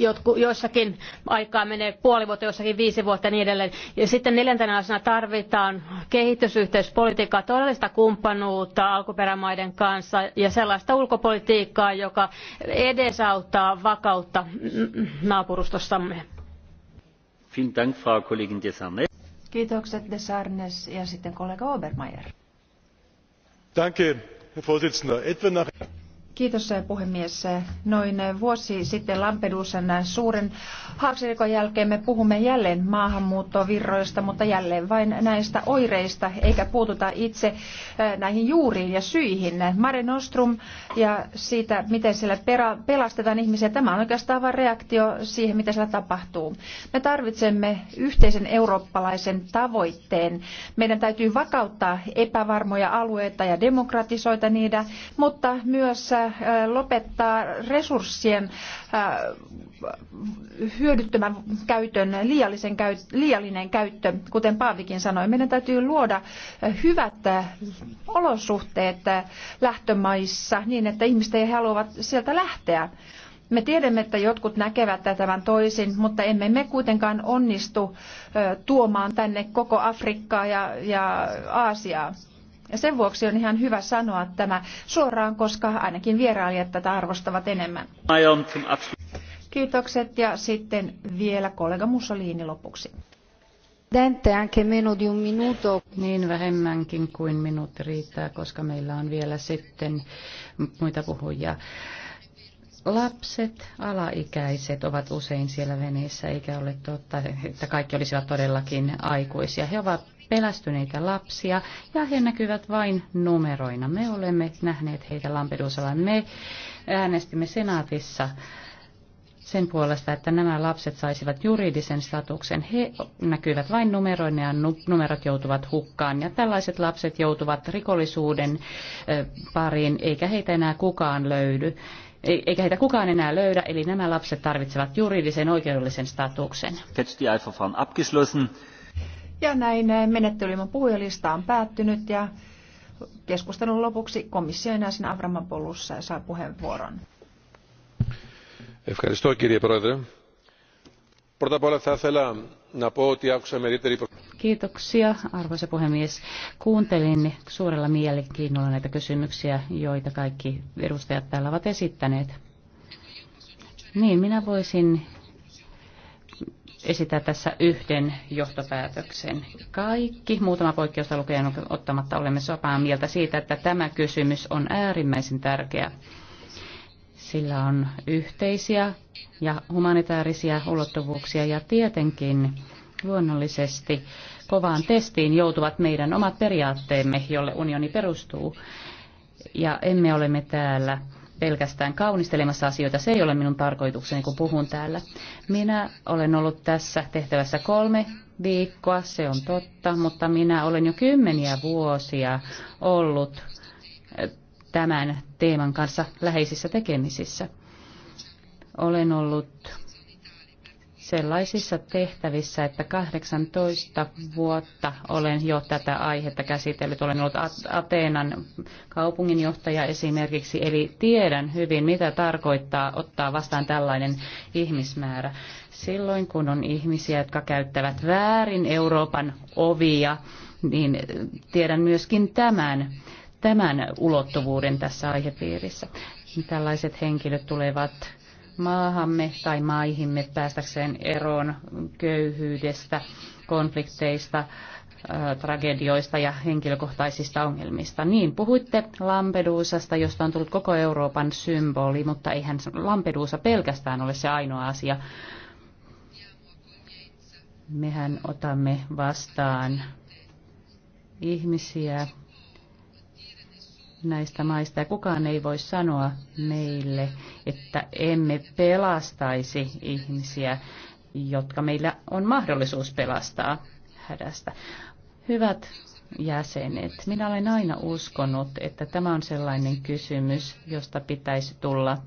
jotku, joissakin aikaa menee puoli vuotta, joissakin viisi vuotta ja niin edelleen. Ja sitten neljäntenä asiana tarvitaan kehitysyhteispolitiikkaa, todellista kumppanuutta alkuperämaiden kanssa ja sellaista ulkopolitiikkaa, joka edesauttaa vakautta naapurustossamme. Kiitokset Desarnes ja sitten kollega Obermeier. Danke, Herr Vorsitzender. Etwa nach Kiitos eh, puhemies. Noin eh, vuosi sitten Lampedusan eh, suuren haaksirikon jälkeen me puhumme jälleen maahanmuuttovirroista, mutta jälleen vain näistä oireista, eikä puututa itse näihin juuriin ja syihin. Mare Nostrum ja siitä, miten siellä pelastetaan ihmisiä, tämä on oikeastaan vain reaktio siihen, mitä siellä tapahtuu. Me tarvitsemme yhteisen eurooppalaisen tavoitteen. Meidän täytyy vakauttaa epävarmoja alueita ja demokratisoita niitä, mutta myös Äh, lopettaa resurssien äh, hyödyttömän käytön, liiallisen käyt, liiallinen käyttö, kuten Paavikin sanoi. Meidän täytyy luoda äh, hyvät olosuhteet lähtömaissa niin, että ihmiset ei haluavat sieltä lähteä. Me tiedämme, että jotkut näkevät tämän toisin, mutta emme me kuitenkaan onnistu tuomaan tänne koko Afrikkaa ja, ja Aasiaa. Ja sen vuoksi on ihan hyvä sanoa tämä suoraan, koska ainakin vierailijat tätä arvostavat enemmän. Kiitokset ja sitten vielä kollega Mussolini lopuksi. Dente, anche meno di un minuto. Niin vähemmänkin kuin minuutti riittää, koska meillä on vielä sitten muita puhujia. Lapset, alaikäiset ovat usein siellä veneessä, eikä ole totta, että kaikki olisivat todellakin aikuisia. He ovat pelästyneitä lapsia ja he näkyvät vain numeroina. Me olemme nähneet heitä Lampedusalla. Me äänestimme senaatissa sen puolesta, että nämä lapset saisivat juridisen statuksen. He näkyvät vain numeroina ja numerot joutuvat hukkaan. Ja tällaiset lapset joutuvat rikollisuuden pariin, eikä heitä enää kukaan löydy. E- eikä heitä kukaan enää löydä, eli nämä lapset tarvitsevat juridisen oikeudellisen statuksen. Ja näin menettelyilman puhujalista on päättynyt ja keskustelun lopuksi komissio jäsen Avramopoulos saa puheenvuoron. Ευχαριστώ κύριε Πρόεδρε. Kiitoksia, arvoisa puhemies. Kuuntelin suurella mielenkiinnolla näitä kysymyksiä, joita kaikki edustajat täällä ovat esittäneet. Niin, minä voisin esitän tässä yhden johtopäätöksen. Kaikki, muutama poikkeusta lukujen ottamatta, olemme sopaa mieltä siitä, että tämä kysymys on äärimmäisen tärkeä. Sillä on yhteisiä ja humanitaarisia ulottuvuuksia ja tietenkin luonnollisesti kovaan testiin joutuvat meidän omat periaatteemme, jolle unioni perustuu. Ja emme ole täällä pelkästään kaunistelemassa asioita. Se ei ole minun tarkoitukseni, kun puhun täällä. Minä olen ollut tässä tehtävässä kolme viikkoa, se on totta, mutta minä olen jo kymmeniä vuosia ollut eh, tämän teeman kanssa läheisissä tekemisissä. Olen ollut sellaisissa tehtävissä, että 18 vuotta olen jo tätä aihetta käsitellyt. Olen ollut Ateenan kaupunginjohtaja esimerkiksi, eli tiedän hyvin, mitä tarkoittaa ottaa vastaan tällainen ihmismäärä. Silloin, kun on ihmisiä, jotka käyttävät väärin Euroopan ovia, niin tiedän myöskin tämän, tämän ulottuvuuden tässä aihepiirissä. Tällaiset henkilöt tulevat maahamme tai maihimme päästäkseen eroon köyhyydestä, konflikteista, tragedioista ja henkilökohtaisista ongelmista. Niin, puhuitte Lampedusasta, josta on tullut koko Euroopan symboli, mutta eihän Lampedusa pelkästään ole se ainoa asia. Mehän otamme vastaan ihmisiä, näistä maista. Ja kukaan ei voi sanoa meille, että emme pelastaisi ihmisiä, jotka meillä on mahdollisuus pelastaa hädästä. Hyvät jäsenet, minä olen aina uskonut, että tämä on sellainen kysymys, josta pitäisi tulla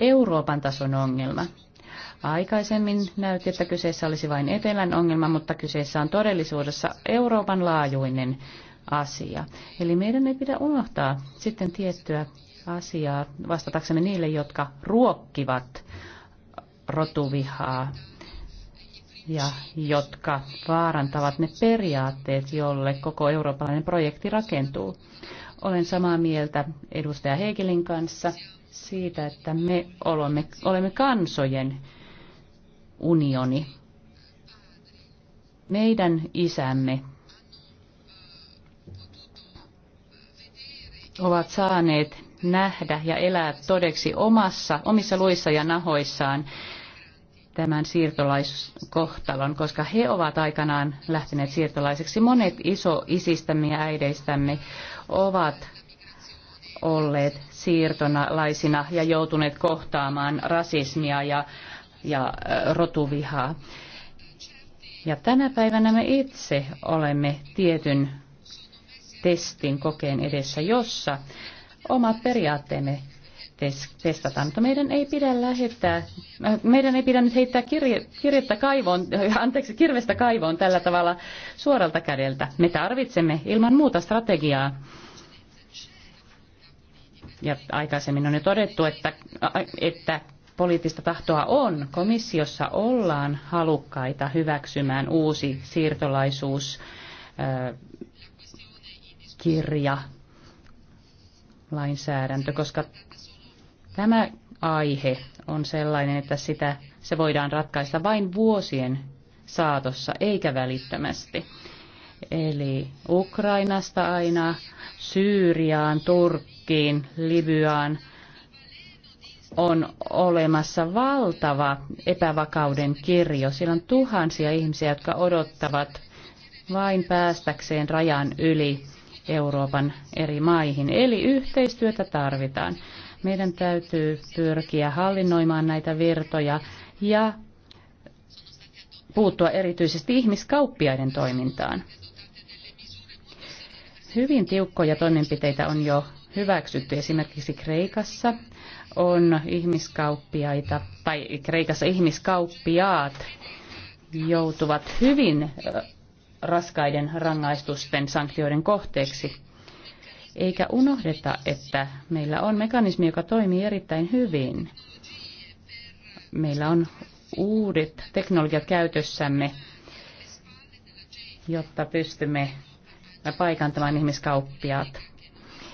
Euroopan tason ongelma. Aikaisemmin näytti, että kyseessä olisi vain etelän ongelma, mutta kyseessä on todellisuudessa Euroopan laajuinen asia. Eli meidän ei pidä unohtaa sitten tiettyä asiaa vastataksemme niille, jotka ruokkivat rotuvihaa ja jotka vaarantavat ne periaatteet, jolle koko eurooppalainen projekti rakentuu. Olen samaa mieltä edustaja Heikelin kanssa siitä, että me olemme, olemme kansojen unioni. Meidän isämme ovat saaneet nähdä ja elää todeksi omassa, omissa luissa ja nahoissaan tämän siirtolaiskohtalon, koska he ovat aikanaan lähteneet siirtolaiseksi. Monet iso-isistämme ja äideistämme ovat olleet siirtolaisina ja joutuneet kohtaamaan rasismia ja, ja rotuvihaa. Ja tänä päivänä me itse olemme tietyn testin kokeen edessä, jossa omat periaatteemme testataan. Mutta meidän ei pidä lähettää, äh, meidän ei pidä nyt heittää kirje, kirjettä kaivoon, anteeksi, kirvestä kaivoon tällä tavalla suoralta kädeltä. Me tarvitsemme ilman muuta strategiaa. Ja aikaisemmin on jo todettu, että, äh, että poliittista tahtoa on. Komissiossa ollaan halukkaita hyväksymään uusi siirtolaisuus äh, kirja lainsäädäntö, koska tämä aihe on sellainen, että sitä, se voidaan ratkaista vain vuosien saatossa eikä välittömästi. Eli Ukrainasta aina Syyriaan, Turkkiin, Libyaan on olemassa valtava epävakauden kirjo. Siellä on tuhansia ihmisiä, jotka odottavat vain päästäkseen rajan yli Euroopan eri maihin. Eli yhteistyötä tarvitaan. Meidän täytyy pyrkiä hallinnoimaan näitä virtoja ja puuttua erityisesti ihmiskauppiaiden toimintaan. Hyvin tiukkoja toimenpiteitä on jo hyväksytty. Esimerkiksi Kreikassa on ihmiskauppiaita, tai Kreikassa ihmiskauppiaat joutuvat hyvin raskaiden rangaistusten sanktioiden kohteeksi. Eikä unohdeta, että meillä on mekanismi, joka toimii erittäin hyvin. Meillä on uudet teknologiat käytössämme, jotta pystymme paikantamaan ihmiskauppiaat.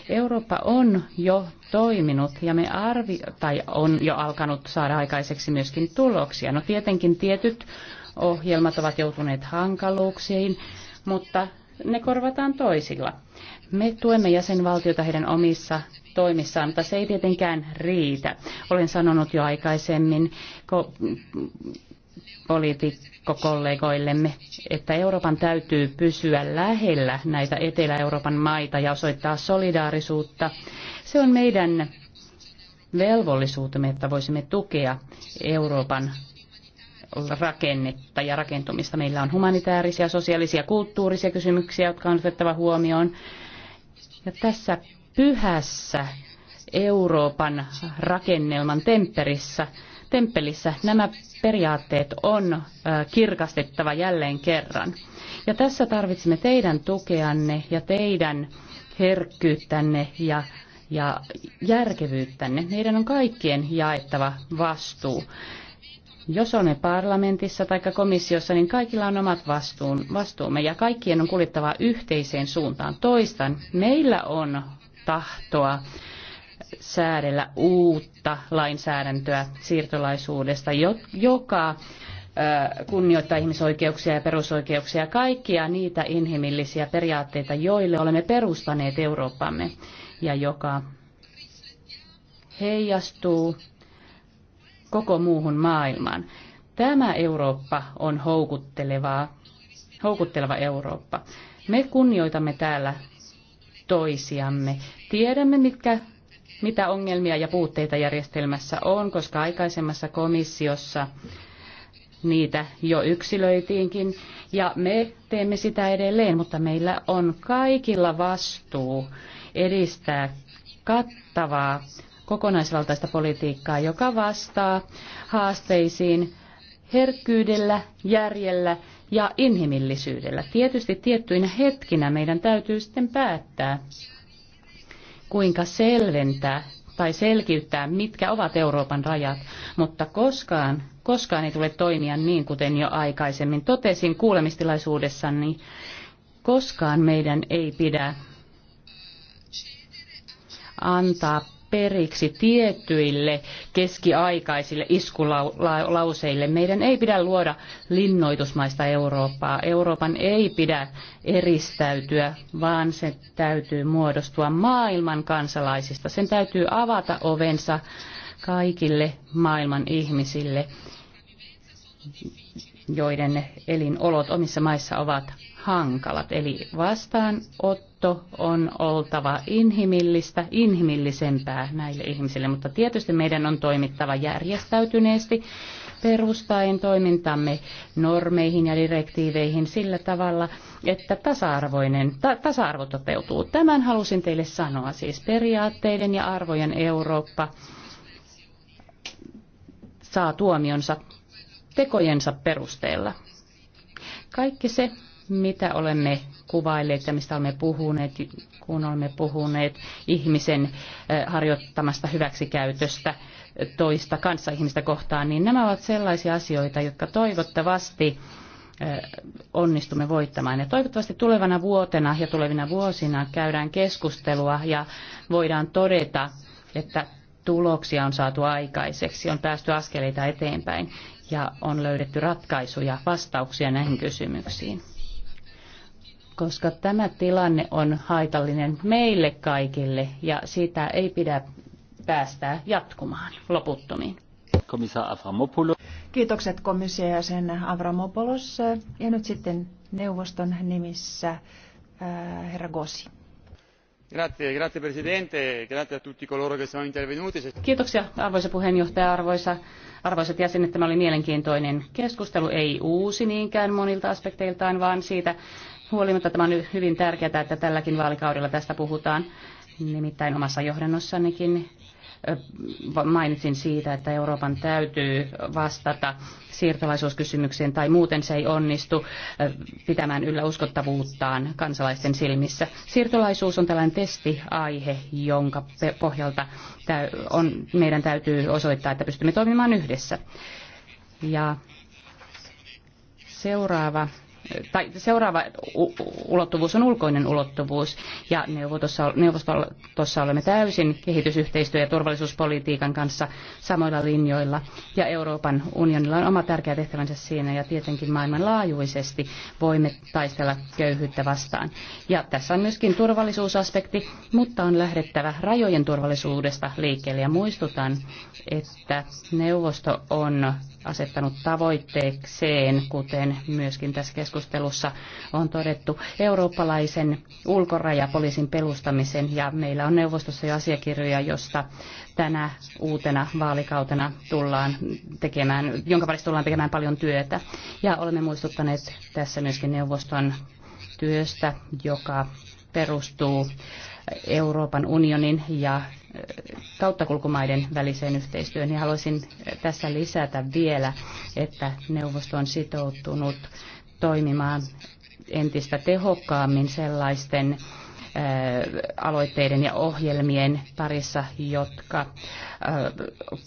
Eurooppa on jo toiminut ja me arvi, tai on jo alkanut saada aikaiseksi myöskin tuloksia. No tietenkin tietyt ohjelmat ovat joutuneet hankaluuksiin, mutta ne korvataan toisilla. Me tuemme jäsenvaltiota heidän omissa toimissaan, mutta se ei tietenkään riitä. Olen sanonut jo aikaisemmin ko- poliitikkokollegoillemme, että Euroopan täytyy pysyä lähellä näitä Etelä-Euroopan maita ja osoittaa solidaarisuutta. Se on meidän velvollisuutemme, että voisimme tukea Euroopan rakennetta ja rakentumista. Meillä on humanitaarisia, sosiaalisia, kulttuurisia kysymyksiä, jotka on otettava huomioon. Ja tässä pyhässä Euroopan rakennelman temperissä, temppelissä nämä periaatteet on kirkastettava jälleen kerran. Ja tässä tarvitsemme teidän tukeanne ja teidän herkkyyttänne ja, ja järkevyyttänne. Meidän on kaikkien jaettava vastuu. Jos olemme parlamentissa tai komissiossa, niin kaikilla on omat vastuun, vastuumme ja kaikkien on kuljettava yhteiseen suuntaan. Toistan, meillä on tahtoa säädellä uutta lainsäädäntöä siirtolaisuudesta, joka kunnioittaa ihmisoikeuksia ja perusoikeuksia, kaikkia niitä inhimillisiä periaatteita, joille olemme perustaneet Eurooppamme ja joka heijastuu koko muuhun maailmaan. Tämä Eurooppa on houkuttelevaa, houkutteleva Eurooppa. Me kunnioitamme täällä toisiamme. Tiedämme, mitkä, mitä ongelmia ja puutteita järjestelmässä on, koska aikaisemmassa komissiossa niitä jo yksilöitiinkin. Ja me teemme sitä edelleen, mutta meillä on kaikilla vastuu edistää kattavaa kokonaisvaltaista politiikkaa, joka vastaa haasteisiin herkkyydellä, järjellä ja inhimillisyydellä. Tietysti tiettyinä hetkinä meidän täytyy sitten päättää, kuinka selventää tai selkiyttää, mitkä ovat Euroopan rajat, mutta koskaan, koskaan ei tule toimia niin, kuten jo aikaisemmin totesin kuulemistilaisuudessani, koskaan meidän ei pidä antaa periksi tietyille keskiaikaisille iskulauseille. Meidän ei pidä luoda linnoitusmaista Eurooppaa. Euroopan ei pidä eristäytyä, vaan se täytyy muodostua maailman kansalaisista. Sen täytyy avata ovensa kaikille maailman ihmisille, joiden elinolot omissa maissa ovat hankalat. Eli vastaanotto on oltava inhimillistä, inhimillisempää näille ihmisille, mutta tietysti meidän on toimittava järjestäytyneesti perustaen toimintamme normeihin ja direktiiveihin sillä tavalla, että tasa-arvoinen, ta, tasa-arvo toteutuu. Tämän halusin teille sanoa, siis periaatteiden ja arvojen Eurooppa saa tuomionsa tekojensa perusteella. Kaikki se, mitä olemme kuvailleet ja mistä olemme puhuneet, kun olemme puhuneet ihmisen harjoittamasta hyväksikäytöstä toista kanssaihmistä kohtaan, niin nämä ovat sellaisia asioita, jotka toivottavasti onnistumme voittamaan. Ja toivottavasti tulevana vuotena ja tulevina vuosina käydään keskustelua ja voidaan todeta, että tuloksia on saatu aikaiseksi, on päästy askeleita eteenpäin ja on löydetty ratkaisuja, vastauksia näihin kysymyksiin koska tämä tilanne on haitallinen meille kaikille ja sitä ei pidä päästää jatkumaan loputtomiin. Kiitokset komission jäsen Avramopoulos. Ja nyt sitten neuvoston nimissä äh, herra Gossi. Kiitoksia arvoisa puheenjohtaja, arvoisa, arvoisat jäsenet. Tämä oli mielenkiintoinen keskustelu, ei uusi niinkään monilta aspekteiltaan, vaan siitä, huolimatta tämä on hyvin tärkeää, että tälläkin vaalikaudella tästä puhutaan. Nimittäin omassa johdannossanikin mainitsin siitä, että Euroopan täytyy vastata siirtolaisuuskysymykseen tai muuten se ei onnistu pitämään yllä uskottavuuttaan kansalaisten silmissä. Siirtolaisuus on tällainen testiaihe, jonka pohjalta on, meidän täytyy osoittaa, että pystymme toimimaan yhdessä. Ja seuraava tai seuraava ulottuvuus on ulkoinen ulottuvuus, ja neuvostossa olemme täysin kehitysyhteistyö- ja turvallisuuspolitiikan kanssa samoilla linjoilla, ja Euroopan unionilla on oma tärkeä tehtävänsä siinä, ja tietenkin maailmanlaajuisesti voimme taistella köyhyyttä vastaan. Ja tässä on myöskin turvallisuusaspekti, mutta on lähdettävä rajojen turvallisuudesta liikkeelle, ja muistutan, että neuvosto on asettanut tavoitteekseen, kuten myöskin tässä keskustelussa on todettu, eurooppalaisen ulkorajapoliisin pelustamisen. Ja meillä on neuvostossa jo asiakirjoja, josta tänä uutena vaalikautena tullaan tekemään, jonka parissa tullaan tekemään paljon työtä. Ja olemme muistuttaneet tässä myöskin neuvoston työstä, joka perustuu Euroopan unionin ja kauttakulkumaiden väliseen yhteistyöhön, niin haluaisin eh, tässä lisätä vielä, että neuvosto on sitoutunut toimimaan entistä tehokkaammin sellaisten eh, aloitteiden ja ohjelmien parissa, jotka eh,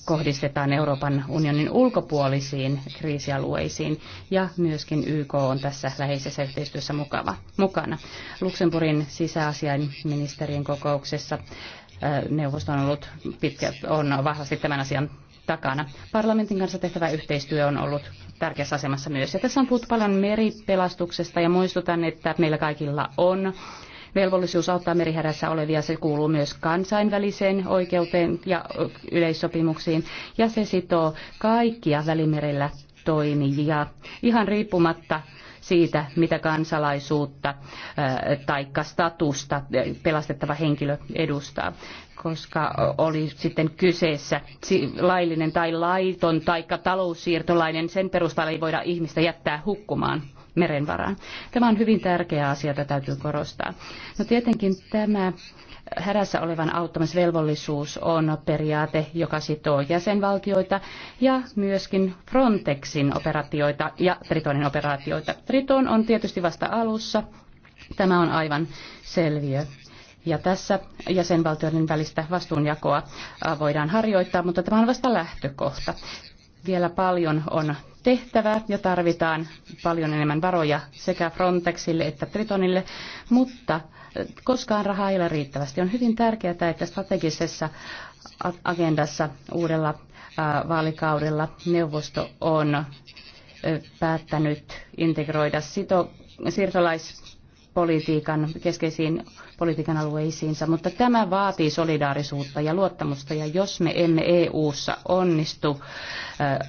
kohdistetaan Euroopan unionin ulkopuolisiin kriisialueisiin ja myöskin YK on tässä läheisessä yhteistyössä mukava, mukana. Luxemburgin sisäasiainministerin kokouksessa neuvosto on ollut pitkä, on vahvasti tämän asian takana. Parlamentin kanssa tehtävä yhteistyö on ollut tärkeässä asemassa myös. Ja tässä on puhuttu paljon meripelastuksesta ja muistutan, että meillä kaikilla on velvollisuus auttaa merihädässä olevia. Se kuuluu myös kansainväliseen oikeuteen ja yleissopimuksiin ja se sitoo kaikkia välimerellä toimijia ihan riippumatta siitä, mitä kansalaisuutta tai statusta pelastettava henkilö edustaa koska oli sitten kyseessä laillinen tai laiton tai taloussiirtolainen, sen perusteella ei voida ihmistä jättää hukkumaan merenvaraan. Tämä on hyvin tärkeä asia, jota täytyy korostaa. No tietenkin tämä hädässä olevan auttamisvelvollisuus on periaate, joka sitoo jäsenvaltioita ja myöskin Frontexin operaatioita ja Tritonin operaatioita. Triton on tietysti vasta alussa. Tämä on aivan selviö. Ja tässä jäsenvaltioiden välistä vastuunjakoa voidaan harjoittaa, mutta tämä on vasta lähtökohta. Vielä paljon on tehtävää ja tarvitaan paljon enemmän varoja sekä Frontexille että Tritonille, mutta koskaan rahaa ei ole riittävästi. On hyvin tärkeää, että strategisessa agendassa uudella vaalikaudella neuvosto on päättänyt integroida sito, siirtolaispolitiikan keskeisiin politiikan alueisiinsa, mutta tämä vaatii solidaarisuutta ja luottamusta, ja jos me emme EU-ssa onnistu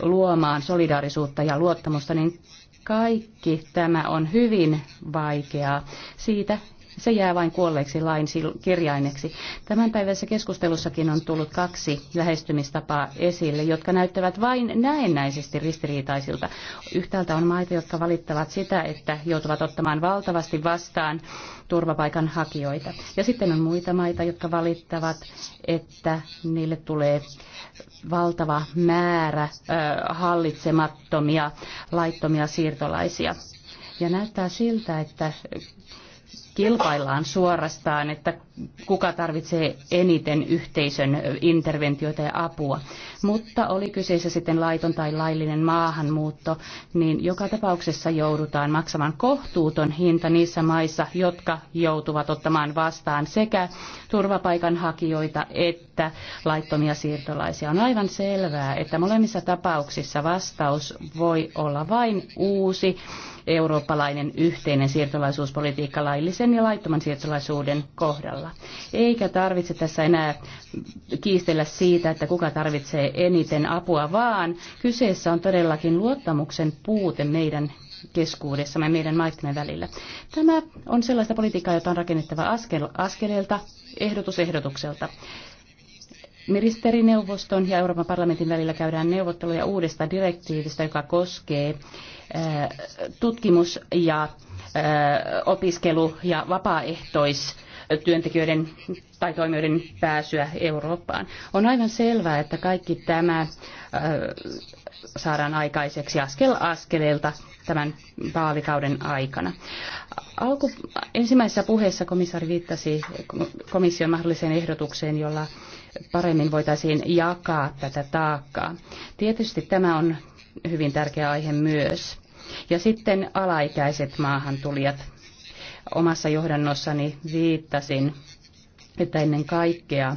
luomaan solidaarisuutta ja luottamusta, niin kaikki tämä on hyvin vaikeaa. Siitä se jää vain kuolleeksi lain kirjaineksi. Tämän päivässä keskustelussakin on tullut kaksi lähestymistapaa esille, jotka näyttävät vain näennäisesti ristiriitaisilta. Yhtäältä on maita, jotka valittavat sitä, että joutuvat ottamaan valtavasti vastaan turvapaikanhakijoita. Ja sitten on muita maita, jotka valittavat, että niille tulee valtava määrä äh, hallitsemattomia laittomia siirtolaisia. Ja näyttää siltä, että kilpaillaan suorastaan, että kuka tarvitsee eniten yhteisön interventioita ja apua. Mutta oli kyseessä sitten laiton tai laillinen maahanmuutto, niin joka tapauksessa joudutaan maksamaan kohtuuton hinta niissä maissa, jotka joutuvat ottamaan vastaan sekä turvapaikanhakijoita että laittomia siirtolaisia. On aivan selvää, että molemmissa tapauksissa vastaus voi olla vain uusi eurooppalainen yhteinen siirtolaisuuspolitiikka laillisen ja laittoman siirtolaisuuden kohdalla. Eikä tarvitse tässä enää kiistellä siitä, että kuka tarvitsee eniten apua, vaan kyseessä on todellakin luottamuksen puute meidän keskuudessamme meidän maittemme välillä. Tämä on sellaista politiikkaa, jota on rakennettava askel, askeleelta ehdotusehdotukselta. Ministerineuvoston ja Euroopan parlamentin välillä käydään neuvotteluja uudesta direktiivistä, joka koskee äh, tutkimus- ja äh, opiskelu- ja vapaaehtois työntekijöiden tai toimijoiden pääsyä Eurooppaan. On aivan selvää, että kaikki tämä äh, saadaan aikaiseksi askel askeleelta tämän vaalikauden aikana. Alku, ensimmäisessä puheessa komissaari viittasi komission mahdolliseen ehdotukseen, jolla paremmin voitaisiin jakaa tätä taakkaa. Tietysti tämä on hyvin tärkeä aihe myös. Ja sitten alaikäiset maahantulijat. Omassa johdannossani viittasin, että ennen kaikkea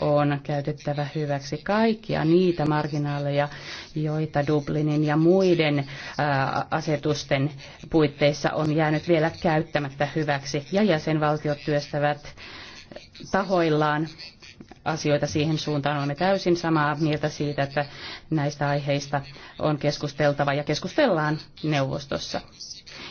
on käytettävä hyväksi kaikkia niitä marginaaleja, joita Dublinin ja muiden asetusten puitteissa on jäänyt vielä käyttämättä hyväksi. Ja jäsenvaltiot työstävät tahoillaan asioita siihen suuntaan. Olemme täysin samaa mieltä siitä, että näistä aiheista on keskusteltava ja keskustellaan neuvostossa.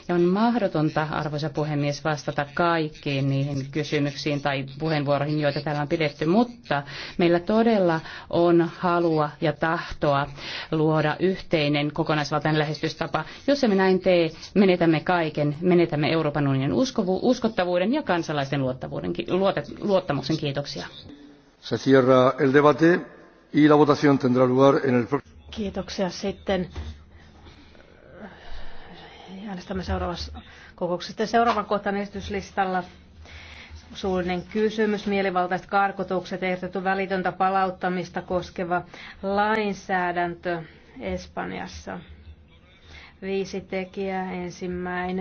Ja on mahdotonta, arvoisa puhemies, vastata kaikkiin niihin kysymyksiin tai puheenvuoroihin, joita täällä on pidetty, mutta meillä todella on halua ja tahtoa luoda yhteinen kokonaisvaltainen lähestystapa. Jos emme näin tee, menetämme kaiken, menetämme Euroopan unionin uskottavuuden ja kansalaisten luottamuksen. Kiitoksia. Se cierra el debate y la votación tendrá lugar en el Kiitoksia sitten. Äh, äänestämme seuraavassa kokouksessa. Sitten seuraavan kohtaan esityslistalla suullinen kysymys, mielivaltaiset karkotukset, ehdotettu välitöntä palauttamista koskeva lainsäädäntö Espanjassa. Viisi tekijää, ensimmäinen.